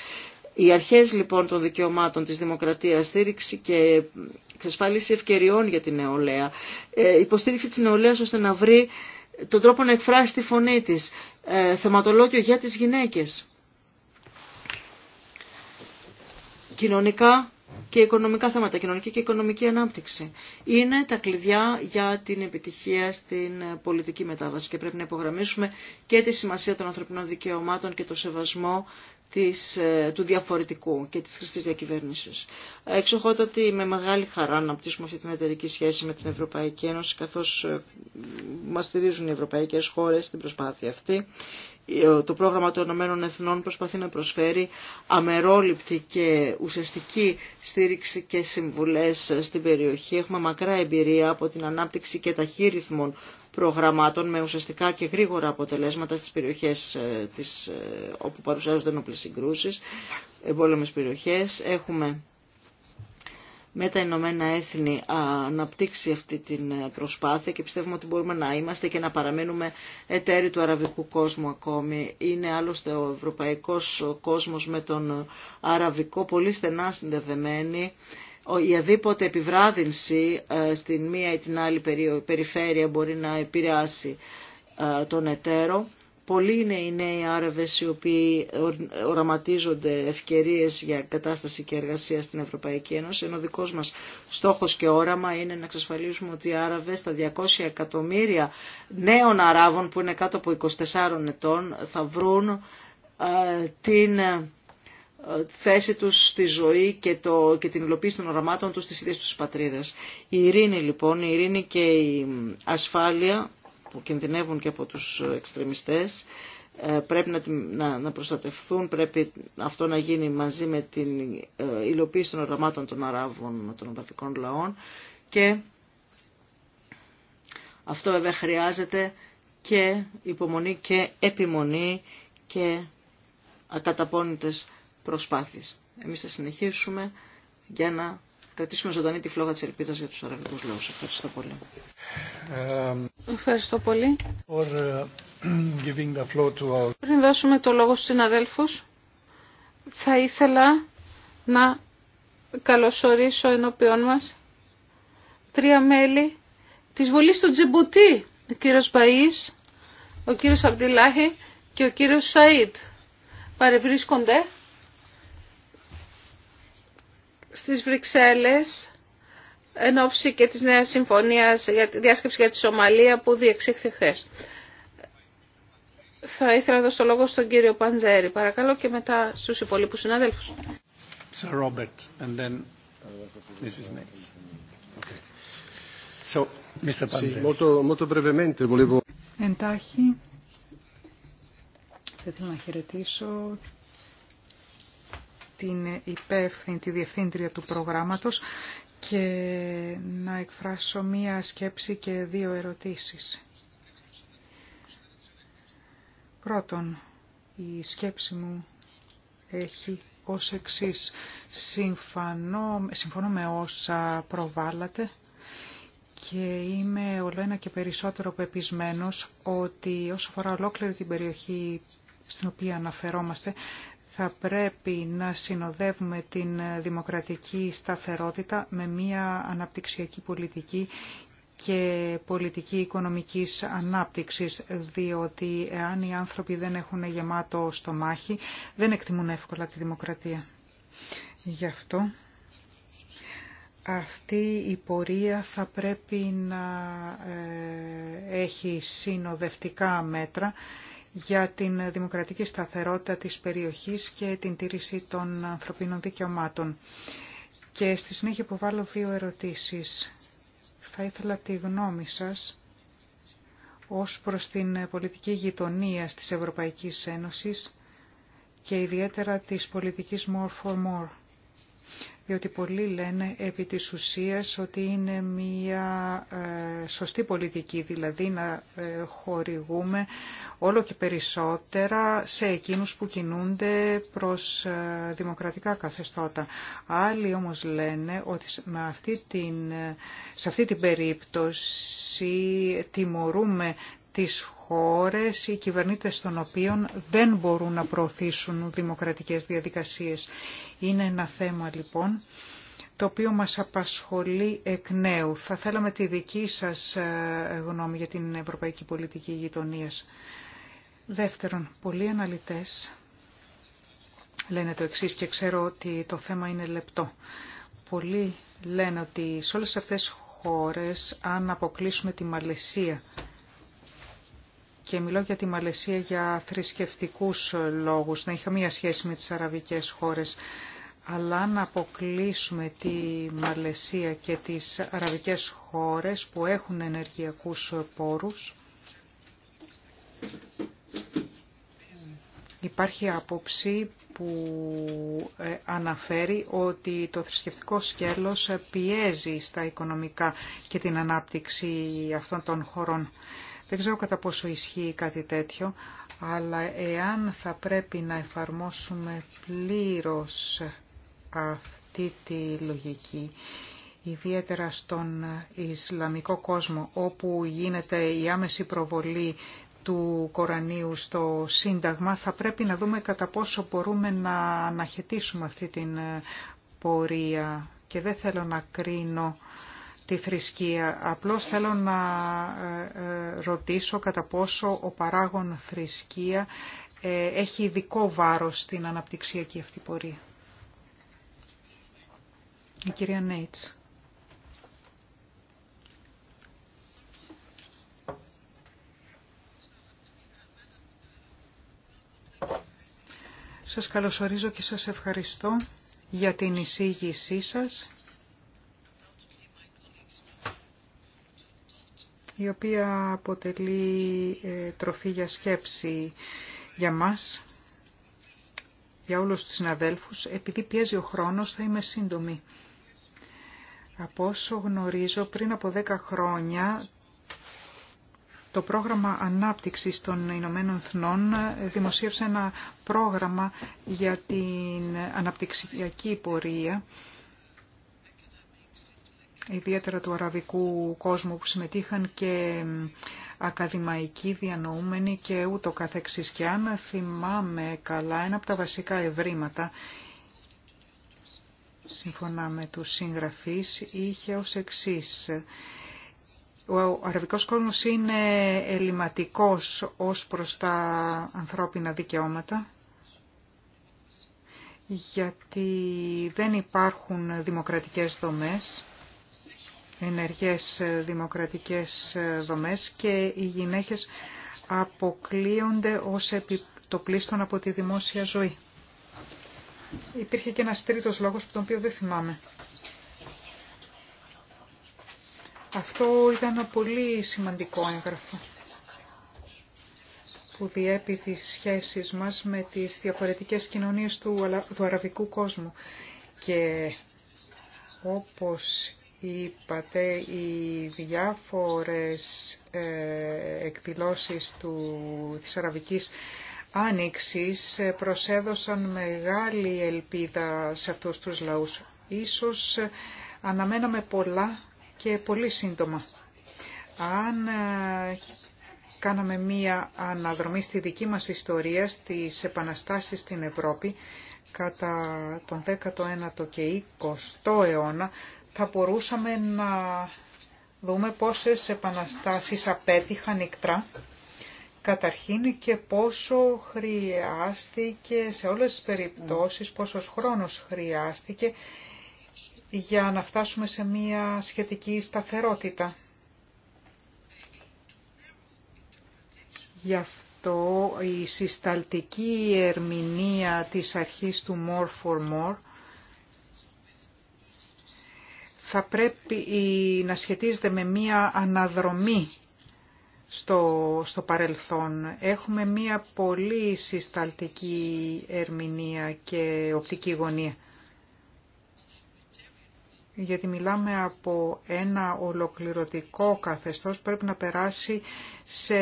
Οι αρχές λοιπόν των δικαιωμάτων της δημοκρατίας, στήριξη και εξασφάλιση ευκαιριών για την νεολαία, ε, υποστήριξη της νεολαίας ώστε να βρει τον τρόπο να εκφράσει τη φωνή της, ε, θεματολόγιο για τις γυναίκες. Κοινωνικά και οικονομικά θέματα, κοινωνική και οικονομική ανάπτυξη. Είναι τα κλειδιά για την επιτυχία στην πολιτική μετάβαση και πρέπει να υπογραμμίσουμε και τη σημασία των ανθρωπινών δικαιωμάτων και το σεβασμό της, ε, του διαφορετικού και της χρηστής διακυβέρνησης. Εξοχότα ότι με μεγάλη χαρά να πτήσουμε αυτή την εταιρική σχέση με την Ευρωπαϊκή Ένωση καθώς ε, μας στηρίζουν οι ευρωπαϊκές χώρες στην προσπάθεια αυτή το πρόγραμμα των Ηνωμένων Εθνών προσπαθεί να προσφέρει αμερόληπτη και ουσιαστική στήριξη και συμβουλές στην περιοχή. Έχουμε μακρά εμπειρία από την ανάπτυξη και ταχύρυθμων προγραμμάτων με ουσιαστικά και γρήγορα αποτελέσματα στις περιοχές ε, της, ε, όπου παρουσιάζονται ενόπλες συγκρούσεις, εμπόλεμες περιοχές. Έχουμε με τα Ηνωμένα Έθνη αναπτύξει αυτή την ε, προσπάθεια και πιστεύουμε ότι μπορούμε να είμαστε και να παραμένουμε εταίροι του αραβικού κόσμου ακόμη. Είναι άλλωστε ο ευρωπαϊκός κόσμος με τον αραβικό πολύ στενά συνδεδεμένοι. Η αδίποτε επιβράδυνση ε, στην μία ή την άλλη περιφέρεια μπορεί να επηρεάσει ε, τον εταίρο Πολλοί είναι οι νέοι Άραβες οι οποίοι οραματίζονται ευκαιρίες για κατάσταση και εργασία στην Ευρωπαϊκή Ένωση, ενώ δικός μας στόχος και όραμα είναι να εξασφαλίσουμε ότι οι Άραβες, τα 200 εκατομμύρια νέων Αράβων που είναι κάτω από 24 ετών, θα βρουν ε, την ε, θέση τους στη ζωή και, το, και την υλοποίηση των οραμάτων τους στις ίδιες τους πατρίδες. Η ειρήνη λοιπόν, η ειρήνη και η ε, ασφάλεια που κινδυνεύουν και από τους εξτρεμιστές ε, πρέπει να, προστατευθούν, πρέπει αυτό να γίνει μαζί με την ε, υλοποίηση των οραμάτων των Αράβων, των Αραβικών λαών και αυτό βέβαια χρειάζεται και υπομονή και επιμονή και ακαταπώνητες προσπάθειες. Εμείς θα συνεχίσουμε για να κρατήσουμε ζωντανή τη φλόγα της ελπίδας για τους αραβικούς λαούς. Ευχαριστώ πολύ.
Ε, Ευχαριστώ πολύ. Ε, the floor to our...
Πριν δώσουμε το λόγο στους συναδέλφους, θα ήθελα να καλωσορίσω ενώπιόν μας τρία μέλη της Βουλής του Τζιμπουτή, ο κύριος Παΐς, ο κύριος Αμπτιλάχη και ο κύριος Σαΐτ Παρευρίσκονται στις Βρυξέλλες εν ώψη και της νέας συμφωνίας για τη διάσκεψη για τη Σομαλία που διεξήχθη χθε. Θα ήθελα να δώσω το λόγο στον κύριο Παντζέρη, παρακαλώ, και μετά στους υπολείπους συνάδελφους.
Sir Robert, and then this is next. Okay. So, Mr. Panzeri. molto, molto brevemente volevo...
Εντάχει, θα ήθελα να χαιρετήσω την υπεύθυνη, τη διευθύντρια του προγράμματος και να εκφράσω μία σκέψη και δύο ερωτήσεις. Πρώτον, η σκέψη μου έχει ως εξής. Συμφωνώ, με όσα προβάλλατε και είμαι όλο ένα και περισσότερο πεπισμένος ότι όσο αφορά ολόκληρη την περιοχή στην οποία αναφερόμαστε θα πρέπει να συνοδεύουμε την δημοκρατική σταθερότητα με μια αναπτυξιακή πολιτική και πολιτική οικονομικής ανάπτυξης, διότι εάν οι άνθρωποι δεν έχουν γεμάτο στομάχι, δεν εκτιμούν εύκολα τη δημοκρατία. Γι' αυτό αυτή η πορεία θα πρέπει να ε, έχει συνοδευτικά μέτρα για την δημοκρατική σταθερότητα της περιοχής και την τήρηση των ανθρωπίνων δικαιωμάτων. Και στη συνέχεια βάλω δύο ερωτήσεις. Θα ήθελα τη γνώμη σας ως προς την πολιτική γειτονία της Ευρωπαϊκής Ένωσης και ιδιαίτερα της πολιτικής More for More διότι πολλοί λένε επί της ουσίας ότι είναι μια ε, σωστή πολιτική, δηλαδή να ε, χορηγούμε όλο και περισσότερα σε εκείνους που κινούνται προς ε, δημοκρατικά καθεστώτα. Άλλοι όμως λένε ότι με αυτή την, σε αυτή την περίπτωση τιμωρούμε τις χώρες οι κυβερνήτες των οποίων δεν μπορούν να προωθήσουν δημοκρατικές διαδικασίες. Είναι ένα θέμα λοιπόν το οποίο μας απασχολεί εκ νέου. Θα θέλαμε τη δική σας ε, γνώμη για την ευρωπαϊκή πολιτική γειτονίας. Δεύτερον, πολλοί αναλυτές λένε το εξή και ξέρω ότι το θέμα είναι λεπτό. Πολλοί λένε ότι σε όλες αυτές χώρες, αν αποκλείσουμε τη Μαλαισία και μιλώ για τη Μαλαισία για θρησκευτικούς λόγους, να είχα μία σχέση με τις αραβικές χώρες, αλλά να αποκλείσουμε τη Μαλαισία και τις αραβικές χώρες που έχουν ενεργειακούς πόρους, υπάρχει άποψη που ε, αναφέρει ότι το θρησκευτικό σκέλος πιέζει στα οικονομικά και την ανάπτυξη αυτών των χωρών. Δεν ξέρω κατά πόσο ισχύει κάτι τέτοιο, αλλά εάν θα πρέπει να εφαρμόσουμε πλήρως αυτή τη λογική, ιδιαίτερα στον Ισλαμικό κόσμο, όπου γίνεται η άμεση προβολή του Κορανίου στο Σύνταγμα, θα πρέπει να δούμε κατά πόσο μπορούμε να αναχαιτήσουμε αυτή την πορεία. Και δεν θέλω να κρίνω τη θρησκεία. Απλώς θέλω να ε, ε, ρωτήσω κατά πόσο ο παράγων θρησκεία ε, έχει ειδικό βάρος στην αναπτυξιακή αυτή πορεία. Η κυρία Νέιτς. Σας καλωσορίζω και σας ευχαριστώ για την εισήγησή σας η οποία αποτελεί ε, τροφή για σκέψη για μας, για όλους τους συναδέλφους. Επειδή πιέζει ο χρόνος θα είμαι σύντομη. Από όσο γνωρίζω, πριν από 10 χρόνια το πρόγραμμα ανάπτυξης των Ηνωμένων Εθνών δημοσίευσε ένα πρόγραμμα για την αναπτυξιακή πορεία ιδιαίτερα του αραβικού κόσμου που συμμετείχαν και ακαδημαϊκοί διανοούμενοι και ούτω καθεξής. Και αν θυμάμαι καλά, ένα από τα βασικά ευρήματα, σύμφωνα με τους συγγραφείς, είχε ως εξής. Ο αραβικός κόσμος είναι ελληματικός ως προς τα ανθρώπινα δικαιώματα γιατί δεν υπάρχουν δημοκρατικές δομές ενεργές ε, δημοκρατικές ε, δομές και οι γυναίκες αποκλείονται ως επιτοπλίστων από τη δημόσια ζωή. Υπήρχε και ένας τρίτος λόγος που τον οποίο δεν θυμάμαι. Αυτό ήταν ένα πολύ σημαντικό έγγραφο που διέπει τις σχέσεις μας με τις διαφορετικές κοινωνίες του αραβικού κόσμου. Και όπως είπατε οι διάφορες ε, εκδηλώσεις του, της Αραβικής Άνοιξης προσέδωσαν μεγάλη ελπίδα σε αυτούς τους λαούς. Ίσως αναμέναμε πολλά και πολύ σύντομα. Αν ε, κάναμε μία αναδρομή στη δική μας ιστορία, στις επαναστάσεις στην Ευρώπη, κατά τον 19ο και 20ο αιώνα, θα μπορούσαμε να δούμε πόσες επαναστάσεις απέτυχαν ικτρά καταρχήν και πόσο χρειάστηκε σε όλες τις περιπτώσεις, πόσος χρόνος χρειάστηκε για να φτάσουμε σε μία σχετική σταθερότητα. Γι' αυτό η συσταλτική ερμηνεία της αρχής του More for More θα πρέπει να σχετίζεται με μία αναδρομή στο, στο παρελθόν. Έχουμε μία πολύ συσταλτική ερμηνεία και οπτική γωνία γιατί μιλάμε από ένα ολοκληρωτικό καθεστώς πρέπει να περάσει σε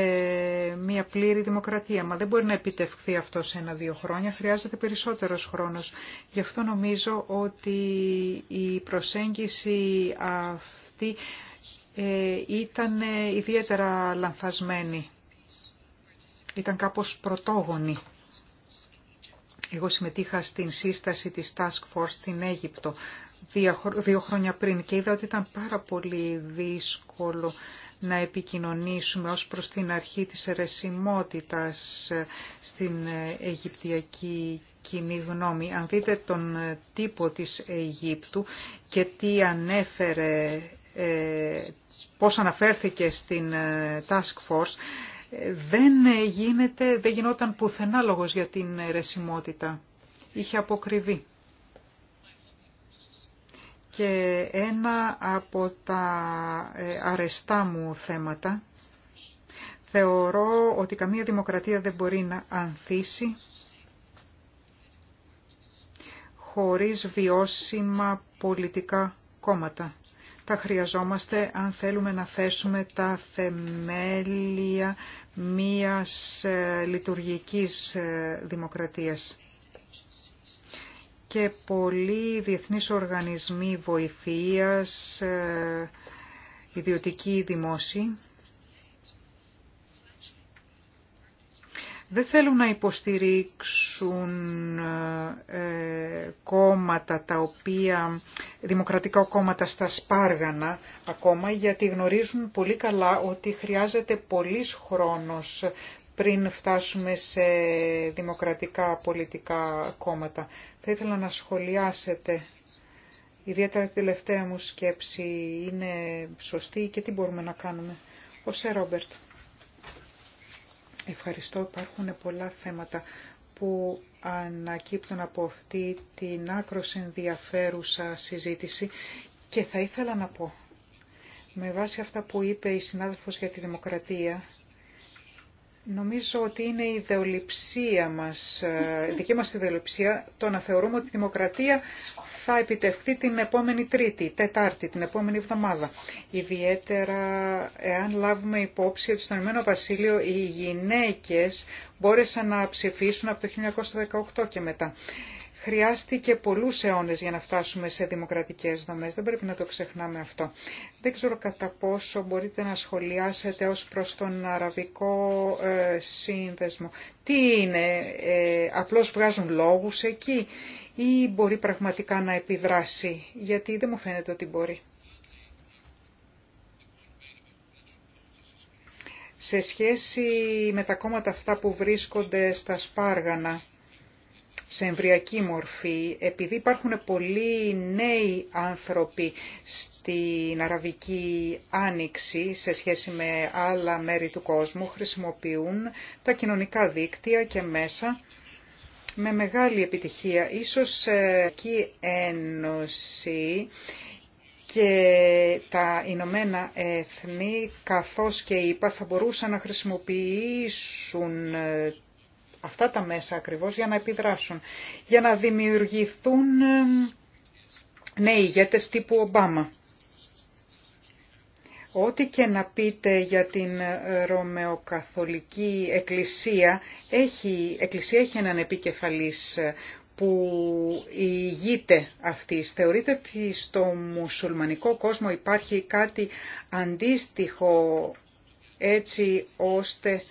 μια πλήρη δημοκρατία. Μα δεν μπορεί να επιτευχθεί αυτό σε ένα-δύο χρόνια, χρειάζεται περισσότερος χρόνος. Γι' αυτό νομίζω ότι η προσέγγιση αυτή ε, ήταν ιδιαίτερα λανθασμένη. Ήταν κάπως πρωτόγονη. Εγώ συμμετείχα στην σύσταση της Task Force στην Αίγυπτο δύο χρόνια πριν και είδα ότι ήταν πάρα πολύ δύσκολο να επικοινωνήσουμε ως προς την αρχή της αιρεσιμότητας ε, στην ε, Αιγυπτιακή κοινή γνώμη. Αν δείτε τον ε, τύπο της Αιγύπτου και τι ανέφερε, πώς αναφέρθηκε στην Task Force, δεν, γίνεται, δεν γινόταν πουθενά λόγος για την ρεσιμότητα. Είχε αποκριβεί. Και ένα από τα ε, αρεστά μου θέματα, θεωρώ ότι καμία δημοκρατία δεν μπορεί να ανθίσει χωρίς βιώσιμα πολιτικά κόμματα τα χρειαζόμαστε αν θέλουμε να θέσουμε τα θεμέλια μίας ε, λειτουργικής ε, δημοκρατίας. Και πολλοί διεθνείς οργανισμοί βοηθείας, ε, ιδιωτικοί ή δημόσιοι, δεν θέλουν να υποστηρίξουν ε, κόμματα τα οποία, δημοκρατικά κόμματα στα σπάργανα ακόμα, γιατί γνωρίζουν πολύ καλά ότι χρειάζεται πολύς χρόνος πριν φτάσουμε σε δημοκρατικά πολιτικά κόμματα. Θα ήθελα να σχολιάσετε. Ιδιαίτερα τη τελευταία μου σκέψη είναι σωστή και τι μπορούμε να κάνουμε. Ο Σε Ευχαριστώ. Υπάρχουν πολλά θέματα που ανακύπτουν από αυτή την άκρος ενδιαφέρουσα συζήτηση και θα ήθελα να πω, με βάση αυτά που είπε η συνάδελφος για τη δημοκρατία, Νομίζω ότι είναι η ιδεολειψία μας, ε, η δική μας ιδεολειψία, το να θεωρούμε ότι η δημοκρατία θα επιτευχθεί την επόμενη Τρίτη, Τετάρτη, την επόμενη εβδομάδα. Ιδιαίτερα εάν λάβουμε υπόψη ότι στον Ηνωμένο Βασίλειο οι γυναίκες μπόρεσαν να ψηφίσουν από το 1918 και μετά. Χρειάστηκε πολλούς αιώνες για να φτάσουμε σε δημοκρατικές δομές. Δεν πρέπει να το ξεχνάμε αυτό. Δεν ξέρω κατά πόσο μπορείτε να σχολιάσετε ως προς τον αραβικό ε, σύνδεσμο. Τι είναι, ε, απλώς βγάζουν λόγους εκεί ή μπορεί πραγματικά να επιδράσει, γιατί δεν μου φαίνεται ότι μπορεί. Σε σχέση με τα κόμματα αυτά που βρίσκονται στα Σπάργανα, σε εμβριακή μορφή, επειδή υπάρχουν πολλοί νέοι άνθρωποι στην Αραβική Άνοιξη σε σχέση με άλλα μέρη του κόσμου, χρησιμοποιούν τα κοινωνικά δίκτυα και μέσα με μεγάλη επιτυχία. Ίσως η ε, Ένωση και τα Ηνωμένα Έθνη καθώς και είπα, θα μπορούσαν να χρησιμοποιήσουν ε, αυτά τα μέσα ακριβώς για να επιδράσουν, για να δημιουργηθούν νέοι ηγέτες τύπου Ομπάμα. Ό,τι και να πείτε για την ε, Ρωμαιοκαθολική Εκκλησία, έχει, Εκκλησία έχει έναν επικεφαλής ε, που ηγείται αυτή. Θεωρείτε ότι στο μουσουλμανικό κόσμο υπάρχει κάτι αντίστοιχο έτσι ώστε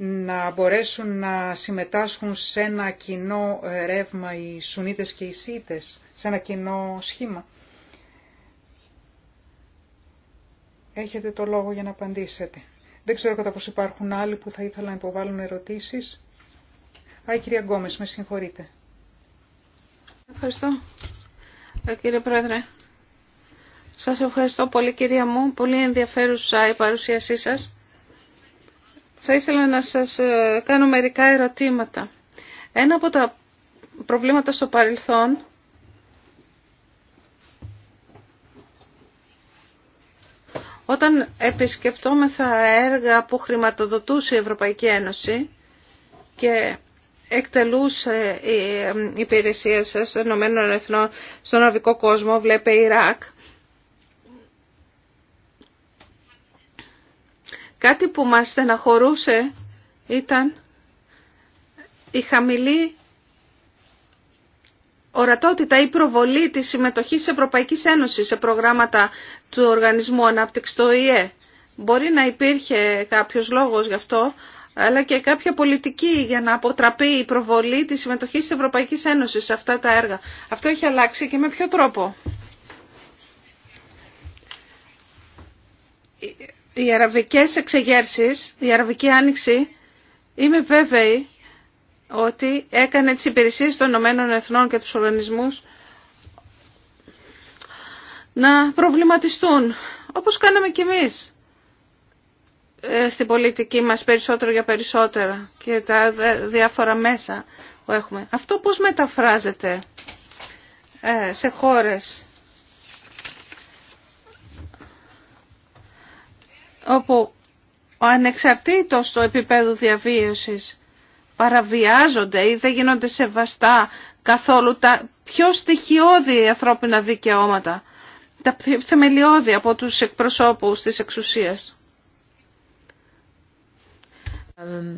να μπορέσουν να συμμετάσχουν σε ένα κοινό ρεύμα οι Σουνίτες και οι Σίτες, σε ένα κοινό σχήμα. Έχετε το λόγο για να απαντήσετε. Δεν ξέρω κατά πώς υπάρχουν άλλοι που θα ήθελα να υποβάλουν ερωτήσεις. Α, η κυρία Γκόμες, με συγχωρείτε.
Ευχαριστώ, ε, κύριε Πρόεδρε. Σας ευχαριστώ πολύ κυρία μου. Πολύ ενδιαφέρουσα η παρουσίασή σας θα ήθελα να σας ε, κάνω μερικά ερωτήματα. Ένα από τα προβλήματα στο παρελθόν Όταν επισκεπτόμεθα έργα που χρηματοδοτούσε η Ευρωπαϊκή Ένωση και εκτελούσε η ε, υπηρεσία σας Εθνών στον Αραβικό κόσμο, βλέπε Ιράκ, Κάτι που μας στεναχωρούσε ήταν η χαμηλή ορατότητα ή προβολή της συμμετοχής της Ευρωπαϊκής Ένωσης σε προγράμματα του Οργανισμού Ανάπτυξης το ΟΗΕ. Μπορεί να υπήρχε κάποιος λόγος γι' αυτό, αλλά και κάποια πολιτική για να αποτραπεί η προβολή της συμμετοχής της Ευρωπαϊκής Ένωσης σε αυτά τα έργα. Αυτό έχει αλλάξει και με ποιο τρόπο οι αραβικές εξεγέρσεις, η αραβική άνοιξη, είμαι βέβαιη ότι έκανε τις υπηρεσίες των Ηνωμένων Εθνών και τους οργανισμούς να προβληματιστούν, όπως κάναμε κι εμείς ε, στην πολιτική μας περισσότερο για περισσότερα και τα διάφορα μέσα που έχουμε. Αυτό πώς μεταφράζεται ε, σε χώρες όπου ο ανεξαρτήτως του επίπεδο διαβίωσης παραβιάζονται ή δεν γίνονται σεβαστά καθόλου τα πιο στοιχειώδη ανθρώπινα δικαιώματα, τα πιο θεμελιώδη από τους εκπροσώπους της εξουσίας.
Um,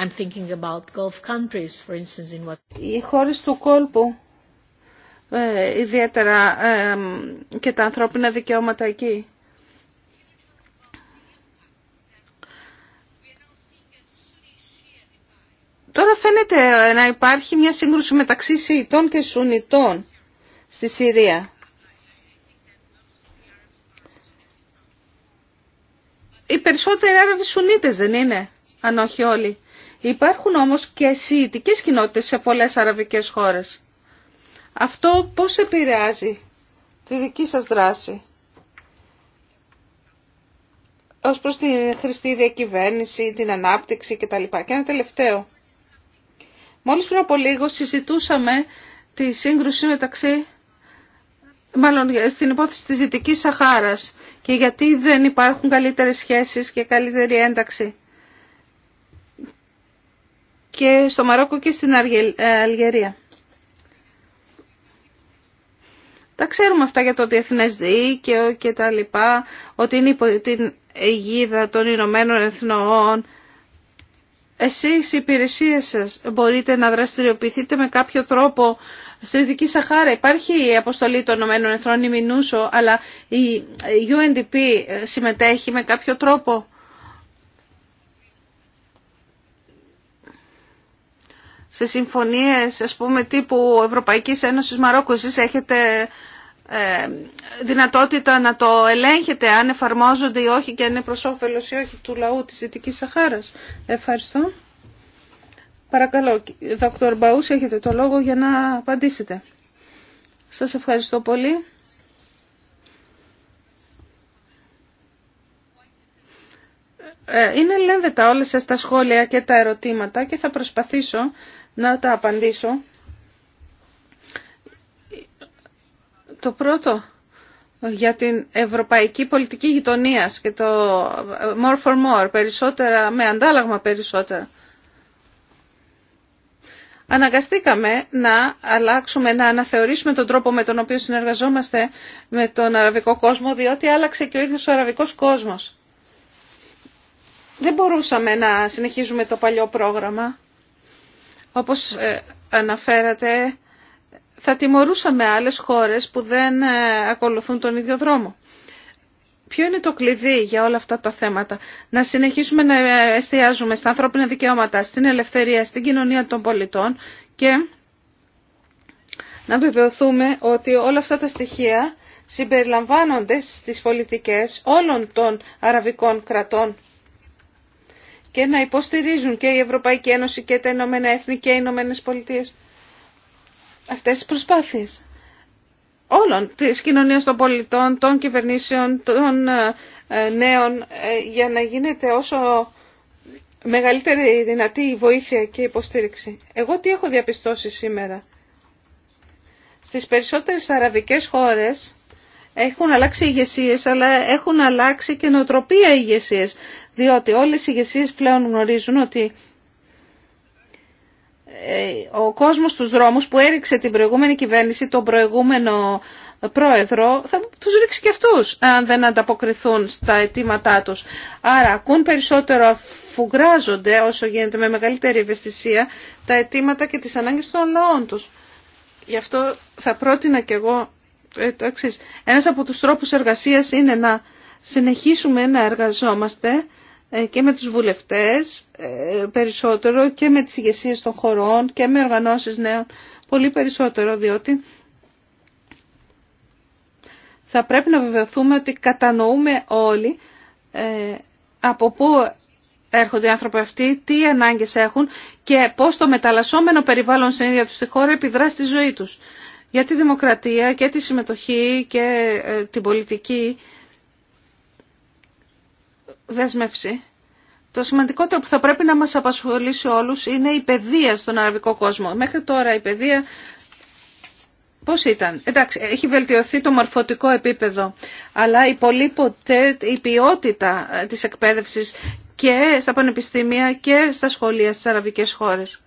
I'm thinking about countries, for Οι
χώρες του κόλπου, ε, ιδιαίτερα ε, και τα ανθρώπινα δικαιώματα εκεί. Τώρα φαίνεται να υπάρχει μια σύγκρουση μεταξύ Σιητών και Σουνιτών στη Συρία. Οι περισσότεροι Άραβοι Σουνίτες δεν είναι, αν όχι όλοι. Υπάρχουν όμως και Σιητικές κοινότητες σε πολλές αραβικές χώρες. Αυτό πώς επηρεάζει τη δική σας δράση ως προς τη χρηστή διακυβέρνηση, την ανάπτυξη κτλ. Και ένα τελευταίο. Μόλις πριν από λίγο συζητούσαμε τη σύγκρουση μεταξύ μάλλον στην υπόθεση της Δυτικής Σαχάρας και γιατί δεν υπάρχουν καλύτερες σχέσεις και καλύτερη ένταξη. Και στο Μαρόκο και στην ε, Αλγερία. Τα ξέρουμε αυτά για το διεθνές δίκαιο και τα λοιπά, ότι είναι υπό την αιγίδα των Ηνωμένων Εθνών εσείς οι υπηρεσίες σας μπορείτε να δραστηριοποιηθείτε με κάποιο τρόπο στη Δυτική Σαχάρα. Υπάρχει η αποστολή των Ηνωμένων Εθνών η Μινούσο, αλλά η UNDP συμμετέχει με κάποιο τρόπο. Σε συμφωνίες, ας πούμε, τύπου Ευρωπαϊκής Ένωσης Μαρόκου, εσείς έχετε ε, δυνατότητα να το ελέγχετε αν εφαρμόζονται ή όχι και αν είναι προ όφελο ή όχι του λαού της Δυτικής Σαχάρας. Ευχαριστώ. Παρακαλώ, Δόκτωρ Μπαούς, έχετε το λόγο για να απαντήσετε. Σας ευχαριστώ πολύ. Ε, είναι λένε τα σας τα σχόλια και τα ερωτήματα και θα προσπαθήσω να τα απαντήσω Το πρώτο ε, για την ευρωπαϊκή πολιτική γειτονία και το ε, more for more, περισσότερα, με αντάλλαγμα περισσότερα. Αναγκαστήκαμε να αλλάξουμε, να αναθεωρήσουμε τον τρόπο με τον οποίο συνεργαζόμαστε με τον αραβικό κόσμο, διότι άλλαξε και ο ίδιος ο αραβικός κόσμος. Δεν μπορούσαμε να συνεχίζουμε το παλιό πρόγραμμα. Όπως ε, αναφέρατε, θα τιμωρούσαμε άλλες χώρες που δεν ε, ακολουθούν τον ίδιο δρόμο. Ποιο είναι το κλειδί για όλα αυτά τα θέματα. Να συνεχίσουμε να εστιάζουμε στα ανθρώπινα δικαιώματα, στην ελευθερία, στην κοινωνία των πολιτών και να βεβαιωθούμε ότι όλα αυτά τα στοιχεία συμπεριλαμβάνονται στις πολιτικές όλων των αραβικών κρατών και να υποστηρίζουν και η Ευρωπαϊκή Ένωση και τα Ηνωμένα Έθνη και οι Ηνωμένε Πολιτείες αυτές τις προσπάθειες όλων της κοινωνίας των πολιτών, των κυβερνήσεων, των ε, ε, νέων ε, για να γίνεται όσο μεγαλύτερη δυνατή βοήθεια και υποστήριξη. Εγώ τι έχω διαπιστώσει σήμερα. Στις περισσότερες αραβικές χώρες έχουν αλλάξει ηγεσίε, αλλά έχουν αλλάξει και νοοτροπία ηγεσίε. Διότι όλες οι ηγεσίε πλέον γνωρίζουν ότι ε, ο κόσμος στους δρόμους που έριξε την προηγούμενη κυβέρνηση, τον προηγούμενο πρόεδρο, θα τους ρίξει και αυτούς, αν δεν ανταποκριθούν στα αιτήματά τους. Άρα ακούν περισσότερο αφού όσο γίνεται με μεγαλύτερη ευαισθησία, τα αιτήματα και τις ανάγκες των λαών τους. Γι' αυτό θα πρότεινα κι εγώ ε, το Ένας από τους τρόπους εργασίας είναι να συνεχίσουμε να εργαζόμαστε ε, και με τους βουλευτές ε, περισσότερο και με τις ηγεσίες των χωρών και με οργανώσεις νέων πολύ περισσότερο διότι θα πρέπει να βεβαιωθούμε ότι κατανοούμε όλοι ε, από πού έρχονται οι άνθρωποι αυτοί, τι ανάγκες έχουν και πώς το μεταλλασσόμενο περιβάλλον στην ίδια τους τη χώρα επιδρά στη ζωή τους. Για τη δημοκρατία και τη συμμετοχή και την πολιτική δέσμευση. Το σημαντικότερο που θα πρέπει να μας απασχολήσει όλους είναι η παιδεία στον αραβικό κόσμο. Μέχρι τώρα η παιδεία πώς ήταν. Εντάξει, έχει βελτιωθεί το μορφωτικό επίπεδο, αλλά ποτέ η ποιότητα ε, της εκπαίδευσης και στα πανεπιστήμια και στα σχολεία στις αραβικές χώρες.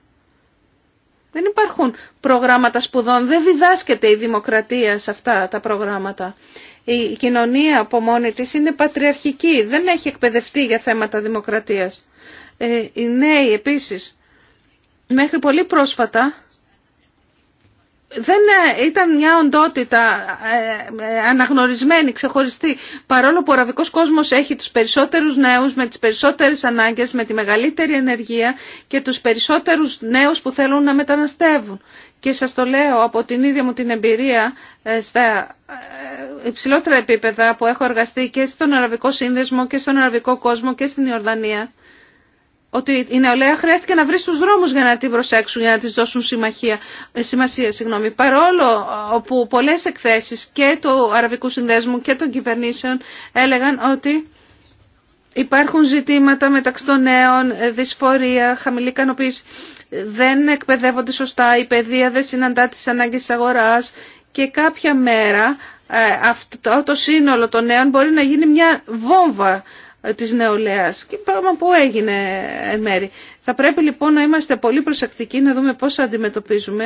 Δεν υπάρχουν προγράμματα σπουδών, δεν διδάσκεται η δημοκρατία σε αυτά τα προγράμματα. Η κοινωνία από μόνη της είναι πατριαρχική, δεν έχει εκπαιδευτεί για θέματα δημοκρατίας. Ε, οι νέοι επίσης, μέχρι πολύ πρόσφατα, δεν ε, ήταν μια οντότητα ε, ε, αναγνωρισμένη, ξεχωριστή. Παρόλο που ο αραβικός κόσμος έχει τους περισσότερους νέους με τις περισσότερες ανάγκες, με τη μεγαλύτερη ενεργεία και τους περισσότερους νέους που θέλουν να μεταναστεύουν. Και σας το λέω από την ίδια μου την εμπειρία στα υψηλότερα επίπεδα που έχω εργαστεί και στον Αραβικό Σύνδεσμο και στον Αραβικό Κόσμο και στην Ιορδανία ότι η νεολαία χρειάστηκε να βρει στους δρόμους για να την προσέξουν, για να της δώσουν ε, σημασία. Συγγνώμη. Παρόλο ε, που πολλές εκθέσεις και του Αραβικού Συνδέσμου και των κυβερνήσεων έλεγαν ότι υπάρχουν ζητήματα μεταξύ των νέων, ε, δυσφορία, χαμηλή ικανοποίηση, δεν εκπαιδεύονται σωστά, η παιδεία δεν συναντά τις ανάγκες της αγοράς και κάποια μέρα αυτό το σύνολο των νέων μπορεί να γίνει μια βόμβα ε, της νεολαίας και πράγμα που έγινε εν μέρη. Θα πρέπει λοιπόν να είμαστε πολύ προσεκτικοί να δούμε πώς αντιμετωπίζουμε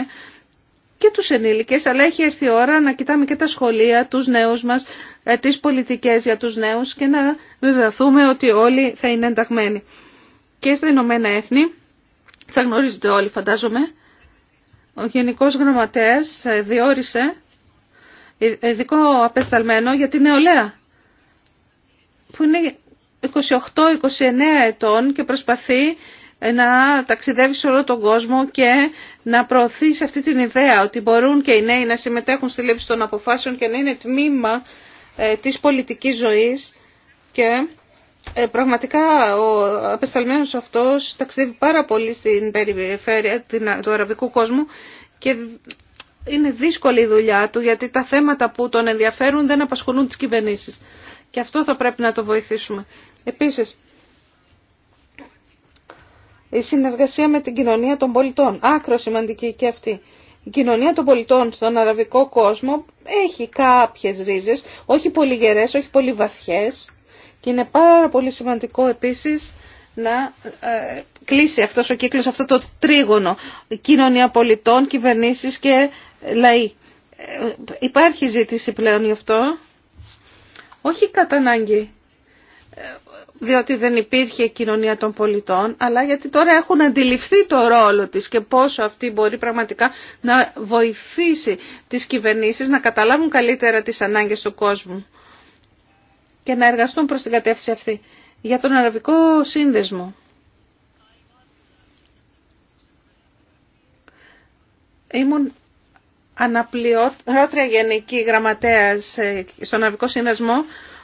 και τους ενήλικες, αλλά έχει έρθει η ώρα να κοιτάμε και τα σχολεία, τους νέους μας, ε, τις πολιτικές για τους νέους και να βεβαιωθούμε ότι όλοι θα είναι ενταγμένοι. Και στα Ηνωμένα Έθνη, θα γνωρίζετε όλοι φαντάζομαι, ο Γενικός Γραμματέας ε, διόρισε ειδικό απεσταλμένο για την νεολαία, που είναι 28-29 ετών και προσπαθεί ε, να ταξιδεύει σε όλο τον κόσμο και να προωθεί σε αυτή την ιδέα ότι μπορούν και οι νέοι να συμμετέχουν στη λήψη των αποφάσεων και να είναι τμήμα ε, της πολιτικής ζωής και ε, πραγματικά ο απεσταλμένος αυτός ταξιδεύει πάρα πολύ στην περιφέρεια του αραβικού κόσμου και είναι δύσκολη η δουλειά του γιατί τα θέματα που τον ενδιαφέρουν δεν απασχολούν τις κυβερνήσεις. Και αυτό θα πρέπει να το βοηθήσουμε. Επίσης, η συνεργασία με την κοινωνία των πολιτών, άκρο σημαντική και αυτή. Η κοινωνία των πολιτών στον αραβικό κόσμο έχει κάποιες ρίζες, όχι πολύ γερές, όχι πολύ βαθιές και είναι πάρα πολύ σημαντικό επίσης να ε, κλείσει αυτός ο κύκλος, αυτό το τρίγωνο κοινωνία πολιτών, κυβερνήσεις και λαοί. Ε, υπάρχει ζήτηση πλέον γι' αυτό, όχι κατά ανάγκη διότι δεν υπήρχε κοινωνία των πολιτών, αλλά γιατί τώρα έχουν αντιληφθεί το ρόλο της και πόσο αυτή μπορεί πραγματικά να βοηθήσει τις κυβερνήσεις να καταλάβουν καλύτερα τις ανάγκες του κόσμου και να εργαστούν προς την κατεύθυνση αυτή. Για τον Αραβικό Σύνδεσμο. Ήμουν αναπληρώτρια γενική γραμματέας ε, στον Αραβικό Σύνδεσμο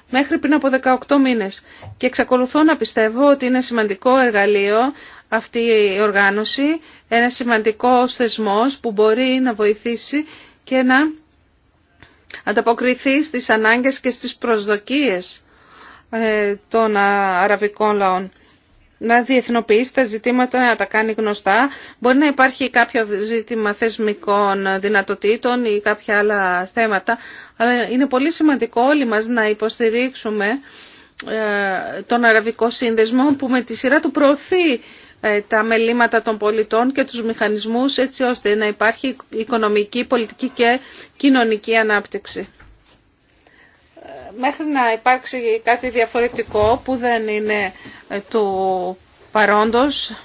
μέχρι πριν από 18 μήνες. Και εξακολουθώ να πιστεύω ότι είναι σημαντικό εργαλείο αυτή η οργάνωση, ένα σημαντικό θεσμός που μπορεί να βοηθήσει και να ανταποκριθεί στις ανάγκες και στις προσδοκίες ε, των αραβικών λαών να διεθνοποιήσει τα ζητήματα, να τα κάνει γνωστά. Μπορεί να υπάρχει κάποιο ζήτημα θεσμικών δυνατοτήτων ή κάποια άλλα θέματα, αλλά είναι πολύ σημαντικό όλοι μας να υποστηρίξουμε ε, τον Αραβικό Σύνδεσμο που με τη σειρά του προωθεί ε, τα μελήματα των πολιτών και τους μηχανισμούς έτσι ώστε να υπάρχει οικονομική, πολιτική και κοινωνική ανάπτυξη μέχρι να υπάρξει κάτι διαφορετικό που δεν είναι του παρόντος,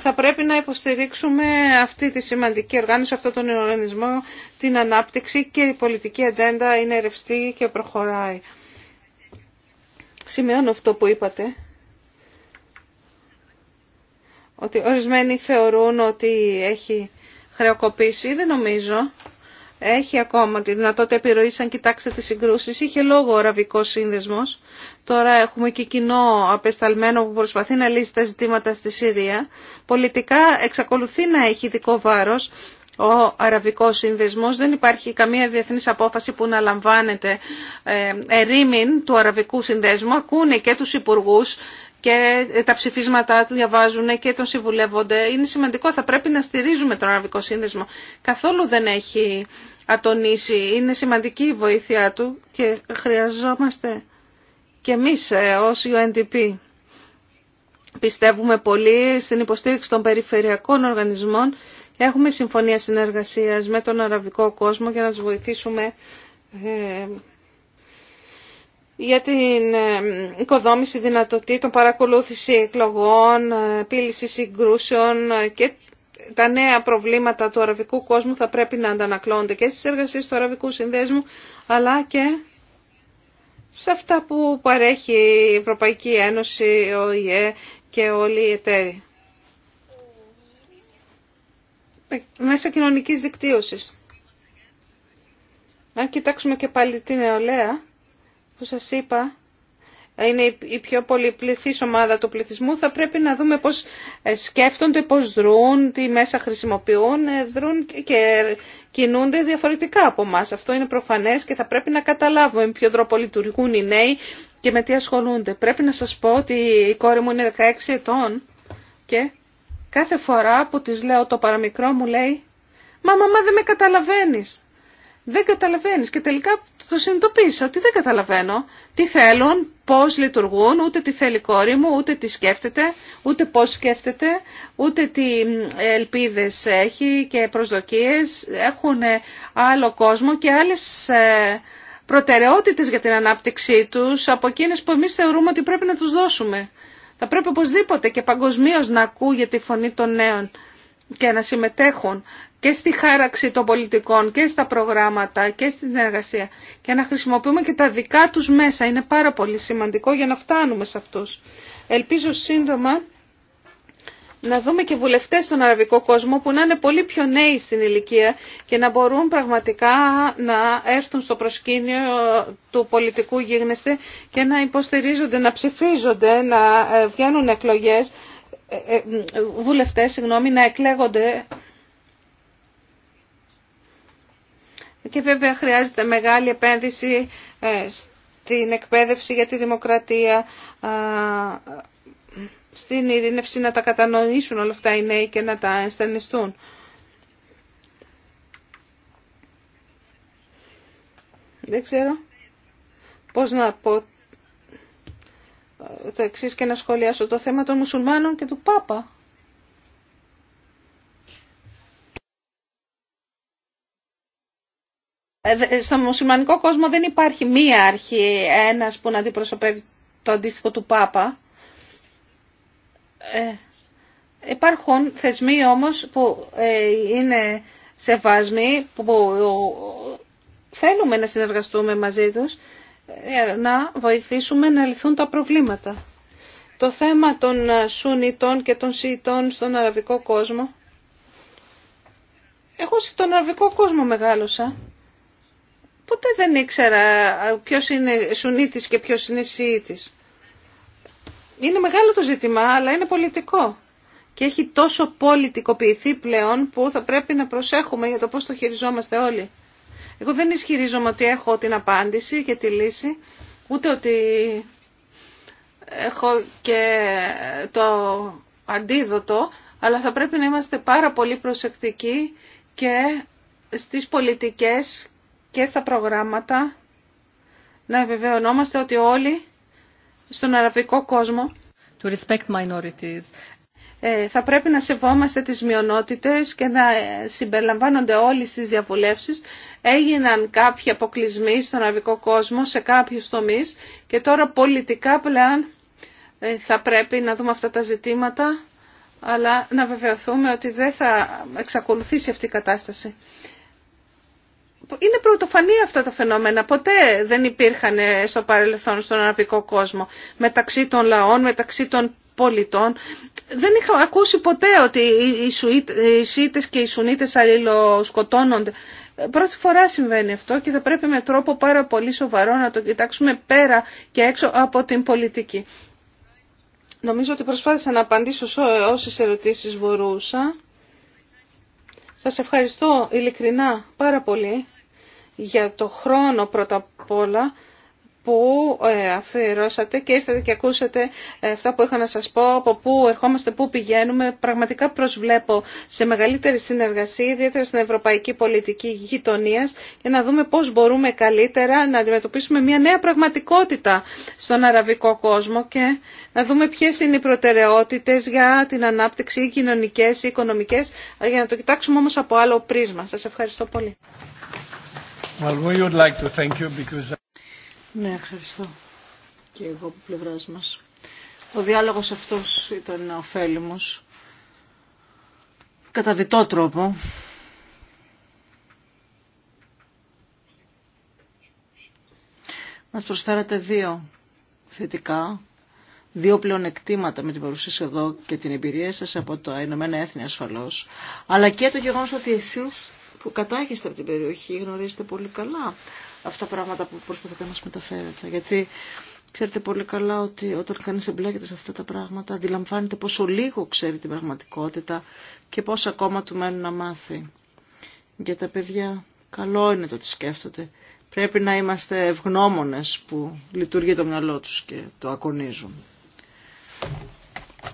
θα πρέπει να υποστηρίξουμε αυτή τη σημαντική οργάνωση, αυτόν τον οργανισμό, την ανάπτυξη και η πολιτική ατζέντα είναι ρευστή και προχωράει. Σημειώνω αυτό που είπατε, ότι ορισμένοι θεωρούν ότι έχει χρεοκοπήσει, δεν νομίζω έχει ακόμα τη δυνατότητα επιρροή αν κοιτάξετε τις συγκρούσεις. Είχε λόγο ο αραβικό σύνδεσμος. Τώρα έχουμε και κοινό απεσταλμένο που προσπαθεί να λύσει τα ζητήματα στη Συρία. Πολιτικά εξακολουθεί να έχει ειδικό βάρος ο αραβικός σύνδεσμος. Δεν υπάρχει καμία διεθνής απόφαση που να λαμβάνεται ε, ερήμην του αραβικού συνδέσμου. Ακούνε και τους υπουργούς και τα ψηφίσματά του διαβάζουν και τον συμβουλεύονται. Είναι σημαντικό, θα πρέπει να στηρίζουμε τον Αραβικό Σύνδεσμο. Καθόλου δεν έχει ατονίσει. Είναι σημαντική η βοήθειά του και χρειαζόμαστε και εμείς ε, ως UNDP. Πιστεύουμε πολύ στην υποστήριξη των περιφερειακών οργανισμών. Έχουμε συμφωνία συνεργασίας με τον αραβικό κόσμο για να τους βοηθήσουμε ε, για την ε, οικοδόμηση δυνατοτήτων, παρακολούθηση εκλογών, ε, πύληση συγκρούσεων ε, και τα νέα προβλήματα του αραβικού κόσμου θα πρέπει να αντανακλώνται και στις εργασίες του αραβικού συνδέσμου, αλλά και σε αυτά που παρέχει η Ευρωπαϊκή Ένωση, ο ΙΕ και όλοι οι εταίροι. Μέσα κοινωνικής δικτύωσης. Αν κοιτάξουμε και πάλι την νεολαία, που σας είπα είναι η πιο πολυπληθής ομάδα του πληθυσμού, θα πρέπει να δούμε πώς ε, σκέφτονται, πώς δρούν, τι μέσα χρησιμοποιούν, ε, δρούν και κινούνται διαφορετικά από εμά. Αυτό είναι προφανές και θα πρέπει να καταλάβουμε με ποιο τρόπο λειτουργούν οι νέοι και με τι ασχολούνται. Πρέπει να σας πω ότι η κόρη μου είναι 16 ετών και κάθε φορά που της λέω το παραμικρό μου λέει «Μα μαμά δεν με καταλαβαίνεις» δεν καταλαβαίνεις και τελικά το συνειδητοποίησα ότι δεν καταλαβαίνω τι θέλουν, πώς λειτουργούν, ούτε τι θέλει η κόρη μου, ούτε τι σκέφτεται, ούτε πώς σκέφτεται, ούτε τι ελπίδες έχει και προσδοκίες. Έχουν ε, άλλο κόσμο και άλλες ε, προτεραιότητες για την ανάπτυξή τους από εκείνες που εμείς θεωρούμε ότι πρέπει να τους δώσουμε. Θα πρέπει οπωσδήποτε και παγκοσμίω να ακούγεται η φωνή των νέων και να συμμετέχουν και στη χάραξη των πολιτικών και στα προγράμματα και στην εργασία και να χρησιμοποιούμε και τα δικά τους μέσα. Είναι πάρα πολύ σημαντικό για να φτάνουμε σε αυτούς. Ελπίζω σύντομα να δούμε και βουλευτές στον αραβικό κόσμο που να είναι πολύ πιο νέοι στην ηλικία και να μπορούν πραγματικά να έρθουν στο προσκήνιο του πολιτικού γίγνεσθε και να υποστηρίζονται, να ψηφίζονται, να βγαίνουν εκλογές, ε, ε, βουλευτές, συγγνώμη, να εκλέγονται και βέβαια χρειάζεται μεγάλη επένδυση ε, στην εκπαίδευση για τη δημοκρατία, στην ειρήνευση να τα κατανοήσουν όλα αυτά οι νέοι και να τα ενστερνιστούν. Δεν ξέρω πώς να πω ε, το εξής και να σχολιάσω το θέμα των μουσουλμάνων και του Πάπα. Ε, στο μουσουλμανικό κόσμο δεν υπάρχει μία αρχή, ένας που να αντιπροσωπεύει το αντίστοιχο του Πάπα. Ε, υπάρχουν θεσμοί όμως που ε, είναι σεβάσμοι, που, που θέλουμε να συνεργαστούμε μαζί τους, ε, να βοηθήσουμε να λυθούν τα προβλήματα. Το θέμα των Σούνιτων και των Σιητών στον αραβικό κόσμο. Εγώ στον αραβικό κόσμο μεγάλωσα. Ποτέ δεν ήξερα ποιος είναι Σουνίτης και ποιος είναι Σιήτης. Είναι μεγάλο το ζήτημα, αλλά είναι πολιτικό. Και έχει τόσο πολιτικοποιηθεί πλέον που θα πρέπει να προσέχουμε για το πώς το χειριζόμαστε όλοι. Εγώ δεν ισχυρίζομαι ότι έχω την απάντηση και τη λύση, ούτε ότι έχω και το αντίδοτο, αλλά θα πρέπει να είμαστε πάρα πολύ προσεκτικοί και στις πολιτικές και στα προγράμματα να βεβαιωνόμαστε ότι όλοι στον αραβικό κόσμο ε, θα πρέπει να σεβόμαστε τις μειονότητες και να ε, συμπεριλαμβάνονται όλοι στις διαβουλεύσεις. Έγιναν κάποιοι αποκλεισμοί στον αραβικό κόσμο σε κάποιους τομείς και τώρα πολιτικά πλέον ε, θα πρέπει να δούμε αυτά τα ζητήματα αλλά να βεβαιωθούμε ότι δεν θα εξακολουθήσει αυτή η κατάσταση είναι πρωτοφανή αυτά τα φαινόμενα. Ποτέ δεν υπήρχαν στο παρελθόν στον αραβικό κόσμο μεταξύ των λαών, μεταξύ των πολιτών. Δεν είχα ακούσει ποτέ ότι οι Σίτες και οι Σουνίτες αλληλοσκοτώνονται. Πρώτη φορά συμβαίνει αυτό και θα πρέπει με τρόπο πάρα πολύ σοβαρό να το κοιτάξουμε πέρα και έξω από την πολιτική. Νομίζω ότι προσπάθησα να απαντήσω σε όσες ερωτήσεις μπορούσα. Σας ευχαριστώ ειλικρινά πάρα πολύ για το χρόνο πρώτα απ' όλα που ε, αφιερώσατε και ήρθατε και ακούσατε ε, αυτά που είχα να σας πω, από πού ερχόμαστε, πού πηγαίνουμε. Πραγματικά προσβλέπω σε μεγαλύτερη συνεργασία, ιδιαίτερα στην ευρωπαϊκή πολιτική γειτονία, για να δούμε πώς μπορούμε καλύτερα να αντιμετωπίσουμε μια νέα πραγματικότητα στον αραβικό κόσμο και να δούμε ποιες είναι οι προτεραιότητες για την ανάπτυξη, οι κοινωνικές, οι οικονομικές, ε, για να το κοιτάξουμε όμως από άλλο πρίσμα. Σας ευχαριστώ πολύ.
Ναι, ευχαριστώ και εγώ από πλευράς μας. Ο διάλογος αυτός ήταν ωφέλιμος κατά διτό τρόπο. Μας προσφέρατε δύο θετικά, δύο πλεονεκτήματα με την παρουσία εδώ και την εμπειρία σας από το Ηνωμένα Έθνη ασφαλώς, αλλά και το γεγονός ότι εσείς που κατάγεστε από την περιοχή, γνωρίζετε πολύ καλά αυτά τα πράγματα που προσπαθείτε να μας μεταφέρετε. Γιατί ξέρετε πολύ καλά ότι όταν κανείς εμπλέκεται σε αυτά τα πράγματα αντιλαμβάνεται πόσο λίγο ξέρει την πραγματικότητα και πόσο ακόμα του μένουν να μάθει. Για τα παιδιά καλό είναι το ότι σκέφτονται. Πρέπει να είμαστε ευγνώμονες που λειτουργεί το μυαλό τους και το ακονίζουν.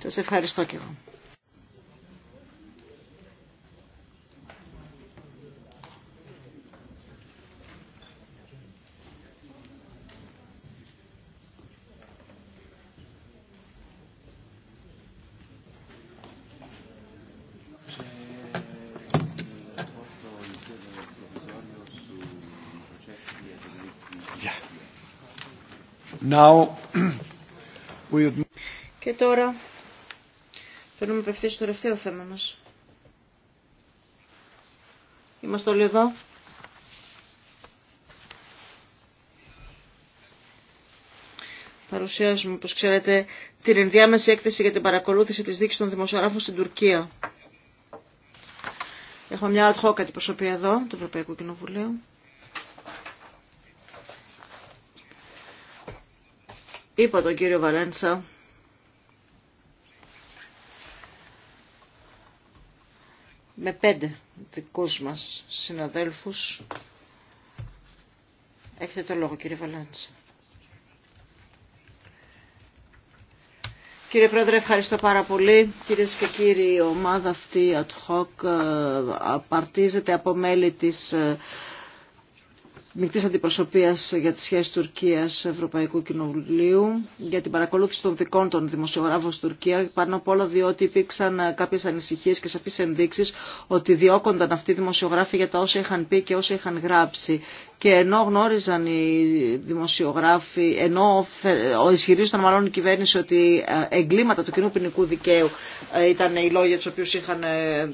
Σας ευχαριστώ και εγώ.
Και τώρα
θέλουμε να απευθύνουμε στο τελευταίο θέμα μας. Είμαστε όλοι εδώ. Παρουσιάζουμε, όπως ξέρετε, την ενδιάμεση έκθεση για την παρακολούθηση της δίκης των δημοσιογράφων στην Τουρκία. Έχω μια ad hoc αντιπροσωπή εδώ, του Ευρωπαϊκού Κοινοβουλίου. Είπα τον κύριο Βαλέντσα με πέντε δικούς μας συναδέλφους. Έχετε το λόγο κύριε Βαλέντσα. Κύριε Πρόεδρε, ευχαριστώ πάρα πολύ. Κυρίε και κύριοι, η ομάδα αυτή ad ε, απαρτίζεται από μέλη της ε, Μικτής Αντιπροσωπείας για τις σχέσεις Τουρκίας Ευρωπαϊκού Κοινοβουλίου για την παρακολούθηση των δικών των δημοσιογράφων στην Τουρκία πάνω απ' όλα διότι υπήρξαν ε, κάποιες ανησυχίες και σαφείς ενδείξει ότι διώκονταν αυτοί οι δημοσιογράφοι για τα όσα είχαν πει και όσα είχαν γράψει και ενώ γνώριζαν οι δημοσιογράφοι, ενώ ο ισχυρίζονταν μάλλον η κυβέρνηση ότι ε, εγκλήματα του κοινού ποινικού δικαίου ε, ήταν οι λόγια του οποίου είχαν ε,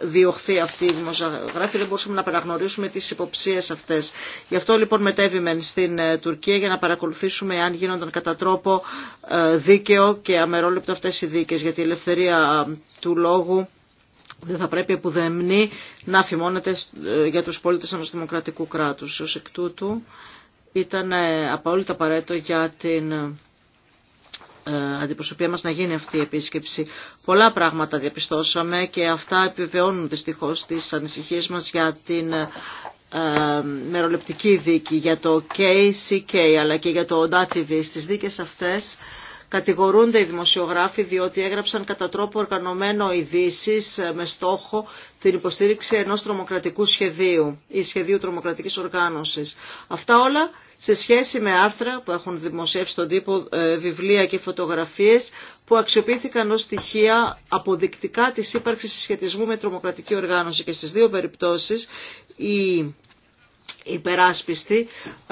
διωχθεί αυτοί οι δημοσιογράφοι, δεν μπορούσαμε να παραγνωρίσουμε τι υποψίε αυτέ. Γι' αυτό λοιπόν μετέβημε στην Τουρκία για να παρακολουθήσουμε αν γίνονταν κατά τρόπο δίκαιο και αμερόληπτο αυτέ οι δίκε. Γιατί η ελευθερία του λόγου δεν θα πρέπει επουδεμνή να φημώνεται ε, για τους πολίτες ενός δημοκρατικού κράτους. Ως εκ τούτου ήταν ε, απόλυτα απαραίτητο για την ε, αντιπροσωπεία μας να γίνει αυτή η επίσκεψη. Πολλά πράγματα διαπιστώσαμε και αυτά επιβεβαιώνουν δυστυχώς τις ανησυχίες μας για την μερολεπτική δίκη, για το KCK αλλά και για το ODATV. Στις δίκες αυτές Κατηγορούνται οι δημοσιογράφοι διότι έγραψαν κατά τρόπο οργανωμένο ειδήσει ε, με στόχο την υποστήριξη ενός τρομοκρατικού σχεδίου ή σχεδίου τρομοκρατικής οργάνωσης. Αυτά όλα σε σχέση με άρθρα που έχουν δημοσιεύσει στον τύπο ε, βιβλία και φωτογραφίες που αξιοποιήθηκαν ως στοιχεία αποδεικτικά της ύπαρξης συσχετισμού με τρομοκρατική οργάνωση και στις δύο περιπτώσεις η υπεράσπιστοι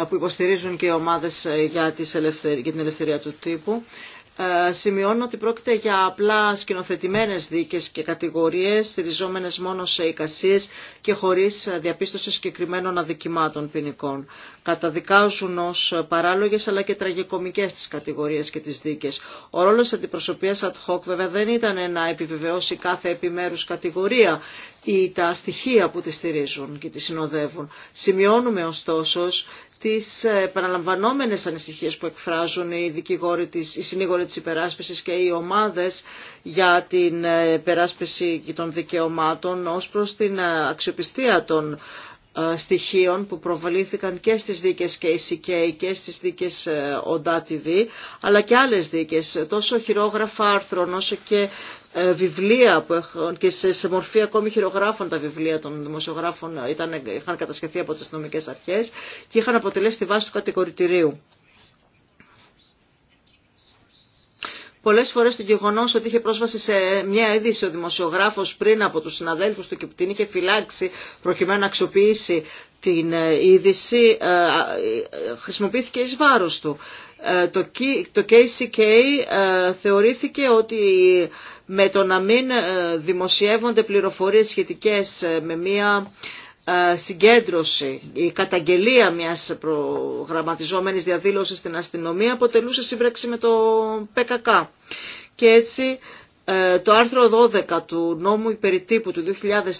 που υποστηρίζουν και οι ομάδες ε, για, την ελευθερία του τύπου. Ε, σημειώνω ότι πρόκειται για απλά σκηνοθετημένε δίκες και κατηγορίες στηριζόμενες μόνο σε εικασίες και χωρίς διαπίστωση συγκεκριμένων αδικημάτων ποινικών. Καταδικάζουν ως παράλογες αλλά και τραγικομικές τις κατηγορίες και τις δίκες. Ο ρόλος αντιπροσωπεία αντιπροσωπείας ad hoc βέβαια δεν ήταν να επιβεβαιώσει κάθε επιμέρους κατηγορία ή τα στοιχεία που τη στηρίζουν και τη συνοδεύουν. Σημειώνουμε ωστόσο τις επαναλαμβανόμενες ανησυχίες που εκφράζουν οι, δικηγόροι της, οι συνήγοροι της υπεράσπισης και οι ομάδες για την ε, υπεράσπιση των δικαιωμάτων ως προς την ε, αξιοπιστία των ε, στοιχείων που προβαλήθηκαν και στις δίκες KCK και στις δίκες ODA TV αλλά και άλλες δίκες τόσο χειρόγραφα άρθρων όσο και ε, βιβλία που έχουν και σε, μορφή ακόμη χειρογράφων τα βιβλία των δημοσιογράφων ήταν, είχαν κατασκευθεί από τις αστυνομικέ αρχές και είχαν αποτελέσει τη βάση του κατηγορητηρίου. Πολλές φορές το γεγονό ότι είχε πρόσβαση σε μια είδηση ο δημοσιογράφος πριν από τους συναδέλφους του και την είχε φυλάξει προκειμένου να αξιοποιήσει την ε, είδηση ε, χρησιμοποιήθηκε εις βάρος του. Ε, το KCK ε, θεωρήθηκε ότι με το να μην ε, δημοσιεύονται πληροφορίες σχετικές με μία συγκέντρωση, η καταγγελία μιας προγραμματιζόμενης διαδήλωσης στην αστυνομία αποτελούσε σύμπραξη με το ΠΚΚ. Και έτσι ε, το άρθρο 12 του νόμου υπεριτύπου του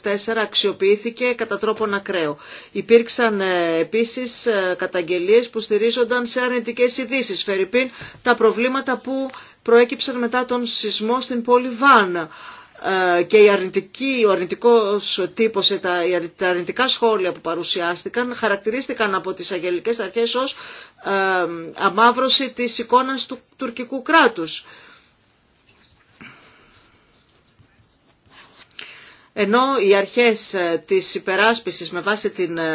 2004 αξιοποιήθηκε κατά τρόπον ακραίο. Υπήρξαν ε, επίσης ε, καταγγελίες που στηρίζονταν σε αρνητικές ειδήσει. Φερρυπίν τα προβλήματα που προέκυψαν μετά τον σεισμό στην πόλη Βάνα και η αρνητική, ο αρνητικός τύπος, τα, αρνητικά σχόλια που παρουσιάστηκαν χαρακτηρίστηκαν από τις αγγελικές αρχές ως αμάυρωση της εικόνας του τουρκικού κράτους. Ενώ οι αρχές ε, της υπεράσπισης με βάση την ε,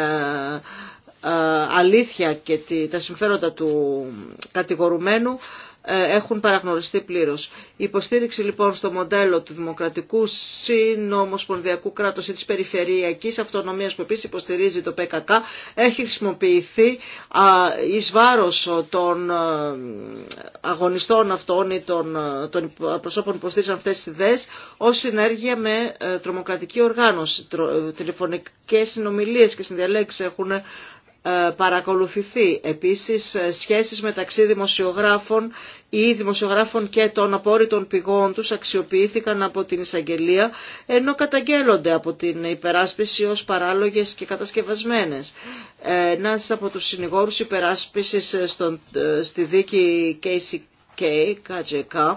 ε, αλήθεια και τα συμφέροντα του κατηγορουμένου ε, έχουν παραγνωριστεί πλήρως. Η υποστήριξη λοιπόν στο μοντέλο του δημοκρατικού συνομοσπονδιακού κράτους ή τη περιφερειακή αυτονομία που επίσης υποστηρίζει το ΠΚΚ έχει χρησιμοποιηθεί ει βάρο των ε, αγωνιστών αυτών ή των, ε, των προσώπων που υποστήριζαν αυτέ τις ιδέες ως συνέργεια με τρομοκρατική οργάνωση. τηλεφωνικέ συνομιλίε και συνδιαλέξει έχουν ε, παρακολουθηθεί. Επίσης ε, σχέσεις μεταξύ δημοσιογράφων ή δημοσιογράφων και των απόρριτων πηγών τους αξιοποιήθηκαν από την εισαγγελία ενώ καταγγέλλονται από την υπεράσπιση ως παράλογες και κατασκευασμένες. Ε, Ένα από τους συνηγόρους υπεράσπισης στον, στη δίκη K KJK,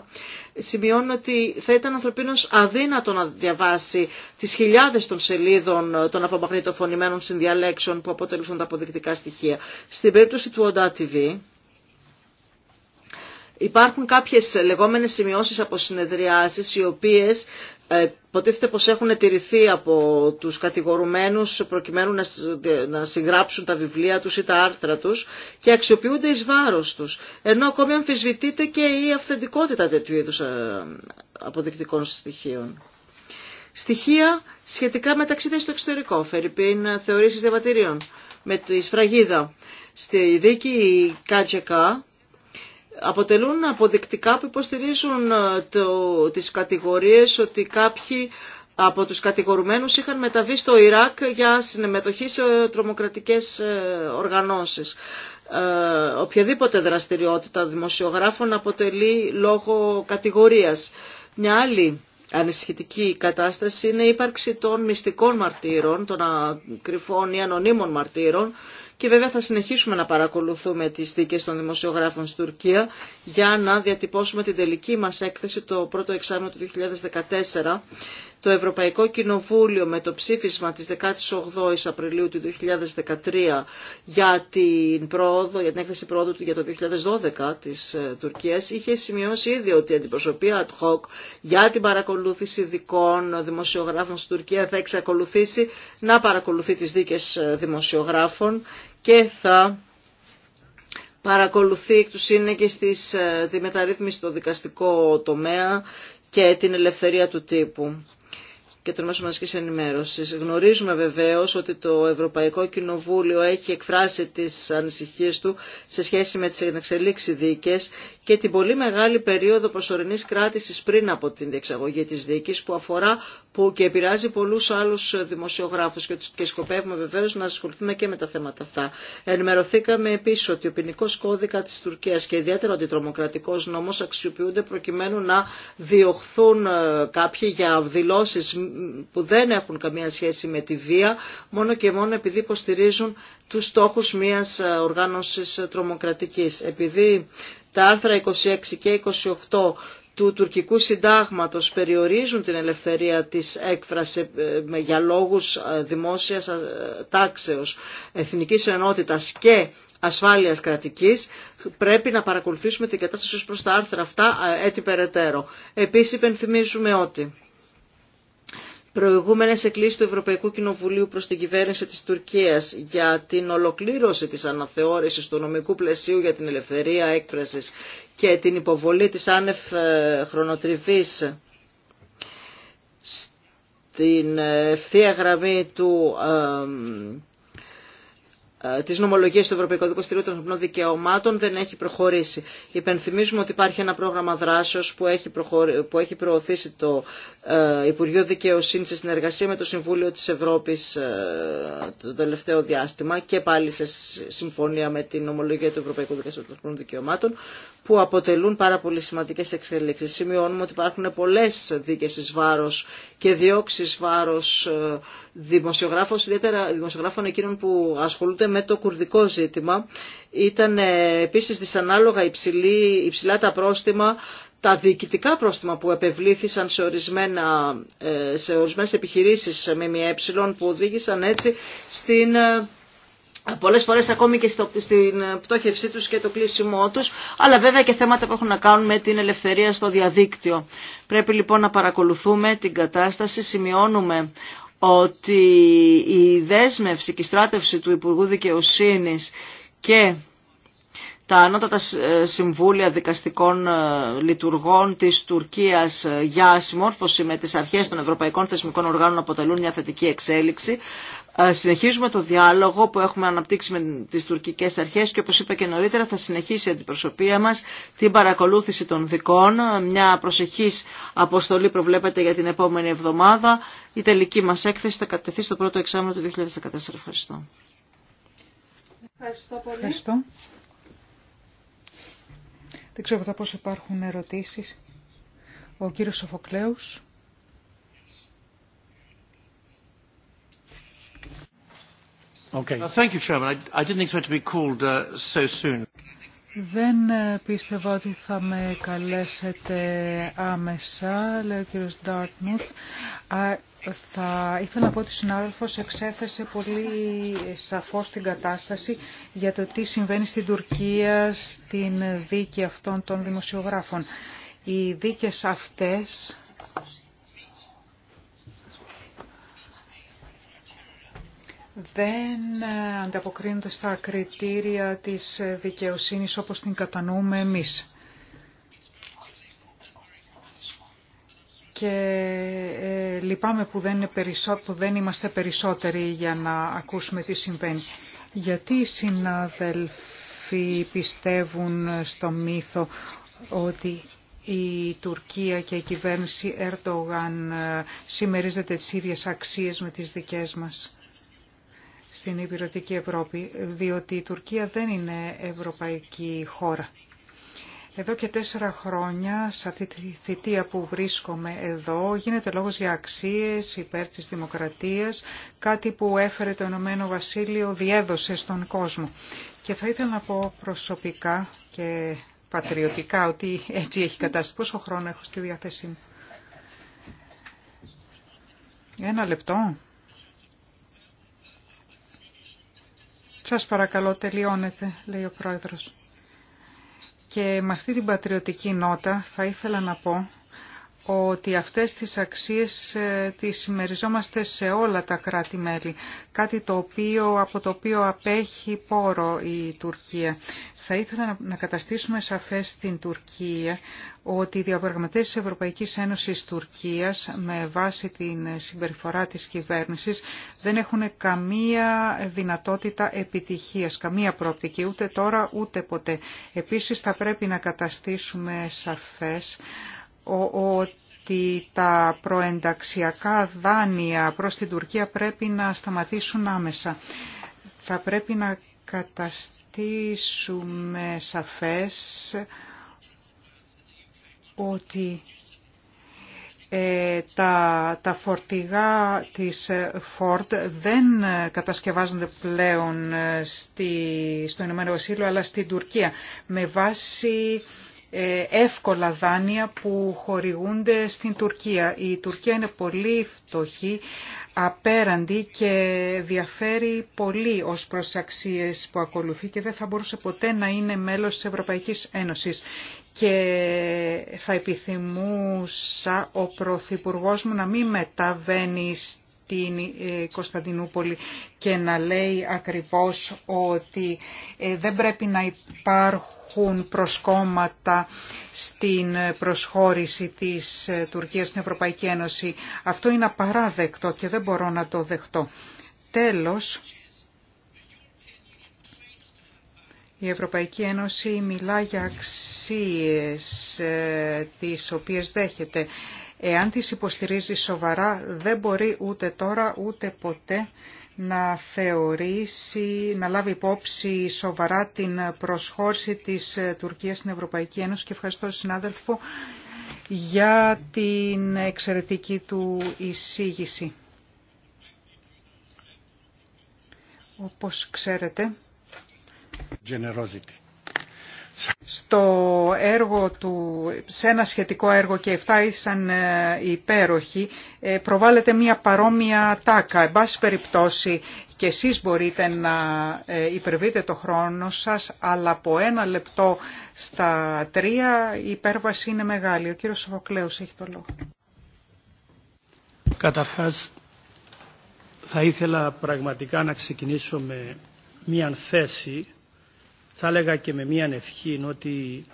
Σημειώνω ότι θα ήταν ανθρωπίνω αδύνατο να διαβάσει τις χιλιάδες των σελίδων των απομακρυντοφωνημένων συνδιαλέξεων που αποτελούσαν τα αποδεικτικά στοιχεία. Στην περίπτωση του ODA TV, Υπάρχουν κάποιες λεγόμενες σημειώσεις από συνεδριάσεις οι οποίες ε, υποτίθεται πως έχουν τηρηθεί από τους κατηγορουμένους προκειμένου ε, να συγγράψουν τα βιβλία τους ή τα άρθρα τους και αξιοποιούνται εις βάρος τους. Ενώ ακόμη αμφισβητείται και η αυθεντικότητα τέτοιου είδους ε, αποδεικτικών στοιχείων. Στοιχεία σχετικά με ταξίδια στο εξωτερικό, φερειπίν θεωρήσεις διαβατηρίων, με τη σφραγίδα. Στη δίκη Κάτζεκα αποτελούν αποδεικτικά που υποστηρίζουν ε, το, τις κατηγορίες ότι κάποιοι από τους κατηγορουμένους είχαν μεταβεί στο Ιράκ για συνεμετοχή σε τρομοκρατικές ε, οργανώσεις. Ε, οποιαδήποτε δραστηριότητα δημοσιογράφων αποτελεί λόγο κατηγορίας. Μια άλλη ανησυχητική κατάσταση είναι η ύπαρξη των μυστικών μαρτύρων, των κρυφών ή ανωνύμων μαρτύρων, και βέβαια θα συνεχίσουμε να παρακολουθούμε τις δίκες των δημοσιογράφων στην Τουρκία για να διατυπώσουμε την τελική μας έκθεση το πρώτο εξάμεινο του 2014. Το Ευρωπαϊκό Κοινοβούλιο με το ψήφισμα της 18ης Απριλίου του 2013 για την, πρόοδο, για την έκθεση πρόοδου του για το 2012 της ε, Τουρκίας είχε σημειώσει ήδη ότι η αντιπροσωπεία ad hoc για την παρακολούθηση δικών δημοσιογράφων στην Τουρκία θα εξακολουθήσει να παρακολουθεί τις δίκες ε, δημοσιογράφων και θα παρακολουθεί εκ του είναι και τη μεταρρύθμιση στο δικαστικό τομέα και την ελευθερία του τύπου και των μέσων μαζικής ενημέρωσης. Γνωρίζουμε βεβαίως ότι το Ευρωπαϊκό Κοινοβούλιο έχει εκφράσει τις ανησυχίες του σε σχέση με τις εξελίξει δίκες και την πολύ μεγάλη περίοδο προσωρινής κράτησης πριν από την διεξαγωγή της δίκης που αφορά που και επηρεάζει πολλούς άλλους δημοσιογράφους και σκοπεύουμε βεβαίως να ασχοληθούμε και με τα θέματα αυτά. Ενημερωθήκαμε επίσης ότι ο ποινικό κώδικα της Τουρκίας και ιδιαίτερα ο αντιτρομοκρατικός νόμος αξιοποιούνται προκειμένου να διωχθούν ε, κάποιοι για δηλώσει που δεν έχουν καμία σχέση με τη βία, μόνο και μόνο επειδή υποστηρίζουν τους στόχους μιας ε, οργάνωσης ε, τρομοκρατικής. Επειδή τα άρθρα 26 και 28 του τουρκικού συντάγματος περιορίζουν την ελευθερία της έκφρασης ε, για λόγους δημόσιας τάξεως, εθνικής ενότητας και ασφάλειας κρατικής, πρέπει να παρακολουθήσουμε την κατάσταση προς τα άρθρα αυτά έτσι περαιτέρω. Επίσης υπενθυμίζουμε ότι προηγούμενες εκκλήσεις του Ευρωπαϊκού Κοινοβουλίου προς την κυβέρνηση της Τουρκίας για την ολοκλήρωση της αναθεώρησης του νομικού πλαισίου για την ελευθερία έκφρασης και την υποβολή της άνευ ε, χρονοτριβής στην ε, ευθεία γραμμή του ε, ε, της νομολογίας του Ευρωπαϊκού Δικαστηρίου των Εθνών Δικαιωμάτων δεν έχει προχωρήσει. Υπενθυμίζουμε ότι υπάρχει ένα πρόγραμμα δράσεως που έχει, που προωθήσει το ε, Υπουργείο Δικαιοσύνης σε συνεργασία με το Συμβούλιο της Ευρώπης ε, το τελευταίο διάστημα και πάλι σε συμφωνία με την νομολογία του Ευρωπαϊκού Δικαστηρίου των Εθνών Δικαιωμάτων που αποτελούν πάρα πολύ σημαντικές εξελίξεις. Σημειώνουμε ότι υπάρχουν πολλές δίκες εις βάρος και διώξεις βάρος δημοσιογράφος, ιδιαίτερα δημοσιογράφων εκείνων που ασχολούνται με το κουρδικό ζήτημα. Ήταν ε, επίσης δυσανάλογα υψηλή, υψηλά τα πρόστιμα τα διοικητικά πρόστιμα που επευλήθησαν σε, ορισμένα, ε, σε ορισμένες επιχειρήσεις ΜΜΕ που οδήγησαν έτσι στην ε, πολλές φορές ακόμη και στην πτώχευσή τους και το κλείσιμό τους, αλλά βέβαια και θέματα που έχουν να κάνουν με την ελευθερία στο διαδίκτυο. Πρέπει λοιπόν να παρακολουθούμε την κατάσταση, σημειώνουμε ότι η δέσμευση και η στράτευση του Υπουργού Δικαιοσύνης και τα ανώτατα ε, συμβούλια δικαστικών ε, λειτουργών της Τουρκίας ε, για συμμόρφωση με τις αρχές των ευρωπαϊκών θεσμικών οργάνων αποτελούν μια θετική εξέλιξη συνεχίζουμε το διάλογο που έχουμε αναπτύξει με τις τουρκικές αρχές και όπως είπα και νωρίτερα θα συνεχίσει η αντιπροσωπεία μας την παρακολούθηση των δικών. Μια προσεχής αποστολή προβλέπεται για την επόμενη εβδομάδα. Η τελική μας έκθεση θα κατευθεί στο πρώτο εξάμεινο του 2014. Ευχαριστώ. Ευχαριστώ πολύ. Ευχαριστώ.
Δεν ξέρω κατά υπάρχουν ερωτήσεις. Ο κύριος Σοφοκλέους. Δεν πίστευα ότι θα με καλέσετε άμεσα, λέει ο κύριος Ντάρτμουθ. Θα ήθελα να πω ότι ο συνάδελφος εξέθεσε πολύ σαφώς την κατάσταση για το τι συμβαίνει στην Τουρκία στην δίκη αυτών των δημοσιογράφων. Οι δίκες αυτές δεν ε, ανταποκρίνονται στα κριτήρια της δικαιοσύνης όπως την κατανοούμε εμείς. Και ε, λυπάμαι που δεν, που δεν είμαστε περισσότεροι για να ακούσουμε τι συμβαίνει. Γιατί οι συναδελφοί πιστεύουν στο μύθο ότι η Τουρκία και η κυβέρνηση Ερντογάν ε, συμμερίζεται τις ίδιες αξίες με τις δικές μας στην Υπηρετική Ευρώπη, διότι η Τουρκία δεν είναι ευρωπαϊκή χώρα. Εδώ και τέσσερα χρόνια, σε αυτή τη θητεία που βρίσκομαι εδώ, γίνεται λόγος για αξίες υπέρ της δημοκρατίας, κάτι που έφερε το Ηνωμένο Βασίλειο, διέδωσε στον κόσμο. Και θα ήθελα να πω προσωπικά και πατριωτικά ότι έτσι έχει κατάσταση. Πόσο χρόνο έχω στη διάθεσή μου. Ένα λεπτό. Σας παρακαλώ τελειώνετε, λέει ο πρόεδρος. Και με αυτή την πατριωτική νότα θα ήθελα να πω ότι αυτές τις αξίες ε, τις συμμεριζόμαστε σε όλα τα κράτη-μέλη, κάτι το οποίο, από το οποίο απέχει πόρο η Τουρκία. Θα ήθελα να καταστήσουμε σαφές στην Τουρκία ότι οι διαπραγματεύσεις της Ευρωπαϊκής Ένωσης Τουρκίας με βάση την συμπεριφορά της κυβέρνησης δεν έχουν καμία δυνατότητα επιτυχίας, καμία πρόπτικη, ούτε τώρα ούτε ποτέ. Επίσης θα πρέπει να καταστήσουμε σαφές ότι τα προενταξιακά δάνεια προς την Τουρκία πρέπει να σταματήσουν άμεσα. Θα πρέπει να καταστήσουμε σαφές ότι ε, τα, τα φορτηγά της Ford δεν κατασκευάζονται πλέον ε, στη, στο Ηνωμένο Βασίλειο αλλά στην Τουρκία με βάση ε, εύκολα δάνεια που χορηγούνται στην Τουρκία. Η Τουρκία είναι πολύ φτωχή, απέραντη και διαφέρει πολύ ως προς αξίες που ακολουθεί και δεν θα μπορούσε ποτέ να είναι μέλος της Ευρωπαϊκής Ένωσης. Και θα επιθυμούσα ο Πρωθυπουργό μου να μην μεταβαίνει την ε, Κωνσταντινούπολη και να λέει ακριβώς ότι ε, δεν πρέπει να υπάρχουν προσκόμματα στην προσχώρηση της ε, Τουρκίας στην Ευρωπαϊκή Ένωση. Αυτό είναι απαράδεκτο και δεν μπορώ να το δεχτώ. Τέλος, Η Ευρωπαϊκή Ένωση μιλά για αξίες τις οποίες δέχεται Εάν τις υποστηρίζει σοβαρά δεν μπορεί ούτε τώρα ούτε ποτέ να θεωρήσει, να λάβει υπόψη σοβαρά την προσχώρηση της Τουρκίας στην Ευρωπαϊκή Ένωση και ευχαριστώ συνάδελφο για την εξαιρετική του εισήγηση. Όπως ξέρετε,
Generosity
στο έργο του, σε ένα σχετικό έργο και εφτά ήσαν ε, υπέροχοι, ε, προβάλλεται μια παρόμοια τάκα. Εν πάση περιπτώσει και εσείς μπορείτε να ε, υπερβείτε το χρόνο σας, αλλά από ένα λεπτό στα τρία η υπέρβαση είναι μεγάλη. Ο κύριος Σοφοκλέους έχει το λόγο.
Καταρχάς, θα ήθελα πραγματικά να ξεκινήσω με μια θέση θα έλεγα και με μια ευχή ότι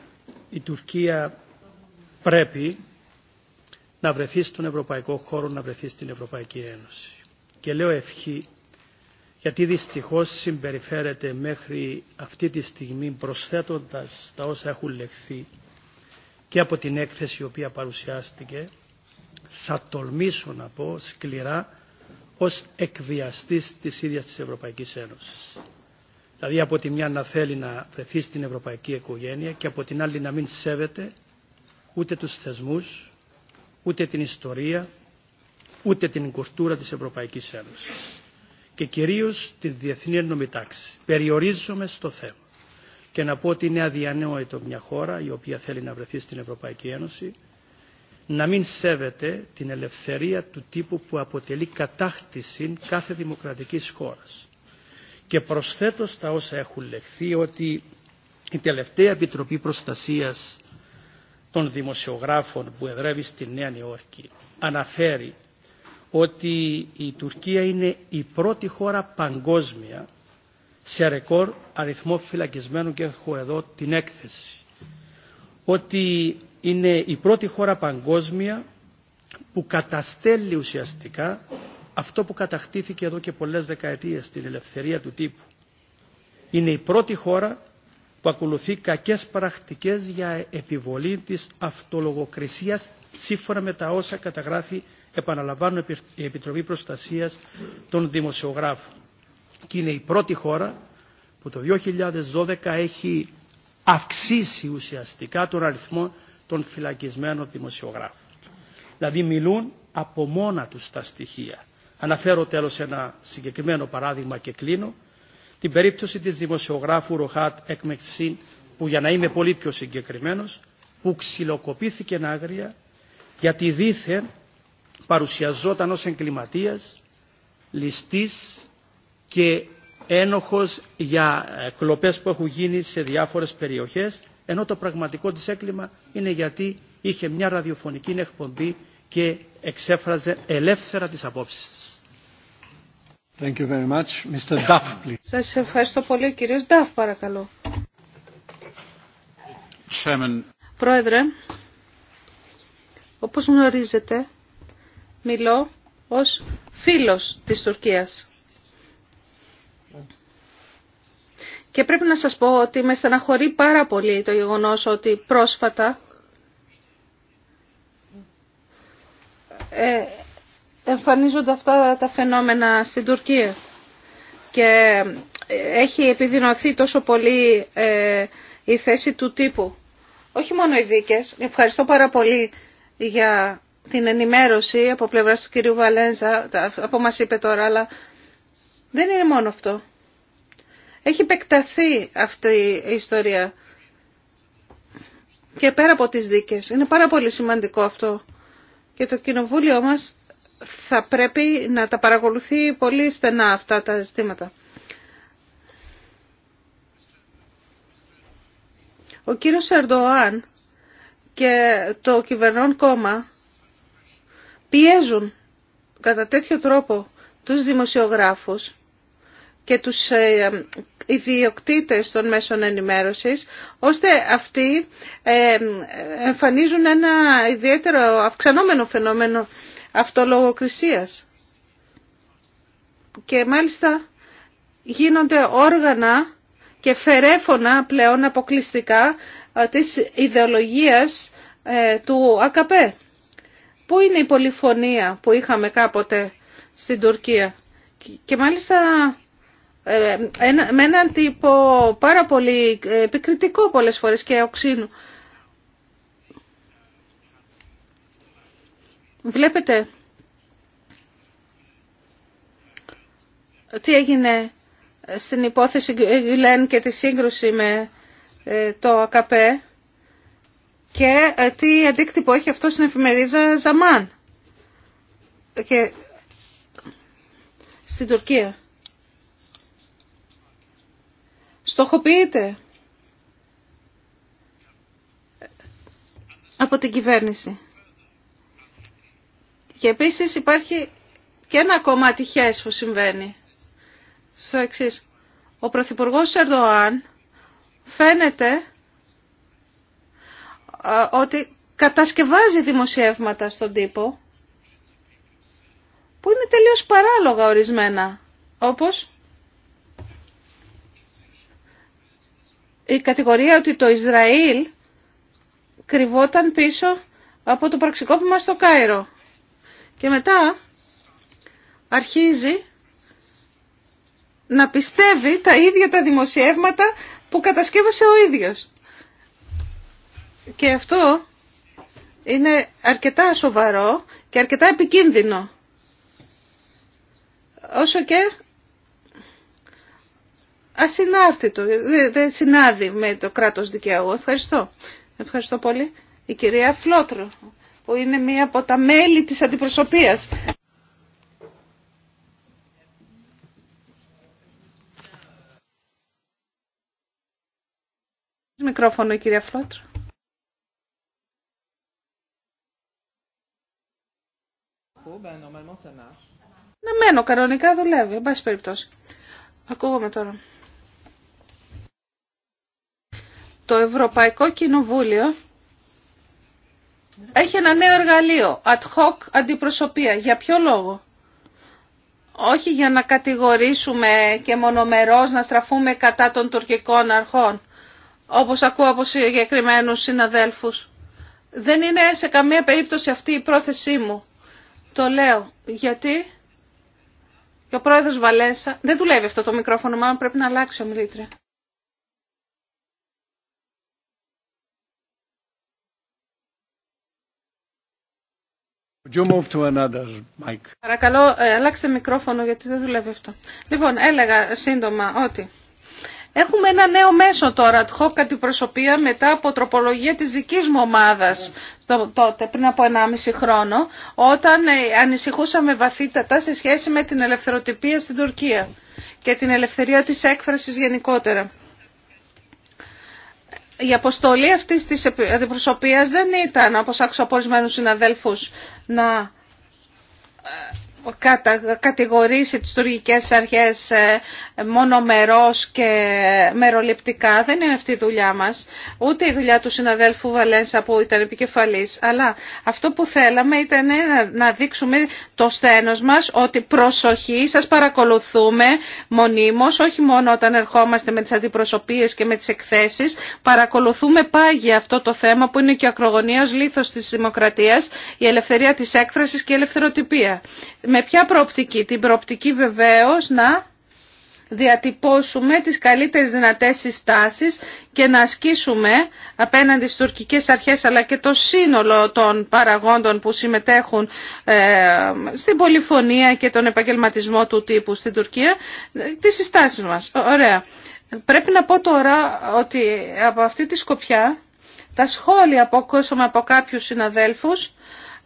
η Τουρκία πρέπει να βρεθεί στον ευρωπαϊκό χώρο, να βρεθεί στην Ευρωπαϊκή Ένωση. Και λέω ευχή γιατί δυστυχώς συμπεριφέρεται μέχρι αυτή τη στιγμή προσθέτοντας τα όσα έχουν λεχθεί και από την έκθεση η οποία παρουσιάστηκε θα τολμήσω να πω σκληρά ως εκβιαστής της ίδιας της Ευρωπαϊκής Ένωσης. Δηλαδή από τη μια να θέλει να βρεθεί στην ευρωπαϊκή οικογένεια και από την άλλη να μην σέβεται ούτε τους θεσμούς, ούτε την ιστορία, ούτε την κουρτούρα της Ευρωπαϊκής Ένωσης και κυρίως την διεθνή νομιτάξη. Περιορίζομαι στο θέμα και να πω ότι είναι αδιανόητο μια χώρα η οποία θέλει να βρεθεί στην Ευρωπαϊκή Ένωση να μην σέβεται την ελευθερία του τύπου που αποτελεί κατάκτηση κάθε δημοκρατικής χώρας και προσθέτω στα όσα έχουν λεχθεί ότι η τελευταία Επιτροπή Προστασίας των Δημοσιογράφων που εδρεύει στη Νέα Νιόρκη αναφέρει ότι η Τουρκία είναι η πρώτη χώρα παγκόσμια σε ρεκόρ αριθμό φυλακισμένων και έχω εδώ την έκθεση ότι είναι η πρώτη χώρα παγκόσμια που καταστέλει ουσιαστικά αυτό που κατακτήθηκε εδώ και πολλές δεκαετίες, την ελευθερία του τύπου. Είναι η πρώτη χώρα που ακολουθεί κακές πρακτικές για επιβολή της αυτολογοκρισίας σύμφωνα με τα όσα καταγράφει επαναλαμβάνω η Επιτροπή Προστασίας των Δημοσιογράφων. Και είναι η πρώτη χώρα που το 2012 έχει αυξήσει ουσιαστικά τον αριθμό των φυλακισμένων δημοσιογράφων. Δηλαδή μιλούν από μόνα τους τα στοιχεία. Αναφέρω τέλος ένα συγκεκριμένο παράδειγμα και κλείνω. Την περίπτωση της δημοσιογράφου Ροχάτ Εκμεξίν που για να είμαι πολύ πιο συγκεκριμένος που ξυλοκοπήθηκε άγρια γιατί δήθεν παρουσιαζόταν ως εγκληματίας, ληστής και ένοχος για ε, κλοπές που έχουν γίνει σε διάφορες περιοχές ενώ το πραγματικό της έκλημα είναι γιατί είχε μια ραδιοφωνική εκπομπή και εξέφραζε ελεύθερα τις απόψεις Thank
Σας ευχαριστώ πολύ. Κύριος Νταφ, παρακαλώ. Πρόεδρε, όπως γνωρίζετε, μιλώ ως φίλος της Τουρκίας. Και πρέπει να σας πω ότι με στεναχωρεί πάρα πολύ το γεγονός ότι πρόσφατα ε, εμφανίζονται αυτά τα φαινόμενα στην Τουρκία και ε, έχει επιδεινωθεί τόσο πολύ ε, η θέση του τύπου. Όχι μόνο οι δίκες. Ευχαριστώ πάρα πολύ για την ενημέρωση από πλευράς του κυρίου Βαλένζα, από μας είπε τώρα, αλλά δεν είναι μόνο αυτό. Έχει επεκταθεί αυτή η ιστορία και πέρα από τις δίκες. Είναι πάρα πολύ σημαντικό αυτό. Και το κοινοβούλιο μας θα πρέπει να τα παρακολουθεί πολύ στενά αυτά τα ζητήματα. Ο κύριος Ερντοάν και το κυβερνών κόμμα πιέζουν κατά τέτοιο τρόπο τους δημοσιογράφους και τους ε, ιδιοκτήτες των μέσων ενημέρωσης, ώστε αυτοί ε, εμφανίζουν ένα ιδιαίτερο αυξανόμενο φαινόμενο Αυτολογοκρισίας. Και μάλιστα γίνονται όργανα και φερέφωνα πλέον αποκλειστικά ε, της ιδεολογίας ε, του ΑΚΠ. Πού είναι η πολυφωνία που είχαμε κάποτε στην Τουρκία. Και μάλιστα ε, με έναν τύπο πάρα πολύ επικριτικό πολλές φορές και οξύνου. Βλέπετε τι έγινε στην υπόθεση Γουλέν και τη σύγκρουση με ε, το ΑΚΠ και ε, τι αντίκτυπο έχει αυτό στην εφημερίδα Ζαμάν και στην Τουρκία. Στοχοποιείται από την κυβέρνηση. Και επίσης υπάρχει και ένα ακόμα ατυχές που συμβαίνει. Στο εξής. Ο Πρωθυπουργός Ερδοάν φαίνεται ε, ότι κατασκευάζει δημοσιεύματα στον τύπο που είναι τελείως παράλογα ορισμένα, όπως η κατηγορία ότι το Ισραήλ κρυβόταν πίσω από το πραξικόπημα στο Κάιρο. Και μετά αρχίζει να πιστεύει τα ίδια τα δημοσιεύματα που κατασκεύασε ο ίδιος. Και αυτό είναι αρκετά σοβαρό και αρκετά επικίνδυνο. Όσο και ασυνάρτητο, δεν συνάδει με το κράτος δικαίου. Ευχαριστώ. Ευχαριστώ πολύ. Η κυρία Φλότρο που είναι μία από τα μέλη της αντιπροσωπείας. Μικρόφωνο κυρία Φλότρο. Να μένω, κανονικά δουλεύει, εν πάση περιπτώσει. Ακούγομαι τώρα. Το Ευρωπαϊκό Κοινοβούλιο έχει ένα νέο εργαλείο, ad hoc αντιπροσωπεία. Για ποιο λόγο? Όχι για να κατηγορήσουμε και μονομερός να στραφούμε κατά των τουρκικών αρχών, όπως ακούω από συγκεκριμένου συναδέλφους. Δεν είναι σε καμία περίπτωση αυτή η πρόθεσή μου. Το λέω. Γιατί και ο πρόεδρος Βαλέσα... Δεν δουλεύει αυτό το μικρόφωνο, μάλλον πρέπει να αλλάξει ο μιλήτρια. Παρακαλώ, ε, αλλάξτε μικρόφωνο γιατί δεν δουλεύει αυτό. Λοιπόν, έλεγα σύντομα ότι έχουμε ένα νέο μέσο τώρα, ad hoc αντιπροσωπεία μετά από τροπολογία της δικής μου ομάδας το, τότε, πριν από 1,5 χρόνο, όταν ε, ανησυχούσαμε βαθύτατα σε σχέση με την ελευθεροτυπία στην Τουρκία και την ελευθερία της έκφρασης γενικότερα. Η αποστολή αυτής της αντιπροσωπείας δεν ήταν, όπως άκουσα από ορισμένους συναδέλφους, να ε, κατηγορήσει τις τουρκικές αρχές ε, μονομερός και μεροληπτικά. Δεν είναι αυτή η δουλειά μας, ούτε η δουλειά του συναδέλφου Βαλένσα που ήταν επικεφαλής. Αλλά αυτό που θέλαμε ήταν να δείξουμε το στένος μας ότι προσοχή, σας παρακολουθούμε μονίμως, όχι μόνο όταν ερχόμαστε με τις αντιπροσωπείες και με τις εκθέσεις, παρακολουθούμε πάγια αυτό το θέμα που είναι και ο ακρογωνίος λήθος της δημοκρατίας, η ελευθερία της έκφρασης και η ελευθεροτυπία με ποια προοπτική, την προοπτική βεβαίως να διατυπώσουμε τις καλύτερες δυνατές συστάσεις και να ασκήσουμε απέναντι στις τουρκικές αρχές αλλά και το σύνολο των παραγόντων που συμμετέχουν ε, στην πολυφωνία και τον επαγγελματισμό του τύπου στην Τουρκία ε, τις συστάσεις μας. Ωραία. Πρέπει να πω τώρα ότι από αυτή τη σκοπιά τα σχόλια που ακούσαμε από κάποιους συναδέλφους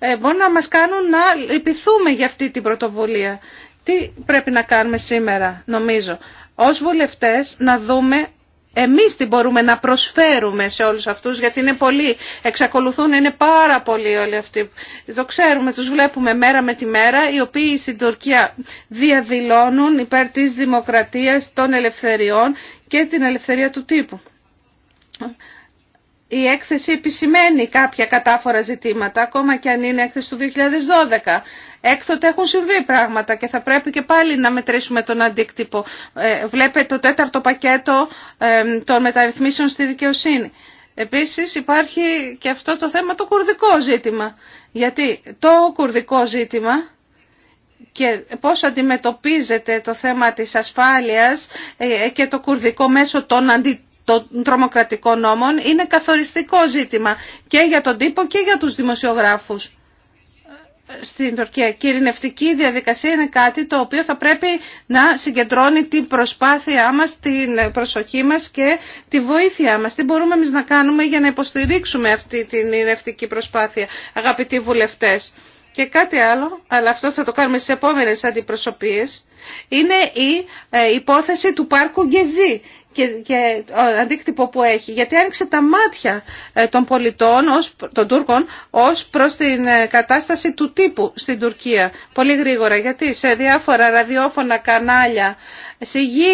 ε, μπορούν να μας κάνουν να λυπηθούμε για αυτή την πρωτοβουλία. Τι πρέπει να κάνουμε σήμερα, νομίζω, ως βουλευτές να δούμε εμείς τι μπορούμε να προσφέρουμε σε όλους αυτούς, γιατί είναι πολλοί, εξακολουθούν, είναι πάρα πολλοί όλοι αυτοί. Το ξέρουμε, τους βλέπουμε μέρα με τη μέρα, οι οποίοι στην Τουρκία διαδηλώνουν υπέρ της δημοκρατίας, των ελευθεριών και την ελευθερία του τύπου η έκθεση επισημαίνει κάποια κατάφορα ζητήματα, ακόμα και αν είναι έκθεση του 2012. Έκτοτε έχουν συμβεί πράγματα και θα πρέπει και πάλι να μετρήσουμε τον αντίκτυπο. Ε, βλέπετε το τέταρτο πακέτο ε, των μεταρρυθμίσεων στη δικαιοσύνη. Επίσης υπάρχει και αυτό το θέμα το κουρδικό ζήτημα. Γιατί το κουρδικό ζήτημα και πώς αντιμετωπίζεται το θέμα της ασφάλειας ε, και το κουρδικό μέσο των αντιτύπων των τρομοκρατικών νόμων είναι καθοριστικό ζήτημα και για τον τύπο και για τους δημοσιογράφους στην Τουρκία. Η ειρηνευτική διαδικασία είναι κάτι το οποίο θα πρέπει να συγκεντρώνει την προσπάθειά μας, την προσοχή μας και τη βοήθειά μας. Τι μπορούμε εμείς να κάνουμε για να υποστηρίξουμε αυτή την ειρηνευτική προσπάθεια, αγαπητοί βουλευτές. Και κάτι άλλο, αλλά αυτό θα το κάνουμε στις επόμενες αντιπροσωπείες, είναι η ε, υπόθεση του πάρκου Γκεζή και, και αντίκτυπο που έχει. Γιατί άνοιξε τα μάτια ε, των πολιτών, ως, των Τούρκων, ως προς την ε, κατάσταση του τύπου στην Τουρκία. Πολύ γρήγορα, γιατί σε διάφορα ραδιόφωνα κανάλια, σε γη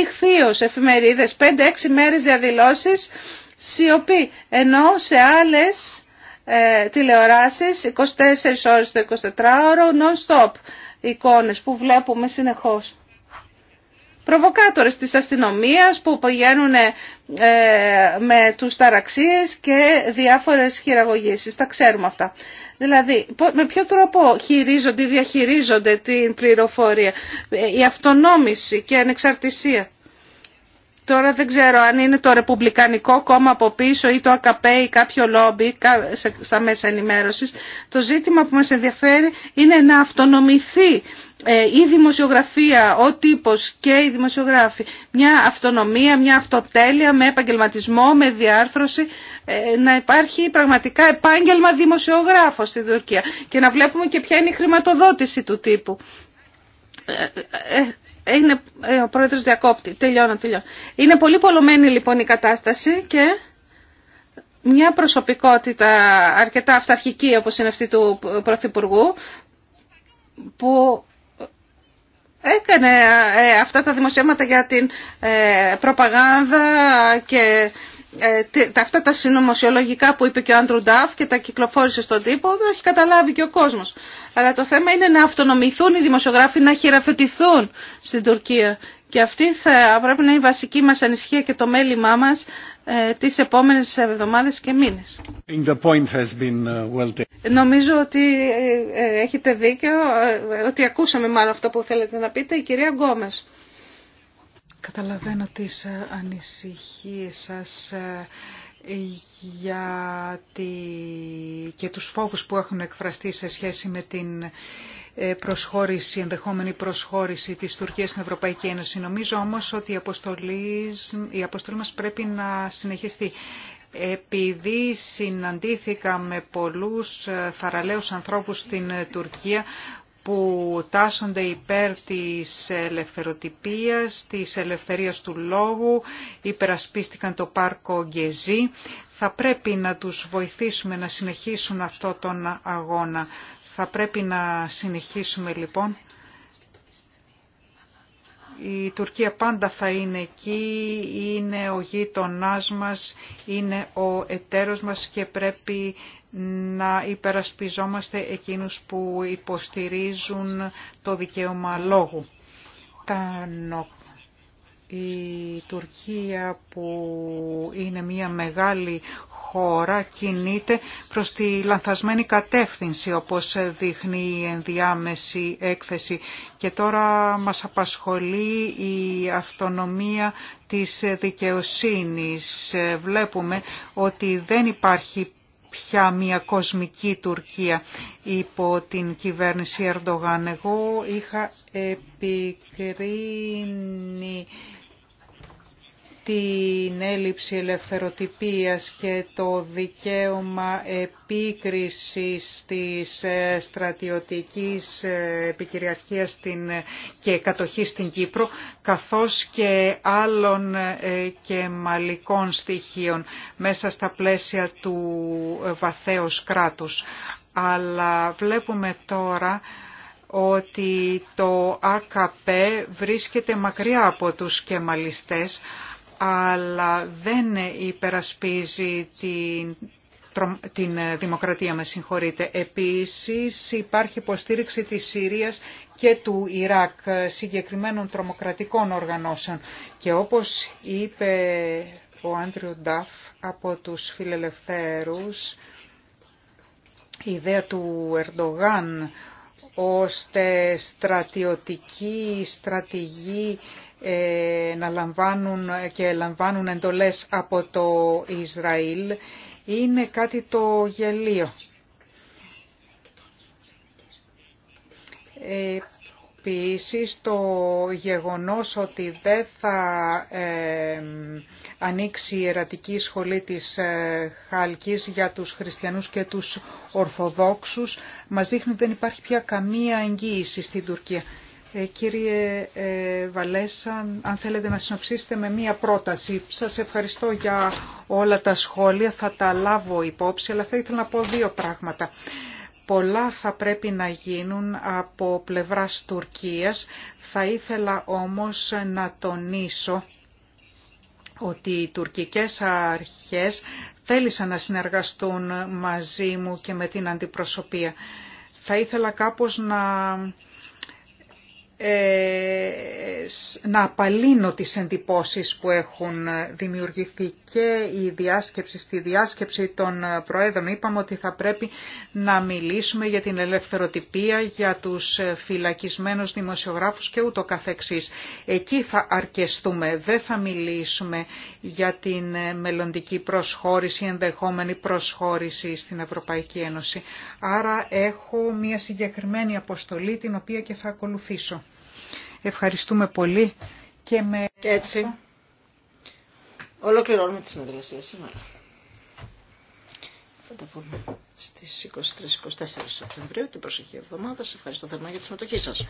εφημεριδες εφημερίδες, 5-6 μέρες διαδηλώσεις, σιωπή. Ενώ σε άλλες ε, τηλεοράσεις 24 ώρες το 24ωρο non-stop εικόνες που βλέπουμε συνεχώς. Προβοκάτορες της αστυνομίας που πηγαίνουν ε, με τους ταραξίες και διάφορες χειραγωγήσεις. Τα ξέρουμε αυτά. Δηλαδή, με ποιο τρόπο χειρίζονται ή διαχειρίζονται την πληροφορία, ε, η αυτονόμηση και η ανεξαρτησία. Τώρα δεν ξέρω αν είναι το Ρεπουμπλικανικό κόμμα από πίσω ή το ΑΚΠ ή κάποιο λόμπι στα μέσα ενημέρωσης. Το ζήτημα που μας ενδιαφέρει είναι να αυτονομηθεί ε, η δημοσιογραφία, ο τύπος και οι δημοσιογράφοι. Μια αυτονομία, μια αυτοτέλεια με επαγγελματισμό, με διάρθρωση. Ε, να υπάρχει πραγματικά επάγγελμα δημοσιογράφος στη Δουρκία και να βλέπουμε και ποια είναι η χρηματοδότηση του τύπου ε, είναι ε, ο πρόεδρος διακόπτη. Τελειώνω, τελειώνω. Είναι πολύ πολλωμένη λοιπόν η κατάσταση και μια προσωπικότητα αρκετά αυταρχική όπως είναι αυτή του Πρωθυπουργού που έκανε ε, αυτά τα δημοσιεύματα για την ε, προπαγάνδα και ε, αυτά τα συνωμοσιολογικά που είπε και ο Άντρου Ντάφ και τα κυκλοφόρησε στον τύπο, δεν έχει καταλάβει και ο κόσμος. Αλλά το θέμα είναι να αυτονομηθούν οι δημοσιογράφοι, να χειραφετηθούν στην Τουρκία. Και αυτή θα πρέπει να είναι η βασική μας ανησυχία και το μέλημά μας ε, τις επόμενες εβδομάδες και μήνες.
Uh,
Νομίζω ότι ε, ε, έχετε δίκιο, ότι ακούσαμε μάλλον αυτό που θέλετε να πείτε, η κυρία Γκόμες.
Καταλαβαίνω τις ε, ανησυχίες σας ε, για τη... και τους φόβους που έχουν εκφραστεί σε σχέση με την ε, προσχώρηση, ενδεχόμενη προσχώρηση της Τουρκίας στην Ευρωπαϊκή Ένωση. Νομίζω όμως ότι η αποστολή, η μας πρέπει να συνεχιστεί. Επειδή συναντήθηκα με πολλούς θαραλέους ανθρώπους στην Τουρκία που τάσσονται υπέρ της ελευθεροτυπίας, της ελευθερίας του λόγου, υπερασπίστηκαν το πάρκο Γκεζή. Θα πρέπει να τους βοηθήσουμε να συνεχίσουν αυτό τον αγώνα. Θα πρέπει να συνεχίσουμε λοιπόν. Η Τουρκία πάντα θα είναι εκεί, είναι ο γείτονάς μας, είναι ο εταίρος μας και πρέπει να υπερασπιζόμαστε εκείνους που υποστηρίζουν το δικαίωμα λόγου. Τα η Τουρκία που είναι μια μεγάλη χώρα κινείται προς τη λανθασμένη κατεύθυνση όπως δείχνει η ενδιάμεση έκθεση και τώρα μας απασχολεί η αυτονομία της δικαιοσύνης. Βλέπουμε ότι δεν υπάρχει πια μια κοσμική Τουρκία υπό την κυβέρνηση Ερντογάν. Εγώ είχα επικρίνει την έλλειψη ελευθεροτυπίας και το δικαίωμα επίκρισης της ε, στρατιωτικής ε, επικυριαρχίας ε, και κατοχή στην Κύπρο, καθώς και άλλων και μαλικών στοιχείων μέσα στα πλαίσια του βαθέως κράτους. Αλλά βλέπουμε τώρα ότι το ΑΚΠ βρίσκεται μακριά από τους κεμαλιστές, αλλά δεν υπερασπίζει την, την ε, δημοκρατία, με συγχωρείτε. Επίσης υπάρχει υποστήριξη της Συρίας και του Ιράκ ε, συγκεκριμένων τρομοκρατικών οργανώσεων. Και όπως είπε ο Άντριου Νταφ από τους φιλελευθέρους, η ιδέα του Ερντογάν ώστε στρατιωτική στρατηγή ε, να λαμβάνουν και λαμβάνουν εντολές από το Ισραήλ είναι κάτι το γελίο. Επίσης το γεγονός ότι δεν θα ε, ανοίξει η ερατική σχολή της ε, για τους χριστιανούς και τους Ορθοδόξους μας δείχνει ότι δεν υπάρχει πια καμία εγγύηση στην Τουρκία. Ε, κύριε ε, Βαλέσαν, αν θέλετε να συνοψίσετε με μία πρόταση. Σας ευχαριστώ για όλα τα σχόλια, θα τα λάβω υπόψη, αλλά θα ήθελα να πω δύο πράγματα. Πολλά θα πρέπει να γίνουν από πλευράς Τουρκίας. Θα ήθελα όμως να τονίσω ότι οι τουρκικές αρχές θέλησαν να συνεργαστούν μαζί μου και με την αντιπροσωπεία. Θα ήθελα κάπως να ε, να απαλύνω τις εντυπώσεις που έχουν δημιουργηθεί και η διάσκεψη, στη διάσκεψη των Προέδρων είπαμε ότι θα πρέπει να μιλήσουμε για την ελευθεροτυπία, για τους φυλακισμένους δημοσιογράφους και ούτω καθεξής. Εκεί θα αρκεστούμε, δεν θα μιλήσουμε για την μελλοντική προσχώρηση, ενδεχόμενη προσχώρηση στην Ευρωπαϊκή Ένωση. Άρα έχω μια συγκεκριμένη αποστολή την οποία και θα ακολουθήσω. Ευχαριστούμε πολύ και με... Και έτσι
ολοκληρώνουμε τη συνεδρία σήμερα. Θα τα πούμε στις 23-24 Σεπτεμβρίου την προσεχή εβδομάδα. Σας ευχαριστώ θερμά για τη συμμετοχή σας.